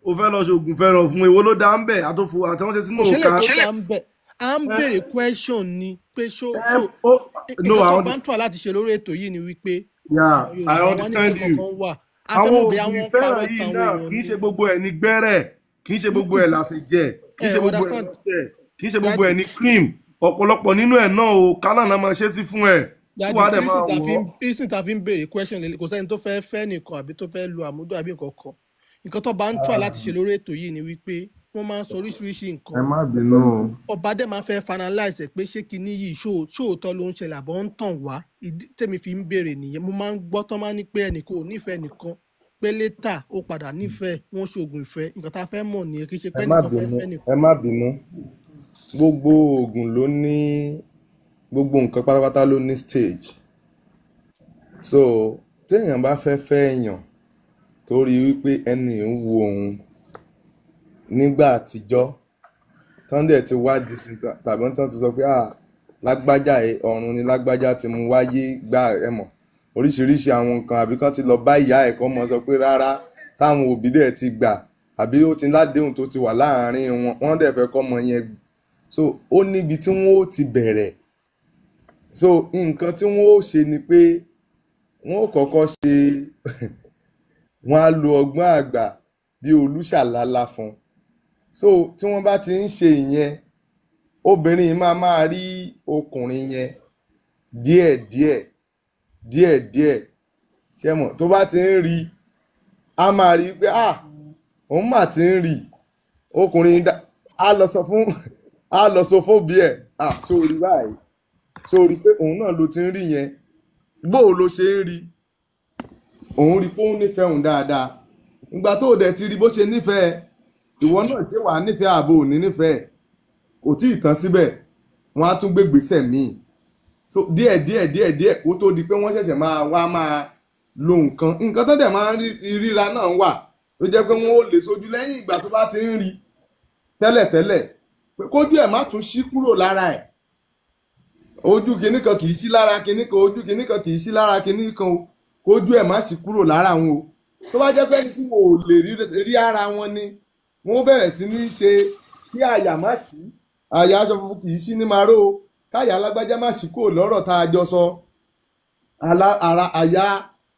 o fẹ́ lọ ṣoògùn fẹ́ràn fún ewo ló dá ń bẹ̀ àtòfò àtàwọn ṣe sínú òkà. à ń béèrè question ni pé ṣó. ẹ ẹ no láti ṣe lórí ètò yìí ni wípé yeah i understand you àwọn òbí fẹ́ràn yìí náà kì í ṣe gbogbo ẹ̀ ní gbẹ́rẹ̀ kì í ṣe gbogbo ẹ̀ làṣẹ jẹ eh, kì í ṣe gbogbo ẹ̀ lọ́sẹ̀ kì í ṣe gbogbo ẹ̀ ní cream ọ̀pọ̀lọpọ̀ nínú ẹ̀ náà o kálá náà máa ṣe sí fún ẹ̀ tí wàá dẹ̀ máa wọ̀. ìsìn tá a fi ń béèrè question lélẹ̀ kò sẹ́ni tó fẹ́ fẹ́ nìkan àbí tó fẹ́ lu àmúdó àbí nǹkan kan nǹkan tó bá ń tọ́ ah. láti ṣe lórí ètò yìí ni wípé wọ́n máa ń sọ oríṣiríṣi nǹkan. ẹ má bínú o. ọba dẹ́ máa fẹ́ finalize pé ṣé kinní yìí ṣóòótọ́ ló ń ṣẹlẹ̀ àbọ̀ ń tàn wá tèmi fi ń béèrè nìyẹn mo máa ń gbọ́ tán máa ní pé ẹnìkan ò nífẹ̀ẹ́ nìkan pé létà ó padà nífẹ̀ẹ́ wọ́n ṣoògùn ìfẹ́ nǹkan tá a fẹ́ mọ̀ nìyẹn kì í ṣe pé nìkan fẹ́ fẹ́ nìkan. ẹ má bínú gbogbo oògùn ló ní gbogbo nǹkan pátápátá ló ní stage so téèyàn bá fẹ́ nígbà àtijọ́ tán ti wádìí sí tàbí tán ti sọ pé ah, lágbájá e, ọ̀run ni lágbájá ti mú wáyé gbà ẹ̀ mọ̀ oríṣiríṣi àwọn nǹkan àbí kán ti lọ bá ìyá ẹ̀ kọ́ mọ sọ pé rárá táwọn òbí dẹ̀ ti gbà àbí ó ti ládéhùn tó ti wà láàárín wọn wọ́n dẹ̀ fẹ́ kọ́ mọ yẹn so ó níbi tí wọ́n ó ti bẹ̀rẹ̀ so nǹkan tí wọ́n ó ṣe ni pé wọ́n ó kọ́kọ́ ṣe wọ́n á lo ọgbọ́n àgbà bí olùṣàlálá fún un so tí wọ́n bá ti ń ṣe ìyẹn obìnrin máa máa rí ọkùnrin yẹn díẹ̀díẹ̀ díẹ̀díẹ̀ ṣẹ́mọ̀ tó bá ti ń rí a máa rí pé ah òun mà ti ń rí ọkùnrin a lọ sọ fún a lọ sọ fún bí ẹ̀ ah sórí báyìí sórí pé òun náà ló ti ń rí yẹn bóò ló ṣe ń rí òun rí pé ó nífẹ̀ẹ́ òun dáadáa ìgbà tó o dẹ̀ ti rí bó ṣe nífẹ̀ẹ́ ìwọ náà ṣé wàá nífẹ̀ẹ́ ààbò òní nífẹ̀ẹ́ kò tí ì tán síbẹ̀ wọ́n á tún gbé gbèsè míì so díẹ̀ díẹ̀ díẹ̀ díẹ̀ kó tó di pé wọ́n ṣẹ̀ṣẹ̀ máa wá máa lo nǹkan nǹkan tó dẹ̀ máa ń ríra náà wà tó jẹ́ pé wọ́n ó lè sojú lẹ́yìn ìgbà tó bá ti ń rí tẹ́lẹ̀tẹ́lẹ̀ pé kójú ẹ̀ má tún ṣí kúrò lára ẹ̀ ojú kinní kan kì ṣí lára kinní kan ojú kinní kan kì ṣí lára kinní kan o kójú ẹ̀ má ṣí kúrò lára wọn o tó bá jẹ́ pé ẹni tí wọn ò lè rí ara wọn ni wọ́n bẹ̀rẹ̀ sí ní ṣe kí àyà má ṣí àyà aṣọ funfun kì í ṣí ní màró káyà alágbájá má ṣí kò lọ́rọ̀ tá a jọ sọ ara àyà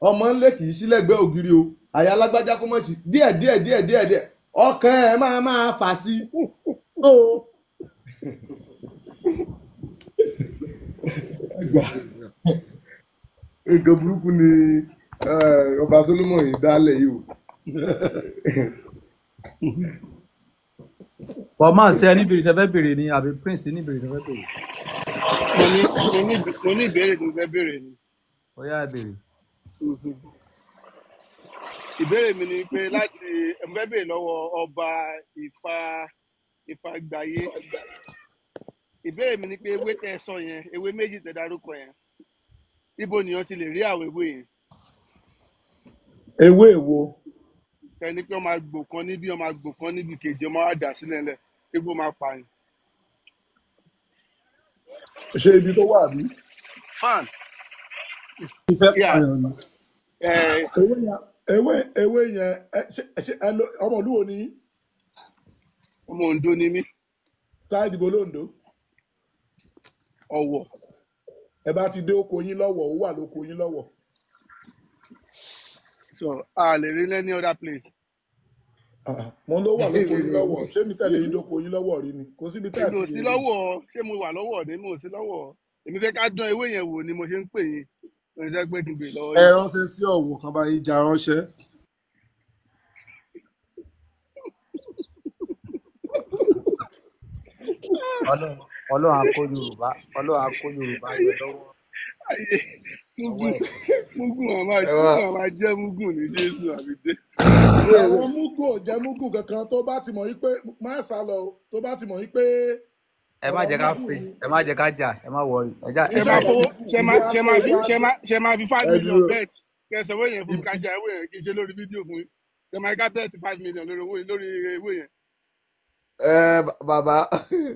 ọmọ ńlẹ kì í ṣí lẹ́gbẹ̀ẹ́ ògiri o àyà alágbájá kó má ṣí díẹ̀ díẹ̀ díẹ̀ díẹ̀ díẹ̀ ọkàn ẹ máa máa fà sí tó. nǹkan burúkú ni eh, ọba Solomon yìí yìí o. ọ máa ṣe ẹni bèrè tẹfẹ bèrè ni àbí prince ní bèrè tẹfẹ bèrè. mo ní ìbéèrè tí mo fẹ́ bèrè ni. ó yá ìbéèrè. ìbéèrè mi ni pé láti mo fẹ́ bèrè lọ́wọ́ ọba ìfà ìfà gbàyé ìbéèrè mi ni pé ewé tẹ sọ yẹn ewé méjì tẹ dárúkọ yẹn ibo nìyẹn ti lè rí àwọn ewé yẹn. ewé wo. kẹni pé ọmọ àgbò kan níbi ọmọ àgbò kan níbi kejì ọmọ àdá sílẹ̀ lẹ̀ egbò máa pààyàn. ṣé ibi tó wà bí. fan. ìfẹ́ pààyàn ni. ewé yẹn ewé ewé yẹn ọmọ olúwo ni. ọmọ Ondo ni mí. táyà ìdìbò lóńdó. Ọ̀wọ̀. ẹ bá ti dé oko yín ó wà lóko yín sọ a lè rí ní other place. Ah, mo ló wà lóko yín lọ́wọ́ ṣé mi tẹ̀lé yín lóko yín lọ́wọ́ rí ni kò síbi tẹ́ẹ̀ tí. èmi ò sí lọ́wọ́ ṣé mo wà lọ́wọ́ ọ̀dẹ́ mi ò sí lọ́wọ́ èmi fẹ́ ká dán ewé yẹn wò ni mo ṣe ń pè yín mo ṣe pé kí n gbè lọ́wọ́. ẹ ránṣẹ́ sí ọ̀wọ̀ kan bá yín já ránṣẹ́. ọlọ́run akó yorùbá ọlọ́run akó yorùbá yẹn lọ́wọ́ mugun mugun àwọn àjẹmú àwọn àjẹmú gùn ní jésù àbídé. àwọn mugun ò jẹ mugun kankan tó bá ti mọ̀ yí pé má sá lọ tó bá ti mọ̀ yí pé. ẹ má jẹ ká fi ẹ má jẹ ká jà ẹ má wọrí ẹjà. ṣe máa fowó ṣe máa ṣe máa fi ṣe máa ṣe máa fi five million bet kẹsàn owó yẹn fún kájà owó yẹn kì í ṣe lórí fídíò fún yín ṣe máa ká bet five million lórí owó yẹn lórí owó yẹn. ẹ bàbá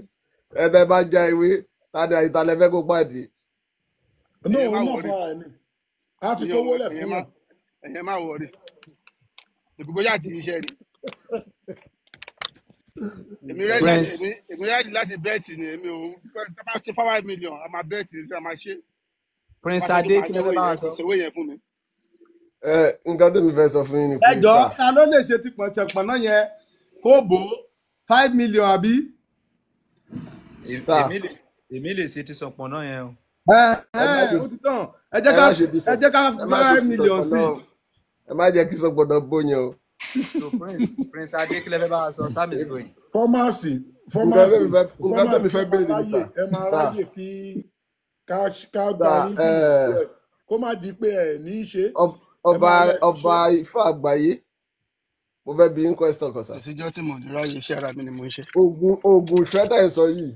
ẹ bẹ bá já ewé tádé ìtàlẹ́fẹ́ kó pàdé ní òun náà fúnra ẹ̀ ni a ti kówó lẹ̀ fún yẹn. ẹ̀yẹ má wọrí ìgbogbo yà ti iṣẹ́ èmi rẹ́ẹ̀dì èmi rẹ́ẹ̀dì láti bẹ́ẹ̀tì ni èmi ò tá bá ṣe five million a máa bẹ́ẹ̀tì ní a máa ṣe. Prince Adé kí ló bá wa sọ. ìṣòwò yẹn fún mi. ẹ nǹkan tó mi fẹ́ sọ fún yín ni. ẹ ta ló lè ṣe ti pọ̀nṣẹ̀pọ̀ náà yẹn kó bò ó five million àbí. èmi lè ṣe ti sọ̀pọ̀ náà yẹn o ẹ jẹ́ ká ẹ jẹ́ ká five million sí. ẹ má jẹ́ kí sọgbọ́dọ̀ bóyan o. prince prince adekele fẹ́ bá wa sọ time is going. fọ́másì fọ́másì fọ́másì fọ́másì ẹ máa ráyè kí ká ká gba yín kó má di pé ẹ ní í ṣe. ọba ọba ifá àgbáyé mo fẹ́ bi yín question kan sá. ìṣèjọ́ tí mo ní ráyè iṣẹ́ ara mi ni mo ń ṣe. oògùn oògùn ìfẹ́ tẹ̀ sọ yìí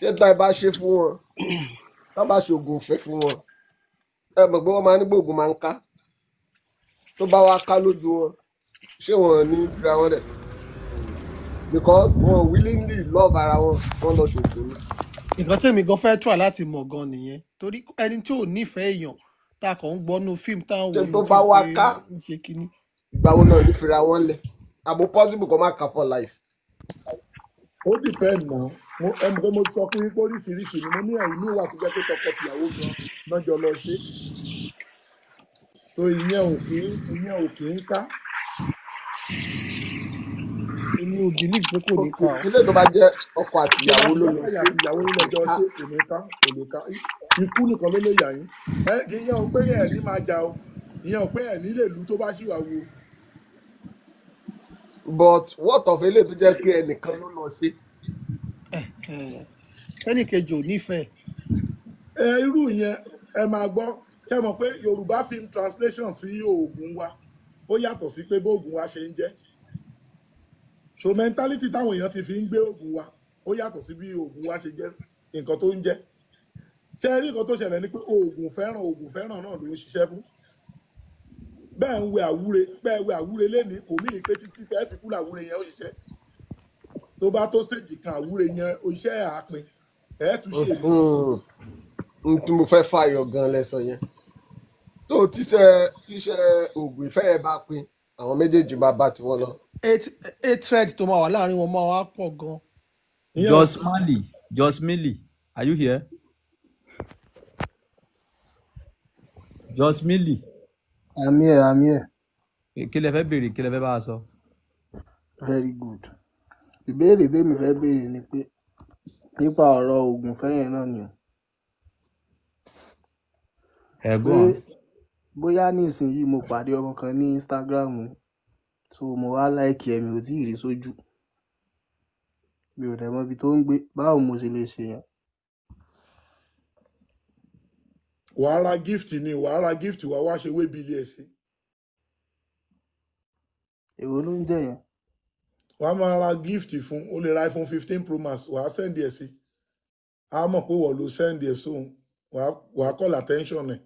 ṣé tá ẹ bá ṣe fún wọn wọ́n bá ṣoògùn ìfẹ́ fún wọn ẹ mọ̀ pé wọ́n máa ní gbòògùn máa ń ká tó bá wá ká lójú wọn ṣé wọn ní fira wọn dẹ̀ because wọn willingly love ara wọn wọn lọ ṣoògùn ni. nǹkan tèmi gan fẹ́ try láti mọ̀ gan nìyẹn torí ẹni tí ò nífẹ̀ẹ́ èèyàn tá a kàn ń gbọ́ nínú fíìmù táwọn wò ló bá wá ká ìgbà wo náà ní fira wọn lẹ̀ àbò possible kò má kà for life. ó depend náà ẹnu mo sọ pé oríṣiríṣi ni mo ní ẹ̀yìn ìwà tó jẹ́ pé tọkọ gan lọ́jọ́ lọ ṣe tó ìyẹn ò kí ń ká. èmi ò believe pé kò ní ká ilé tó bá jẹ́ ọkọ àtìyàwó ló lọ sí ìyàwó lọ́jọ́ ṣe kò ní ká kò ní ká ikú nìkan ló lè yà yín ẹ kì í yẹn ò pé ẹ̀ ní máa jà o ìyẹn ò pé ẹ̀ ní lè lù tó bá ṣìwà wo. but what of eléyìí tó jẹ́ pé ẹnìkan ló lọ ṣe. Eh, eh. ẹnì kejì ò nífẹ̀ẹ́. ẹ irú yẹn ẹ máa gbọ́ ṣe mọ̀ pé yorùbá film translation sí oògùn wa ó yàtọ̀ sí pé bóògùn wa ṣe ń jẹ́ so mentality táwọn èèyàn ti fi ń gbé oògùn wa ó yàtọ̀ sí bí oògùn wa ṣe jẹ́ nǹkan tó ń jẹ́ ṣe rí nǹkan tó ṣẹlẹ̀ ni pé oògùn fẹ́ràn oògùn fẹ́ràn náà ló ń ṣiṣẹ́ fún bẹ́ẹ̀ ń wẹ àwúre bẹ́ẹ̀ wẹ àwúre lẹ́ni kò ní ìpè títí tẹ́ẹ̀ fi kú làwúre yẹn ó ṣiṣẹ́ tó bá tó stage kan àwúre yẹn iṣẹ́ àpin ẹ tún ṣe mí. Hmm. n tí mo fẹ́ fàyọ gan lẹ́sọ yẹn tó tíṣẹ́ tíṣẹ́ oògùn ìfẹ́ ẹ bá pin àwọn méjèèjì bá bá tiwọn lọ. eight thread tó máa wà láàrin wọn máa wá pọ̀ gan. Jos Mali Jos Mili are you here? Jos Mili. àmì ẹ̀ àmì ẹ̀. kí lẹ fẹ́ béèrè kí lẹ fẹ́ bá a sọ. very good. Ìbéèrè tèmi fẹ́ béèrè ni pé nípa ọ̀rọ̀ ògùnfẹ́ yẹn náà ni o. Ẹ go Pé on. mo pàdé ọmọ kan ní Instagram, so mo wá like ẹ, mi ò tíì rí sójú. Mi ò dẹ̀ mọ ibi tó ń gbé. Báwo mo ṣe lè ṣe yẹn? Wàá ra gift ni, wàá ra gift wà wá ṣe wébìlì ẹ̀ sí. Èwo ló ń jẹ́ yẹn? wàá máa ra gift fún o lè ra iphone fifteen pro max wàá send ẹ̀ sí a mọ̀ pé wọ́n lo send ẹ̀ sóhun wàá call attention ẹ̀.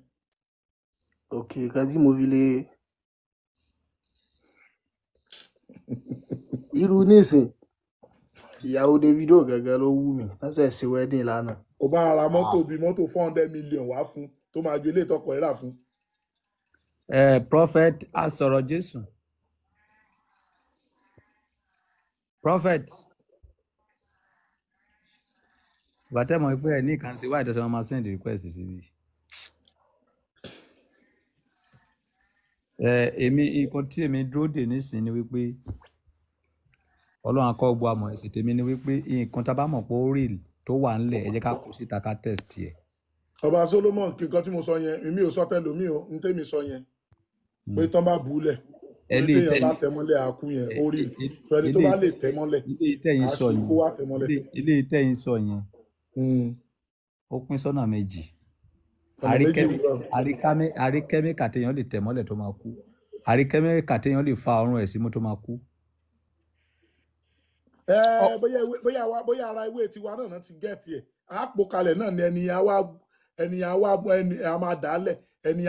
ok kan tí mo fi lè irú nísìn ìyàwó Davido gẹ́gẹ́ ló wù mí lọ́sẹ̀ ṣe wedding lánàá. o bá ra mọ́tò bíi mọ́tò four hundred million wá fún tó máa ju ilé ìtọ́kọ̀ ẹ̀ fún. Eh, prophet a sọ̀rọ̀ Jésù. prophet bàtẹ́mọ̀ pé ẹ̀ ní ìkànsí wáyé tẹ̀sán máa send request síbi. èmi nǹkan tí èmi dúró dè nísìnyí ni wípé ọlọ́run akọ́ gbọ́ àmọ̀ ẹ̀sìn tèmi ni wípé nǹkan tá a bá mọ̀ pé ó real tó wà ńlẹ̀ ẹ jẹ́ ká kó síta ká test yẹ. ọba Solomon kí nǹkan tí mo sọ yẹn mi ò sọ tẹ́lómi o ní tèmi sọ yẹn pé tán bá bu lẹ̀ ẹni tẹyin bá tẹmọ́lẹ̀ yẹn ó rí tó bá lè tẹmọ́lẹ̀ àṣìkò wà ilé sọ yẹn hmm. ó pín sọ́nà méjì àríkẹ́míkà téèyàn lè tẹmọ́lẹ̀ tó máa kú fa ọrùn ẹ̀ símú tó máa kú. bóyá ara ewé tiwa náà ti gẹ̀ẹ́tì ẹ̀ àpò kalẹ̀ náà ni ẹni àwa ẹni àwa ẹni àwa dàálẹ̀ ẹni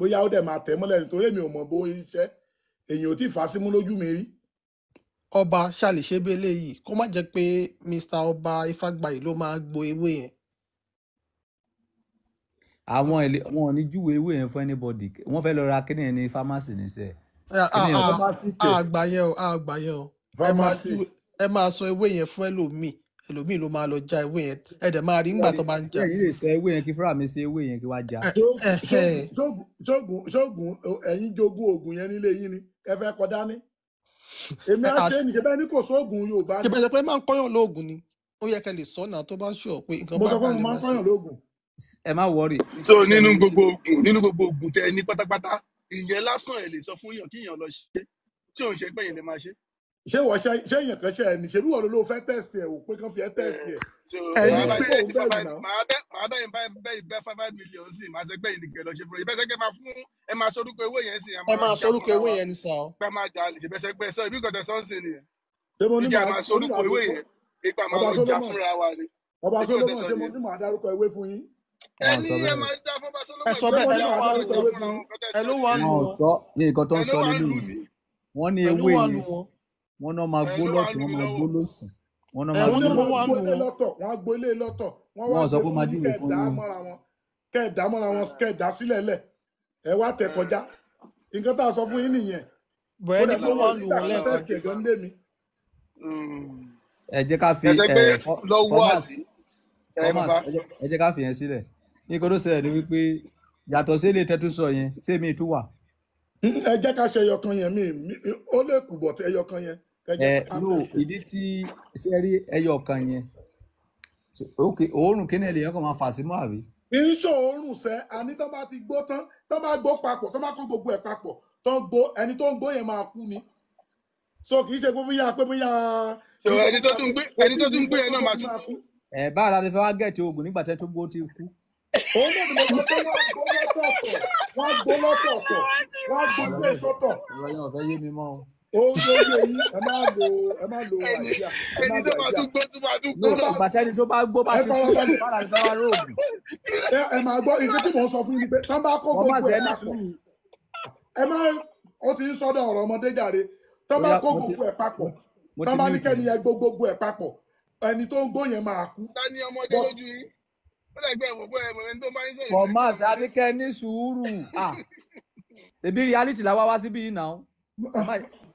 bóyá ó dẹ̀ máa tẹ̀ mọ́lẹ̀ nítorí èmi ò mọ̀ bó iṣẹ́ èyàn ò tí ì fà á símú lójú mi rí. ọba ṣàlìṣebí eléyìí kó má jẹ́ pé mr ọba ifágbayì ló máa gbo ewé yẹn. àwọn èlé wọn ò ní júwe ewé yẹn fún anybody wọ́n fẹ́ lọ ra kíní yẹn ní fámásì níṣẹ́. àgbà yẹn o àgbà yẹn o ẹ máa sọ ewé yẹn fún ẹlòmíì ẹlòmíì ló máa lọ já ewé yẹn ẹ dẹ̀ máa rí nígbà tó bá ń já. ẹ̀yin lè sọ ewé yẹn kí fúlàmì ṣe ewé yẹn kí wá já. Eh, eh, eh. ṣóògùn ẹ̀yin jogún oògùn yẹn nílé yín ni ẹ fẹ́ kọ dání. èmi á ṣe ní ṣẹbẹ́ ní kò sóògùn Yorùbá ni. ìbẹ̀rẹ̀ pé máa ń kọ́yàn lóògùn ni ó yẹ kẹ́ lè sọ náà tó bá ń ṣọ̀ pé nǹkan bá bá lè máa ṣe. ẹ má wọrí. so nínú gbogbo oògùn tẹ ní pátápátá ìyẹn ṣé wọ́n ṣe ṣé èèyàn kan ṣe ẹni ṣe bí wọ́n ló fẹ́ tẹ̀sì ẹ̀ ò pé kán fi ẹ́ tẹ̀sì eh, ẹ̀ ẹni pé òun bẹ̀rù náà. màá bẹ́ẹ̀ bẹ́ẹ̀ bẹ́ẹ̀ five million sí màá sẹ́ gbẹ̀yìn nìkan lọ ṣe fún ẹ ìbẹ́sẹ̀ gbẹ́ máa fún ẹ máa sorúkọ ewé yẹn sí. ẹ máa sorúkọ ewé yẹn ní sá o. pé máa jà lè ṣe bẹ́sẹ̀ gbẹ́ sọ ibi gọ̀dẹ̀ sọ́ọ̀sì ni. ìjà máa sorúkọ ewé yẹn ipa máa jà fúnra wa ni. ọba solomon ṣe mo ní màá dárúkọ ewé fún yín ẹ sọ bẹ́ẹ̀ ẹ ló wà lù ẹ ló wà lù wọn. ẹ ló wà lù wọn. wọ́n ní ewé yìí wọ́n náà máa gbó lọ́tọ̀ wọ́n máa gbó lósì wọ́n náà máa gbó lọ́tọ̀ wọ́n á gbó ilé lọ́tọ̀ wọ́n wá sọ fún mi kẹ́ẹ̀dá mọ́ra wọn kẹ́ẹ̀dá mọ́ra wọn kẹ́ẹ̀dá sílẹ̀ lẹ̀ ẹ wá tẹ̀ kọjá nǹkan tá a sọ fún yín nìyẹn bọ́ẹ̀ ni kó wà lù wọ́n lẹ́ẹ̀kan ẹ jẹ́ ká fi ẹ jẹ́ ká fi yẹn sílẹ̀ ní kó ló wípé yàtọ̀ sí ilé tẹ́tù sọ yẹn ṣé mi tún wà. ẹ jẹ́ ká ṣe ẹyọkan yẹn mi ó lè kù bọ̀ ẹyọkan yẹn ẹ ló eh, ìdí tí ṣe rí ẹyọ kan yẹn òkè òórùn kí ni ẹ lè yẹn kàn máa fà sí mọ́ àbí. kì í ṣe òórùn sẹ àní tó bá ti gbó tán tó bá gbó papọ̀ tó bá kó gbogbo ẹ̀ papọ̀ tó ń gbó ẹni tó ń gbó yẹn máa kú ni so kì í ṣe pé bóyá pé bóyá. so ẹni tó tún gbé ẹni tó tún gbé yẹn náà máa tún kú. ẹ bá ara rẹ fẹ́ wá gẹ̀ẹ́tì oògùn nígbà tẹ́ tó gbó ti kú. òun náà ló sọ pé wọ́n gbó lọ́tọ̀ọ̀tọ̀ wọ́n gbó lọ́tọ̀ọ̀tọ̀ wọ́n gbó gbé sọ́tọ̀. ìrọ̀lẹ́ ọ̀fẹ́ yé mi mọ́ o ó ń lóye yín ẹ má lo ẹ má lo àìsíà ẹ má lo àìsíà ẹni tó bá tún gbó tún bá tún gbó náà. nígbà tẹ́ni tó bá gbó bá ti gbó bá ti bá róògùn. ẹ máa gbọ́ ìdí tí mò ń sọ fún yín pé tá bá kó gbogbo ẹ̀ papọ̀ ẹ má ó ti ń sọ́dọ̀ ọ̀rọ̀ ọmọdé jàre tá bá kó gbogbo ẹ̀ papọ̀ tá bá ní kẹ́ni ẹ gbó gbogbo ẹ̀ papọ̀ ẹni tó ń gbó yẹn máa kú. ta ni ọmọdé lójú yín ó lẹ́gbẹ́ ìwọ̀gbọ́ ẹ̀ mọ̀ ẹni tó bá ń sọ̀rọ̀. Thomas Adékẹ́ ní sùúrù ah ebi reality la wá wá síbí yìí náà. Ah,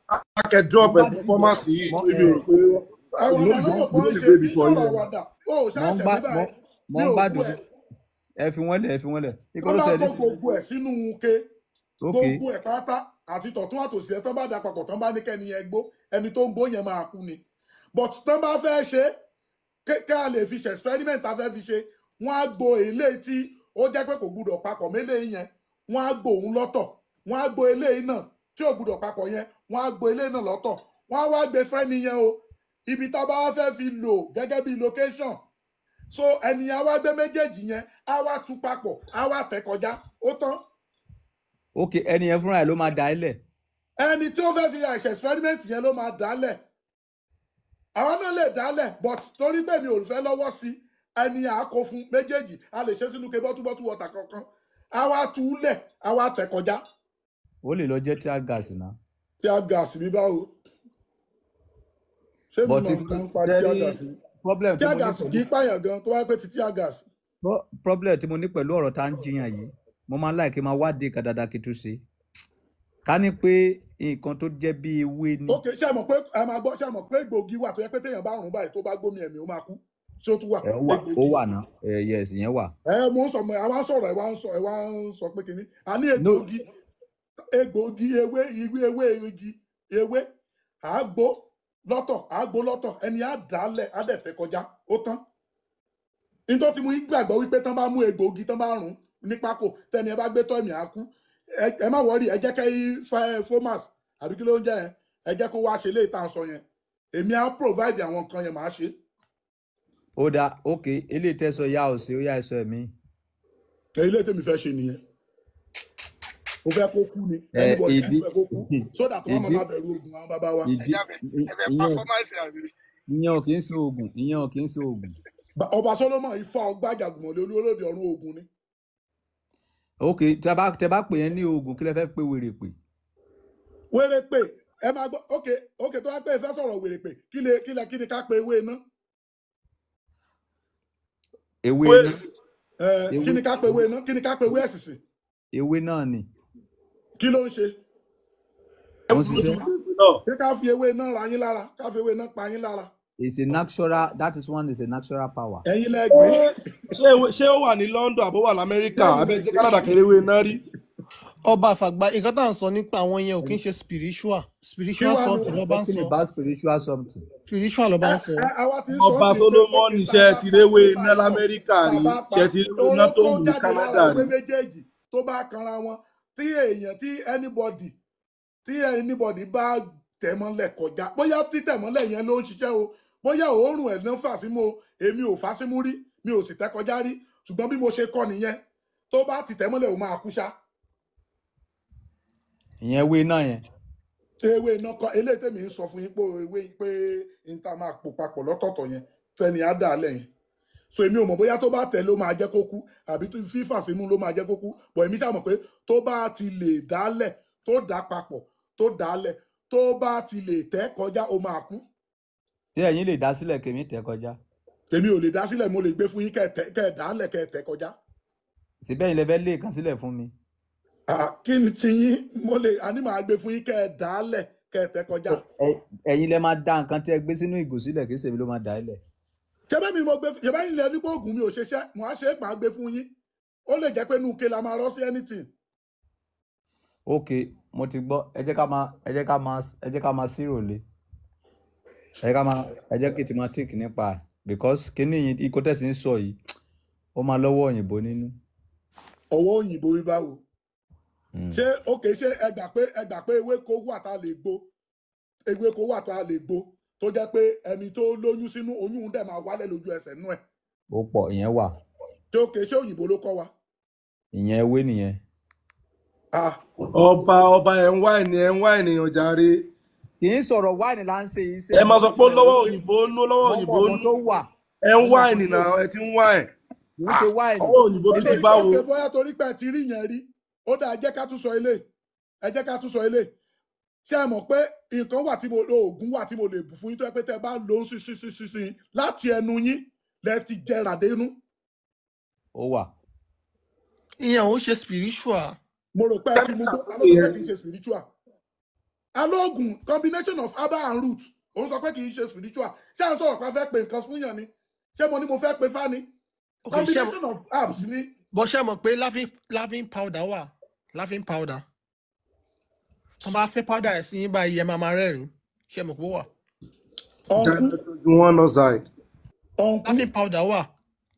I can drop a performance yìí èmi rò pé no no the way before you. mo ń bá mo ń bá dùn ẹ fi wọ́n lẹ̀ ẹ fi wọ́n lẹ̀. kọ́lá tó gbogbo ẹ̀ sínú ke gbogbo ẹ̀ pátá àti tọ̀tún àtòsí ẹ̀ tán bá dà papọ̀ tán bá ní kẹ́ni ẹ gbó ẹni tó ń gbó yẹn máa kú ni but tán bá fẹ́ ṣe ká lè fi ṣe experiment tá a fẹ́ fi ṣe wọ́n á gbo eléyìí tí ó jẹ́ pé kò gbúdọ̀ papọ̀ méléyìí yẹn wọ́n á gbo òun lọ́tọ̀ wọ́n á gbo eléyìí náà tí ò gbúdọ̀ papọ̀ yẹn wọ́n á gbo ilé náà lọ́tọ̀ wọ́n á wá gbé fẹ́ni yẹn o ibi tá a bá wá fẹ́ fi lò gẹ́gẹ́ bí location so ẹnìyàn wá gbé méjèèjì yẹn á wá tú papọ̀ á wá tẹ̀ kọjá ó tán. ok ẹnìyẹn fúnra ẹ̀ ló máa dà á lẹ̀. ẹni tí ó fẹ́ fi àìsàn experiment yẹn ló máa dà á lẹ̀ àwọn náà lè dà lẹ̀ but torí pé mi ò fẹ́ lọ́wọ́ sí ẹnìyàn á kó fún méjèèjì a lè ṣe sínú ke bọ́túbọ́tú wọ̀tà kankan á wá tú lẹ̀ á wá tẹ̀ kọjá. ó lè lọ jẹ́ tí a náà tear gas bí báwo ṣé mo mọ̀ nǹkan ń parí tear gas ni tear gas kì í pààyàn gan tó wáyé pé ti tear gas. problem tí mo ní pẹ̀lú ọ̀rọ̀ tá ń jiyàn yìí mo máa ń láì kí n máa wádìí kàdàdà kí n tún ṣe ká ní pé nǹkan tó jẹ́ bí ewé ni. ok ṣe mọ̀ pé ẹ máa gbọ́ ṣe mọ̀ pé egbògi wà tó yẹ pé téèyàn bá rùn báyìí tó bá gómi ẹ̀mí ó máa kú ṣé ó tún wà. ó wà ná yes ìyẹn wà. ẹ mo ń sọ ẹ wá ń sọ̀rọ̀ ẹ wá ń sọ pé kínní a ní egbògi egbòogi ewé irú ewé igi ewé àgbo lọ́tọ̀ àgbo lọ́tọ̀ ẹni á dálẹ̀ á dẹ̀ tẹ̀ kọjá ó tán nítorí tí mo gbàgbọ́ wípé tán bá mú egbòogi tán bá rùn ní pákó tẹ́ni ẹ bá gbé tọ́ ẹ̀mí á kú ẹ má wọrí ẹ jẹ́ kẹ́ fomas àbí kí ló ń jẹ́ yẹn ẹ jẹ́ kó wá ṣe léyìí tá à ń sọ yẹn èmi á provide àwọn nǹkan yẹn màá ṣe. ó dáa ok eléyìí tẹ́ sọ yá ọ̀sẹ̀ ó yá ẹ̀sọ́ ẹ̀mí. ilé tèmi fẹ́ ṣe nìyẹn o fẹ́ kó kú ni eh, ẹnìbọdì ẹ kó kú sódà tó wọn máa bẹ̀rù oògùn àwọn bàbá wa. ìyẹn ò kì í ṣe oògùn ìyẹn ò kì í ṣe oògùn. ọba solomon ifá ọgbà jàgùmọ̀lẹ́ olólòdì ọ̀run oògùn ni. ok tẹ bá pè yẹn ní oògùn kí lẹ fẹ́ pé wèrè pè. wèrè pè ẹ máa gbọ́ ok ok tó wá pé ẹ fẹ́ sọ̀rọ̀ wèrè pè kí lè kí lè kí ni ká pe ewé iná. ewé iná. Eh, kí ni ká pe ewé iná kí ni ká pe ewé ẹ̀sìsì. ewé náà ni kí ló ń ṣe. ṣé ká fi ewé náà ra yín lára ká fi ewé náà pa yín lára. it's a natural that is one is a natural power. ẹ̀yin lẹgbẹ. ṣé ó wà ní London àbó wà lamẹ́ríkà abẹ́jẹ́ Canada kẹrẹ́wé náà rí. ọba àfàgbà nǹkan tá à ń sọ nípa àwọn yẹn ò kí ń ṣe spiritual spiritual something lọ́ba ń sọ. spiritual something. spiritual lọ́ba ń sọ. ọba Solomoni ṣe ti réwé iná lamẹ́ríkà rí ṣe ti réwé iná tó wù ní Canada rí. tó bá kanra wọn tí èèyàn tí anybody tí anybody bá tẹ̀mọ́lẹ̀ kọjá bóyá títẹ̀mọ́lẹ̀ yẹn ló ń ṣiṣẹ́ o bóyá òórùn ẹ̀ ló ń fà símú o èmi ò fà símú rí mi ò sì tẹ́ kọjá rí ṣùgbọ́n bí mo ṣe kọ́ nìyẹn tó bá ti tẹ̀mọ́lẹ̀ ò máa kú ṣá. ìyẹn ewé náà yẹn. ewé iná kan eléyìí tèmi ń sọ fún yín pé ewé pé n ta máa pò papọ̀ lọ́tọ̀ọ̀tọ̀ yẹn tẹ́ni á dà á lẹ́yìn so èmi ò mọ̀ bóyá tó bá tẹ̀ ló máa jẹ́ kó kú àbí fífà símú ló máa jẹ́ kó kú bọ̀ èmi ṣàmọ̀ pé tó bá ti lè dálẹ̀ tó dá papọ̀ tó dálẹ̀ tó bá ti lè tẹ́ kọjá ó máa kú. tí ẹ̀yin lè dá sílẹ̀ kèmí tẹ́ kọjá. èmi ò lè dá sílẹ̀ mo lè gbé fún yín kẹ́ ẹ̀ dálẹ̀ kẹ́ ẹ̀ tẹ́ kọjá. síbẹ̀ yín lè fẹ́ lé kan sílẹ̀ fún mi. kí ni ti yín mo lè àní màá gbé fún yín kẹ́ ẹ̀ dálẹ̀ kẹ́ ẹ̀ tẹ́ kọjá. ẹ̀yin lẹ máa dá nǹkan tí ẹ gbé sínú ìgò sílẹ̀ kí sèmi ló máa ṣẹbẹ́ mi mo gbé ṣẹbẹ́ yín lẹ nípa oògùn mi ò ṣeṣẹ́ mo á ṣe é pàá gbé fún yín ó lè jẹ́ pé ke la máa sí anything. ok mo ti gbọ́ ẹ jẹ́ ká máa ẹ jẹ́ ká máa ẹ jẹ́ ká máa sírò ẹ ká máa ẹ kí ti máa nípa because kíní yìí ń sọ tó jẹ́ pé ẹni tó lóyún sínú oyún dẹ̀ máa wálẹ̀ lójú ẹsẹ̀ nú ẹ̀. ó pọ̀ ìyẹn wà. tí ó kè ṣé òyìnbó ló kọ́ wa. ìyẹn ewé nìyẹn. ọba ọba ẹ̀ ń wá ẹni ń wá ènìyàn kì í sọ̀rọ̀ wáìnì là ń ṣe iṣẹ́. ẹ máa sọ pé lọ́wọ́ òyìnbó nú lọ́wọ́ ṣé ẹ mọ̀ pé nǹkan wà tí mo oògùn wà tí mo lè bù fún yín tó yẹ pé tẹ́ bá lò ó sí sí sí sí sí láti ẹnu yín lẹ ti jẹrà dénú. ó wà. ìyẹn ṣe spiritual. mo rò pé ẹ ti mú bó alóògùn kì í ṣe spiritual. alóògùn combination of herbal and root òun sọ pé kì í ṣe spiritual ṣé à ń sọ̀rọ̀ pé a fẹ́ pe nǹkan fún yàn ni ṣé mo ní mo fẹ́ pe fáni. combination of herbs ni. bó ṣe mọ̀ pé laughing powder wà laughing powder wọ́n bá fẹ́ powder sí yín báyìí ẹ máa máa rẹ́rìn ṣe mọ̀ pé wà. ọ̀nkú ọ̀nkú powder wà.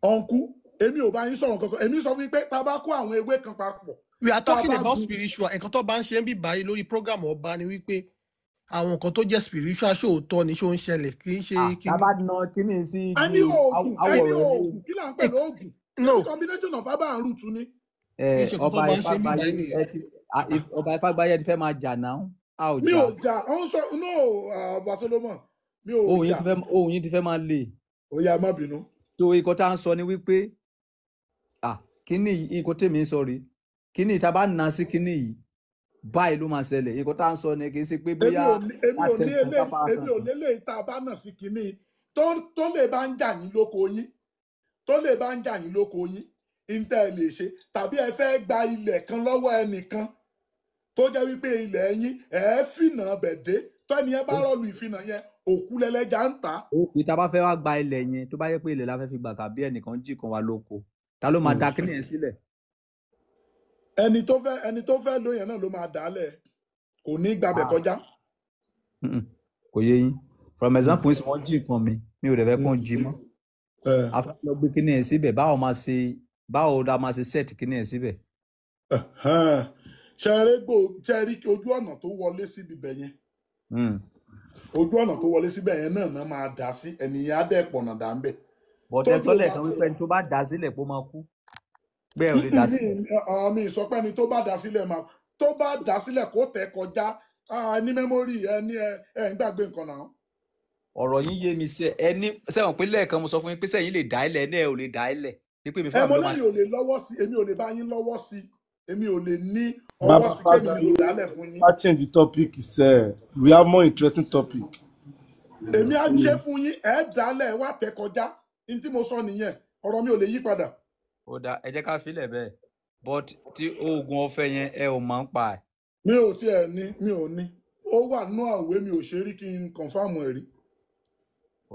ọ̀nkú èmi ò bá yín sọ̀rọ̀ kankan èmi sọ wípé tá a bá kó àwọn ewé kan papọ̀. we are talking about spiritual nǹkan tó bá ń ṣe ń bì báyìí lórí program ọba ni wípé àwọn nǹkan tó jẹ́ spiritual ṣòótọ́ ni ṣó ń ṣẹlẹ̀ kì í ṣe. àbá ah, na kíní sí. a ní oògùn a oògùn kí là ń pè lóògùn. no combination of herbal and root ni. Eh, ọba ìfàgbáyé eh, ọba ìfàgbáyé ti fẹ́ máa jà náà a ò jà. mi ò jà ó ń sọ no ọba Solomon mi ò jà ohun yìí ti fẹ́ máa le. ó yá má bínú. tó ikọ̀ tá à ń sọ ni wípé kíní ikọ̀ tèmi ń sọ rí kíní ìta bá nà sí kíní yìí báyìí ló máa ṣẹlẹ̀ ikọ̀ tá à ń sọ ni kì í ṣe pé bóyá àtẹnudọ́ tá a bá sọ. èmi ò lélẹ̀ ìta bá nà sí kíní tó lè bá ń jà yín lóko yín tó lè bá ń jà yín lóko yín níta ẹ lè ṣe tàbí ẹ fẹ́ gba ilẹ̀ kan lọ́wọ́ ẹnìkan tó jẹ́ wípé ilẹ̀ yín ẹ fìnà bẹ̀dẹ́ tọ́ni ẹ bá rọlù ìfìnà yẹn òkú lẹ́lẹ́jà ń tà. òkú tá a bá fẹ́ wá gba ilẹ̀ yẹn tó bá yẹ pé ilẹ̀ la fẹ́ fi gbà tàbí ẹnìkan jì kan wá lóko ta ló máa da kíni yẹn sílẹ̀. ẹni tó fẹ́ ẹni tó fẹ́ lóyún náà ló máa dà á lẹ̀ kò ní gbàbẹ̀ ah. kọjá. kò yé yín from example ṣe wọ́n jì kan mi mi ò dẹ̀ fẹ́ kàn jí mọ́ eh. afẹ́ lọ gbé kíni yẹn síbẹ̀ báwo máa ṣe báwo la máa ṣe set kíní ẹ̀ síbẹ̀. ṣẹ́rẹ́gbò jẹ́rí ojú ọ̀nà tó wọlé síbi bẹ̀ hmm. ojú ọ̀nà tó wọlé síbẹ̀ yẹn náà náà máa dá sí dẹ̀ pọ̀nà dà ń bẹ̀. bọ̀dẹ̀ sọ́lẹ̀ kan wípé ẹni tó bá dá sílẹ̀ pé máa kú bẹ́ẹ̀ ò lè sílẹ̀. àmì ìsọpẹ́ ni tó tó bá sílẹ̀ tẹ̀ kọjá ẹni ẹ ẹni sẹ́wọ̀n pé mi fẹ́ràn ló máa. ẹ mo ò lè lọ́wọ́ sí èmi ò lè bá yín lọ́wọ́ sí èmi ò lè ní ọwọ́ sí kémi ò dálẹ̀ fún yín. ma change the topic sir we have more interesting topic. èmi á ṣe fún yín ẹ dálẹ̀ wá tẹ kọjá ní tí mo sọ nìyẹn ọ̀rọ̀ mi ò lè yí padà. ó dáa ẹ jẹ́ ká filẹ̀ bẹ́ẹ̀ but tí oògùn ọ̀fẹ́ yẹn ẹ ò máa ń pa ẹ̀. mi ò tiẹ̀ ní mi ò ní ó wà nú àwé mi ò ṣe rí kí n confam ẹ̀ rí.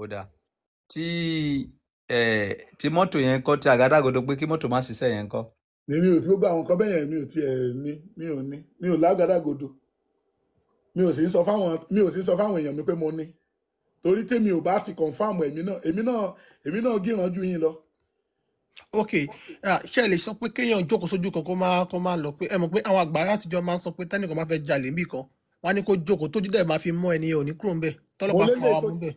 ó dáa tí Eh, tí mọ́tò yẹn kọ́ tí àgádágodo pé kí mọ́tò má ṣiṣẹ́ yẹn kọ́. èmi ò tí gbogbo àwọn nǹkan bẹ́ẹ̀ yẹn mi ò tiẹ̀ ní mi ò ní mi ò lágádágodo mi ò sì sọ fáwọn mi ò sì sọ fáwọn èèyàn mi pé mo ní torí tèmi ò bá ti confam èmi náà èmi náà èmi náà gíràn ju yín lọ. ok ṣe lè sọ pé kéèyàn jókòó sójú kan kó máa kó máa lọ pé ẹ mọ̀ pé àwọn àgbà àtijọ́ máa ń sọ pé tẹ́nìkan máa fẹ́ jalè níbì kan wọ́n á ní kó jókòó tójú dẹ̀ máa fi mọ́ ẹni òní kúrò ńbẹ̀ tọ́lọ́pàá fún wa mú bẹ́ẹ̀.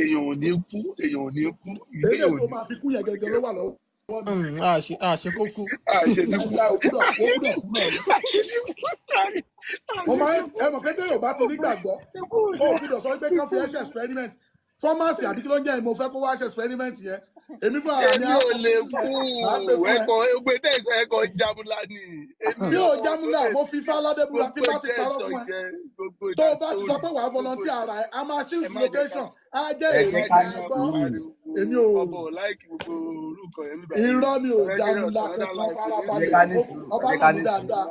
èèyàn ò ní kú èèyàn ò ní kú ilé ò ní. èyí tó máa fi kú yẹn gẹ́gẹ́ ló wà lọ́wọ́ àṣẹ kó kú. àṣẹ ti kú. kú náà. mo máa ń ẹ mọ̀ pé bá ti gbàgbọ́ ó gbúdọ̀ sọ pé ká fi ẹsẹ̀ experiment fọ́másì àdìkílọ́ jẹ́ ìmọ̀ fẹ́ kó wá ṣe experiment yẹn èmi fún ara mi á kò lè kú ẹ̀kọ́ egbe tẹ̀sán ẹ̀kọ́ jamula ni. mi ò jamula mo fi ifá ládébúra tí bá ti parọ́ fún ẹ tó o bá ti sọ pé wàá volunteer ara ẹ a máa choose location á jẹ́ èrè ẹ̀kọ́ èmi ò irọ́ mi ò jamula ẹ̀kọ́ farabalẹ̀ ọba mi dáadáa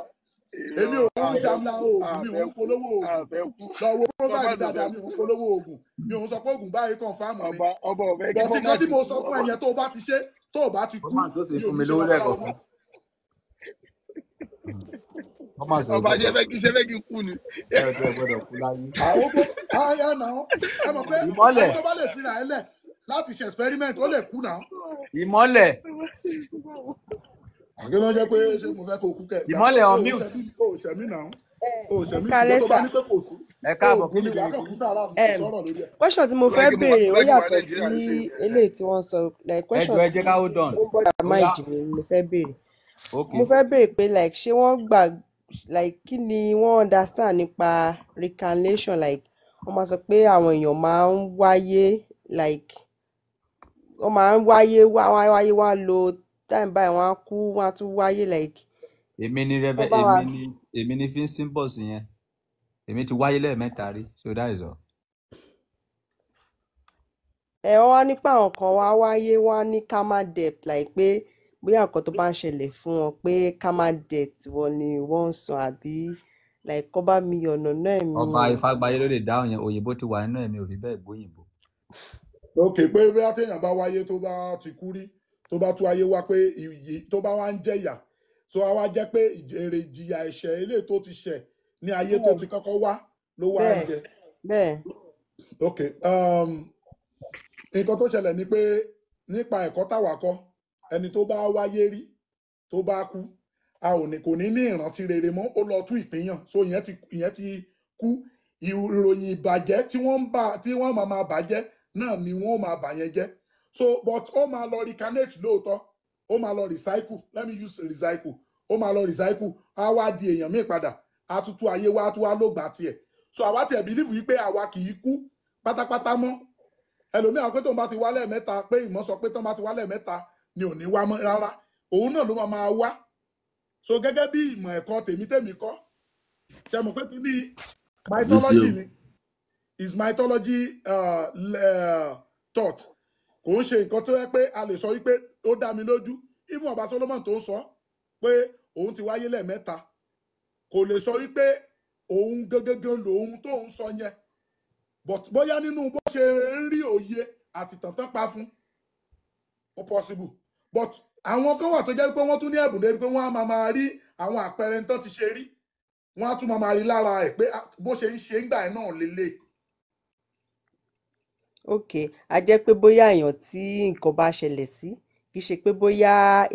èmi ò ń jamla oògùn mi ò ń polówó oògùn lọ́wọ́ program dada mi ò ń polówó oògùn mi ò ń sọ pé oògùn báyìí kàn fáàmù mi bọ̀tí kan tí mo sọ fún ẹ̀yẹn tó o bá ti ṣe tó o bá ti kú mi ò ní ṣe wàhálà ọmọ. ọba ṣe fẹ́ kí ṣe fẹ́ kí kú ni. ẹ ẹ gbọ́dọ̀ kú láyé. àwọn pé ayé náà ẹ mọ̀ pé àwọn tó bá lè fi ràn án lẹ̀ láti ṣe experiment ó lè kú náà. ìmọ́lẹ̀ àgbẹ̀ ló ń jẹ́ pé ṣé mo fẹ́ kó kú kẹ́. ìmọ̀lẹ̀ on mute. o ṣẹ̀mí náà o ṣẹ̀mí ṣùgbọ́n tó bá ní pé kò sí. ẹ káàbọ̀ kí ni ìwé kú. question tí mo fẹ́ béèrè ó yàtọ̀ sí eléyìí tí wọ́n sọ like question tí ẹ jẹ́ ká hold on. ó ń bọ́ àmọ́ ìdìbò mo fẹ́ béèrè. mo fẹ́ béèrè pé like ṣé wọ́n gbà like kí ni wọ́n understand nípa recalculation like wọ́n máa sọ pé àwọn èèyàn máa ń wáyé like wọ́n máa ń wáyé wá wáyé wá lo time báyìí wọ́n á kú wọ́n á tún wáyé like. èmi ni rẹbẹ èmi ni èmi ni fi ń simple sí yẹn èmi ti wáyé lẹ́ẹ̀mẹ́ta rí so that is all. ẹ wọ́n wá nípa àwọn kan wá wáyé wá ní karma debt like pé bóyá nǹkan tó bá ń ṣẹlẹ̀ fún wọn pé karma debt wọn ni wọ́n ń san àbí like kọ́ bá mi ọ̀nà náà mi. ọba ìfagbáyé ló lè dáhùn yẹn òyìnbó ti wà nínú ẹ̀mí òbí bẹ́ẹ̀ gbóyìnbó. ok pé bí atẹ́yàn bá wáyé tó bá ti kú rí tó bá tún ayé wá pé tó bá wá ń jẹ̀yà so àwa jẹ́ pé èrè ìjìyà ẹ̀ṣẹ̀ ilé tó ti ṣẹ̀ ní ayé tó ti kọ́kọ́ wá ló wá ń jẹ. bẹ́ẹ̀. ok um, nǹkan tó ṣẹlẹ̀ ni pé nípa ẹ̀kọ́ táwa kọ́ ẹni tó bá wáyé rí tó bá kú a ò ní kò ní ní ìrántí rere mọ́ ó lọ tú ìpínyàn so ìyẹn ti ìyẹn ti kú ìròyìn ìbàjẹ́ tí wọ́n máa bàjẹ́ náà ni wọ́n máa bàyẹn jẹ́ so but ó máa lọ recarnate lóòótọ́ ó máa lọ recycle let me use recycle ó máa lọ recycle á wá di èèyàn míì padà á tutù ayé wa á tún wá lóògbà So so àwa tiẹ̀ believe wípé àwa kì í kú pátápátá mọ́ ẹlòmíì àwọn pé tóun bá ti wá lẹ́ẹ̀mẹ́ta pé ìmọ̀ sọ pé tóun bá ti wá lẹ́ẹ̀mẹ́ta ni ò ní wá mọ́ rárá òun náà ló máa máa wá so gẹ́gẹ́ bí ìmọ̀ ẹ̀kọ́ tèmi tèmi kọ́ ṣe mọ̀ pé kí ni mythology ni is mythology uh, uh, taught kò ń ṣe nǹkan tó yẹ pé a lè sọ wípé ó dá mi lójú even ọba Solomon tó ń sọ pé òun ti wáyé lẹ́ẹ̀mẹ́ta kò lè sọ wípé òun gangan lòun tó ń sọ yẹn but bóyá nínú bó ṣe ń rí òye àti tàntàn pa fún ó possible but àwọn kan wà tó jẹ́ pé wọ́n tún ní ẹ̀bùn débi pé wọ́n á máa máa rí àwọn àpẹẹrẹ tán ti ṣe rí wọ́n á tún máa máa rí lára ẹ̀ pé bó ṣe ń ṣe ń gbà ẹ̀ náà lélẹ́yìí ok a jẹ́ pé bóyá èèyàn tí nǹkan bá ṣẹlẹ̀ sí kì í ṣe pé bóyá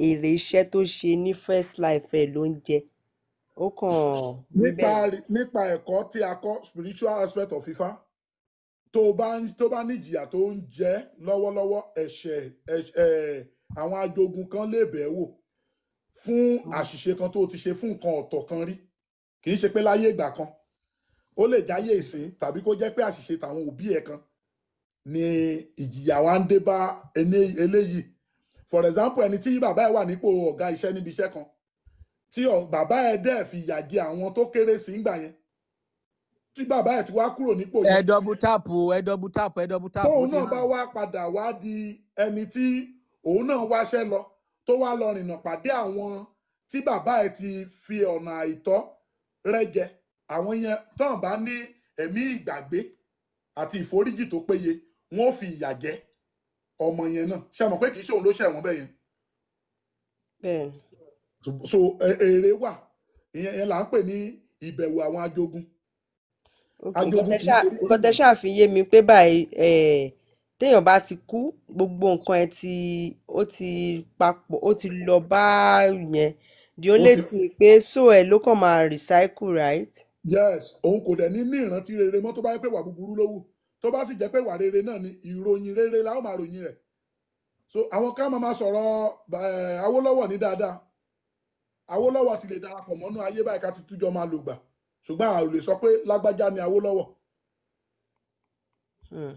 èrè iṣẹ́ tó ṣe ní first life ẹ̀ ló ń jẹ ó kàn. nípa nípa ẹ̀kọ́ tí a kọ́ spiritual aspect of Ifá tó bá tó bá níjìyà tó ń jẹ lọ́wọ́lọ́wọ́ ẹ̀ṣẹ̀ àwọn ajogun kan lè bẹ̀ wò fún hmm. àṣìṣe kan tó ti ṣe fún nǹkan ọ̀tọ̀ kan rí kì í ṣe pé láyé ìgbà kan ó lè jáyé ìsìn tàbí kó jẹ́ pé àṣìṣe tàwọn òbí ẹ̀ kan ni ìjìyà wa ń dé bá eléyìí for example ẹni tí bàbá ẹ wà nípò ọ̀gá iṣẹ́ níbi iṣẹ́ kan tí bàbá ẹ dẹ̀ fi ìyà jẹ àwọn tó kéré sí ìgbà yẹn tí bàbá ẹ ti wá kúrò nípò yẹn. ẹ dọ́bù táàpù ẹ dọ́bù táàpù ẹ dọ́bù táàpù. tóun náà bá wá padà wá di ẹni tí òun náà wáṣẹ́ lọ tó wá lọ rìnnà pàdé àwọn tí bàbá ẹ ti fi ọ̀nà àìtọ́ rẹ́jẹ àwọn yẹn tán bá ní ẹ̀mí ìgbàgbé àti ìforíjì tó péye wọ́n fi ìyà jẹ ọmọ yẹn náà ṣe mọ̀ pé kì í ṣe òun ló ṣe ẹ̀wọ̀n bẹ́ẹ̀ yẹn. so èrè wà ìyẹn yẹn là ń pè ní ìbẹ̀wò àwọn ajogun. ajogun kì í ṣe. nǹkan tẹ ṣáà fi yé mi pé báyìí téèyàn bá ti kú gbogbo nǹkan ẹ ti ó ti papọ̀ ó ti lọ bá yẹn the only thing pé so ẹ ló kàn máa recycle right. yes òun kò dẹ̀ ní ní ìrántí rere mọ́ tó bá yẹ pé wà búburú ló tó bá sì jẹ́ pé wà rere náà ni ìròyìn rere la ó máa ròyìn rẹ̀ so àwọn ká máa sọ̀rọ̀ eh, Awólọ́wọ̀ ní dáadáa Awólọ́wọ̀ ti lè darapọ̀ mọ́nú ayé báyìí ká tuntun jọ máa lò gbà ṣùgbọ́n a ò lè sọ pé lágbájá ni Awólọ́wọ̀ hmm.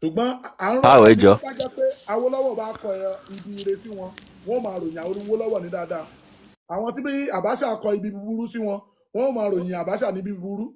ṣùgbọ́n à ń rọ ẹjọ́ ṣáájá pé Awólọ́wọ̀ bá kọ ibi ire sí wọn wọn máa ròyìn Awólọ́wọ̀ ní dáadáa àwọn tí bí Abacha kọ ibi búburú sí wọn wọn máa ròyìn Abacha níbi búburú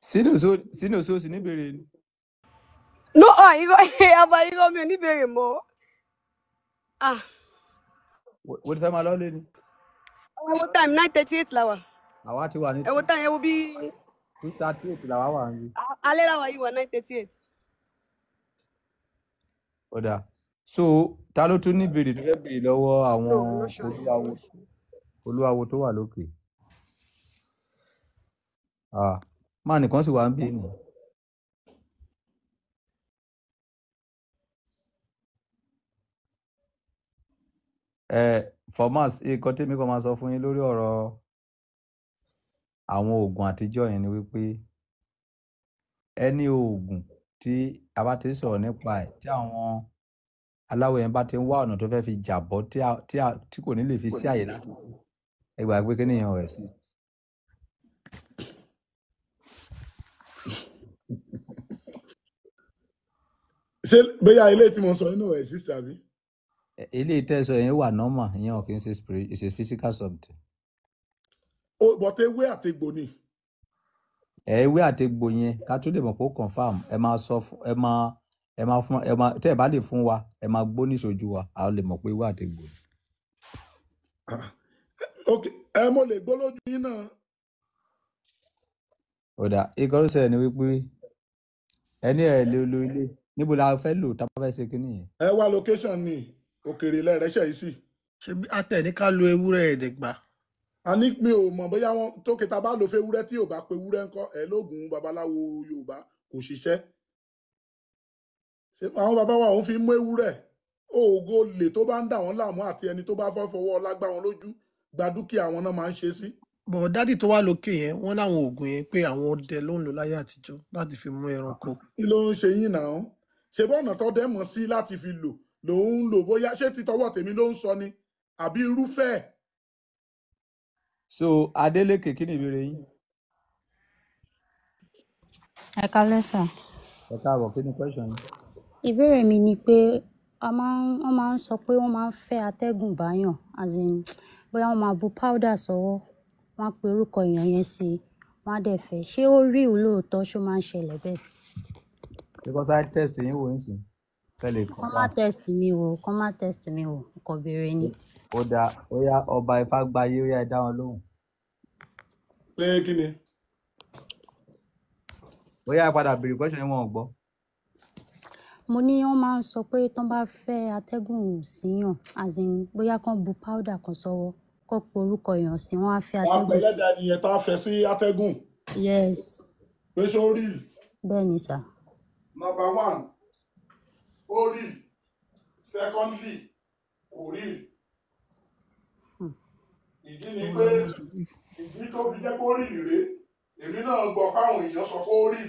sínú sóòsì níbèrè ni. no ọ irọ́ ọba irọ́ mi ò níbèrè mọ́. wo ti fẹ́ máa lọ lé ni. ẹ wo time nine thirty eight la wà. àwa ti wà ní. ẹ wo time ẹ wo bí. two thirty eight làwa wà ní. alẹ́ làwa yìí wà nine thirty eight. ọ̀dà so ta ló tún níbèrè tó fẹ́ bèrè lọ́wọ́ àwọn olúwawo olúwawo tó wà lókè. Ah máa nìkan sì wá ń bí nù. ẹ formas ikọ tèmi kan máa sọ fún yín lórí ọ̀rọ̀ àwọn oògùn àtijọ́ yẹn ni wípé ẹni oògùn tí a bá ti sọ̀rọ̀ nípa ẹ̀ tí àwọn aláwọ̀ yẹn bá ti ń wá ọ̀nà tó fẹ́ fi jàbọ́ tí kò ní lè fi sí àyè láti sí ẹgbàá pé kí nìyẹn ò exist. ṣé bóyá ilé tí mo sọ inú ẹ̀ sísè àbí. E, ilé ìtẹ́sọ yẹn wà nọ́mà ìyẹn ò kì í ṣe spirit it's a physical subject. o bọ̀tẹ́ ewé àtegbò ni. ẹ ewé àtegbò yẹn ká tó lè mọ̀ pé ó confam ẹ máa sọ ẹ máa ẹ máa fún ẹ máa tẹ́ ẹ bá lè fún wa ẹ máa gbó níṣojú wa a lè mọ̀ pé ewé àtegbò ni. Ah, ok ẹ mo lè gbọ́ lójú yín náà. ọ̀dà ikọ̀ ló ṣẹlẹ̀ ni wípé ẹni ẹ̀ lè lo ilé. Okay níbo la fẹ́ lò tá a bá fẹ́ ṣe kínní yẹn. ẹ wá location ni òkèèrè lẹ́rẹ̀ẹ́sẹ̀ yìí sì. ṣebí atẹ ní ká lo ewúrẹ́ ẹ̀ẹ́dẹ́gbà. a ní mi ò mọ̀ bóyá wọn tó kéta bá lo fewúrẹ́ tí yóò bá pe wúrẹ́ ńkọ́ ẹ lóògùn babaláwo yorùbá kò ṣiṣẹ́. àwọn bàbá wa òun fi mú ewúrẹ́ òògùn olè tó bá ń dà wọ́n láàmú àti ẹni tó bá fọ́ fọwọ́ lágbá wọn lójú gba dúkìá wọn náà máa ń ṣe sí. bọ̀ dádì tó wà lókè yẹn wọ́n láwọn oògùn yẹn pé àwọn ọdẹ ló ń lò láyé àtijọ́ láti fi mú ẹranko. kí ló ń ṣe yín náà? ṣe bọ́ọ̀nà tó dẹ́mọ̀ sí láti fi lò lòun ń lò bóyá ṣé títọwọ́ tèmi ló ń sọ ni àbí irúfẹ́ so Adeleke kí ni ìbéèrè yín. ẹ kálẹ́ sà. ẹ káàbọ̀ kí ni question ìbéèrè mi ni pé a máa ń wọ́n máa ń sọ pé wọ́n máa ń fẹ́ atẹ́gùn báyàn as in bóyá wọ́n máa bu powder sọ́wọ́ wọ́n á pe orúkọ èèyàn yẹn sí i wọ́n á dẹ̀ fẹ́ ṣé ó rí ìwúlò òótọ́ ṣó máa ń ṣẹlẹ̀ bẹ́ẹ̀ because i test yín wò nísìnyí kẹlẹ kọ. kọ́ má test mi wò kọ́ test mi wò kò béèrè ni. ó dáa ó yá ọba ifá gbayé ó yá ẹ dá wọn lóhùn. pé kí ni. ó yá padà béèrè question yẹn wọn ò gbọ́. mo ní wọn máa ń sọ pé tó bá fẹ́ atẹ́gùn síyàn as in bóyá kan bu powder kan sọ́wọ́ kó pe orúkọ èèyàn sí wọn á fẹ́ atẹ́gùn. wọn á pẹ́ tó á fẹ́ sí atẹ́gùn. yes. pé sórí. bẹ́ẹ̀ ni number one ó rí secondly kò rí ìdí ni pé ìdí tó fi jẹ́ kó rí rèé èmi náà gbọ́ páwọn èèyàn sọ pé ó rí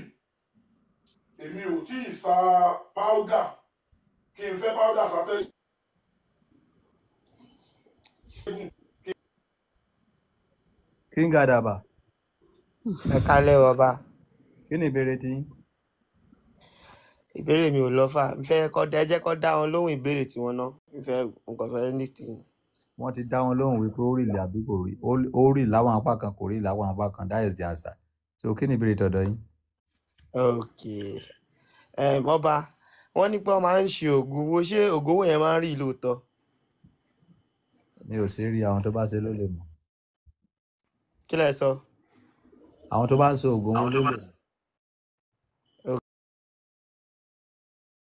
èmi ò tí ì sa powder? kí n fẹ́ páúdà sátẹ́gùn kí n gàdàbà. ẹ kálẹ̀ wọ́n bá. kí ni ìbéèrè tí yín ìbéèrè mi ò lọ fà n fẹ́ kọ dá jẹ kọ dá wọn lóhùn ìbéèrè tí wọn ná n fẹ́ nǹkan fẹ́ ní sí. wọ́n ti dá wọn lóhùn wípé ó rìlì àbí kò rí ó rì láwọn apá kan kò rí láwọn apá kan that is the answer so kí ni ìbéèrè tọ̀dọ̀ yín. ok ọba wọ́n ní pé wọ́n máa ń ṣe oògùn owó ṣé oògùn owó yẹn máa ń rí lóòótọ́. mi ò sí rí àwọn tó bá ṣe ló lè mọ̀. kí lẹ sọ. àwọn tó bá ń ṣe oògùn owó ló lè mọ̀.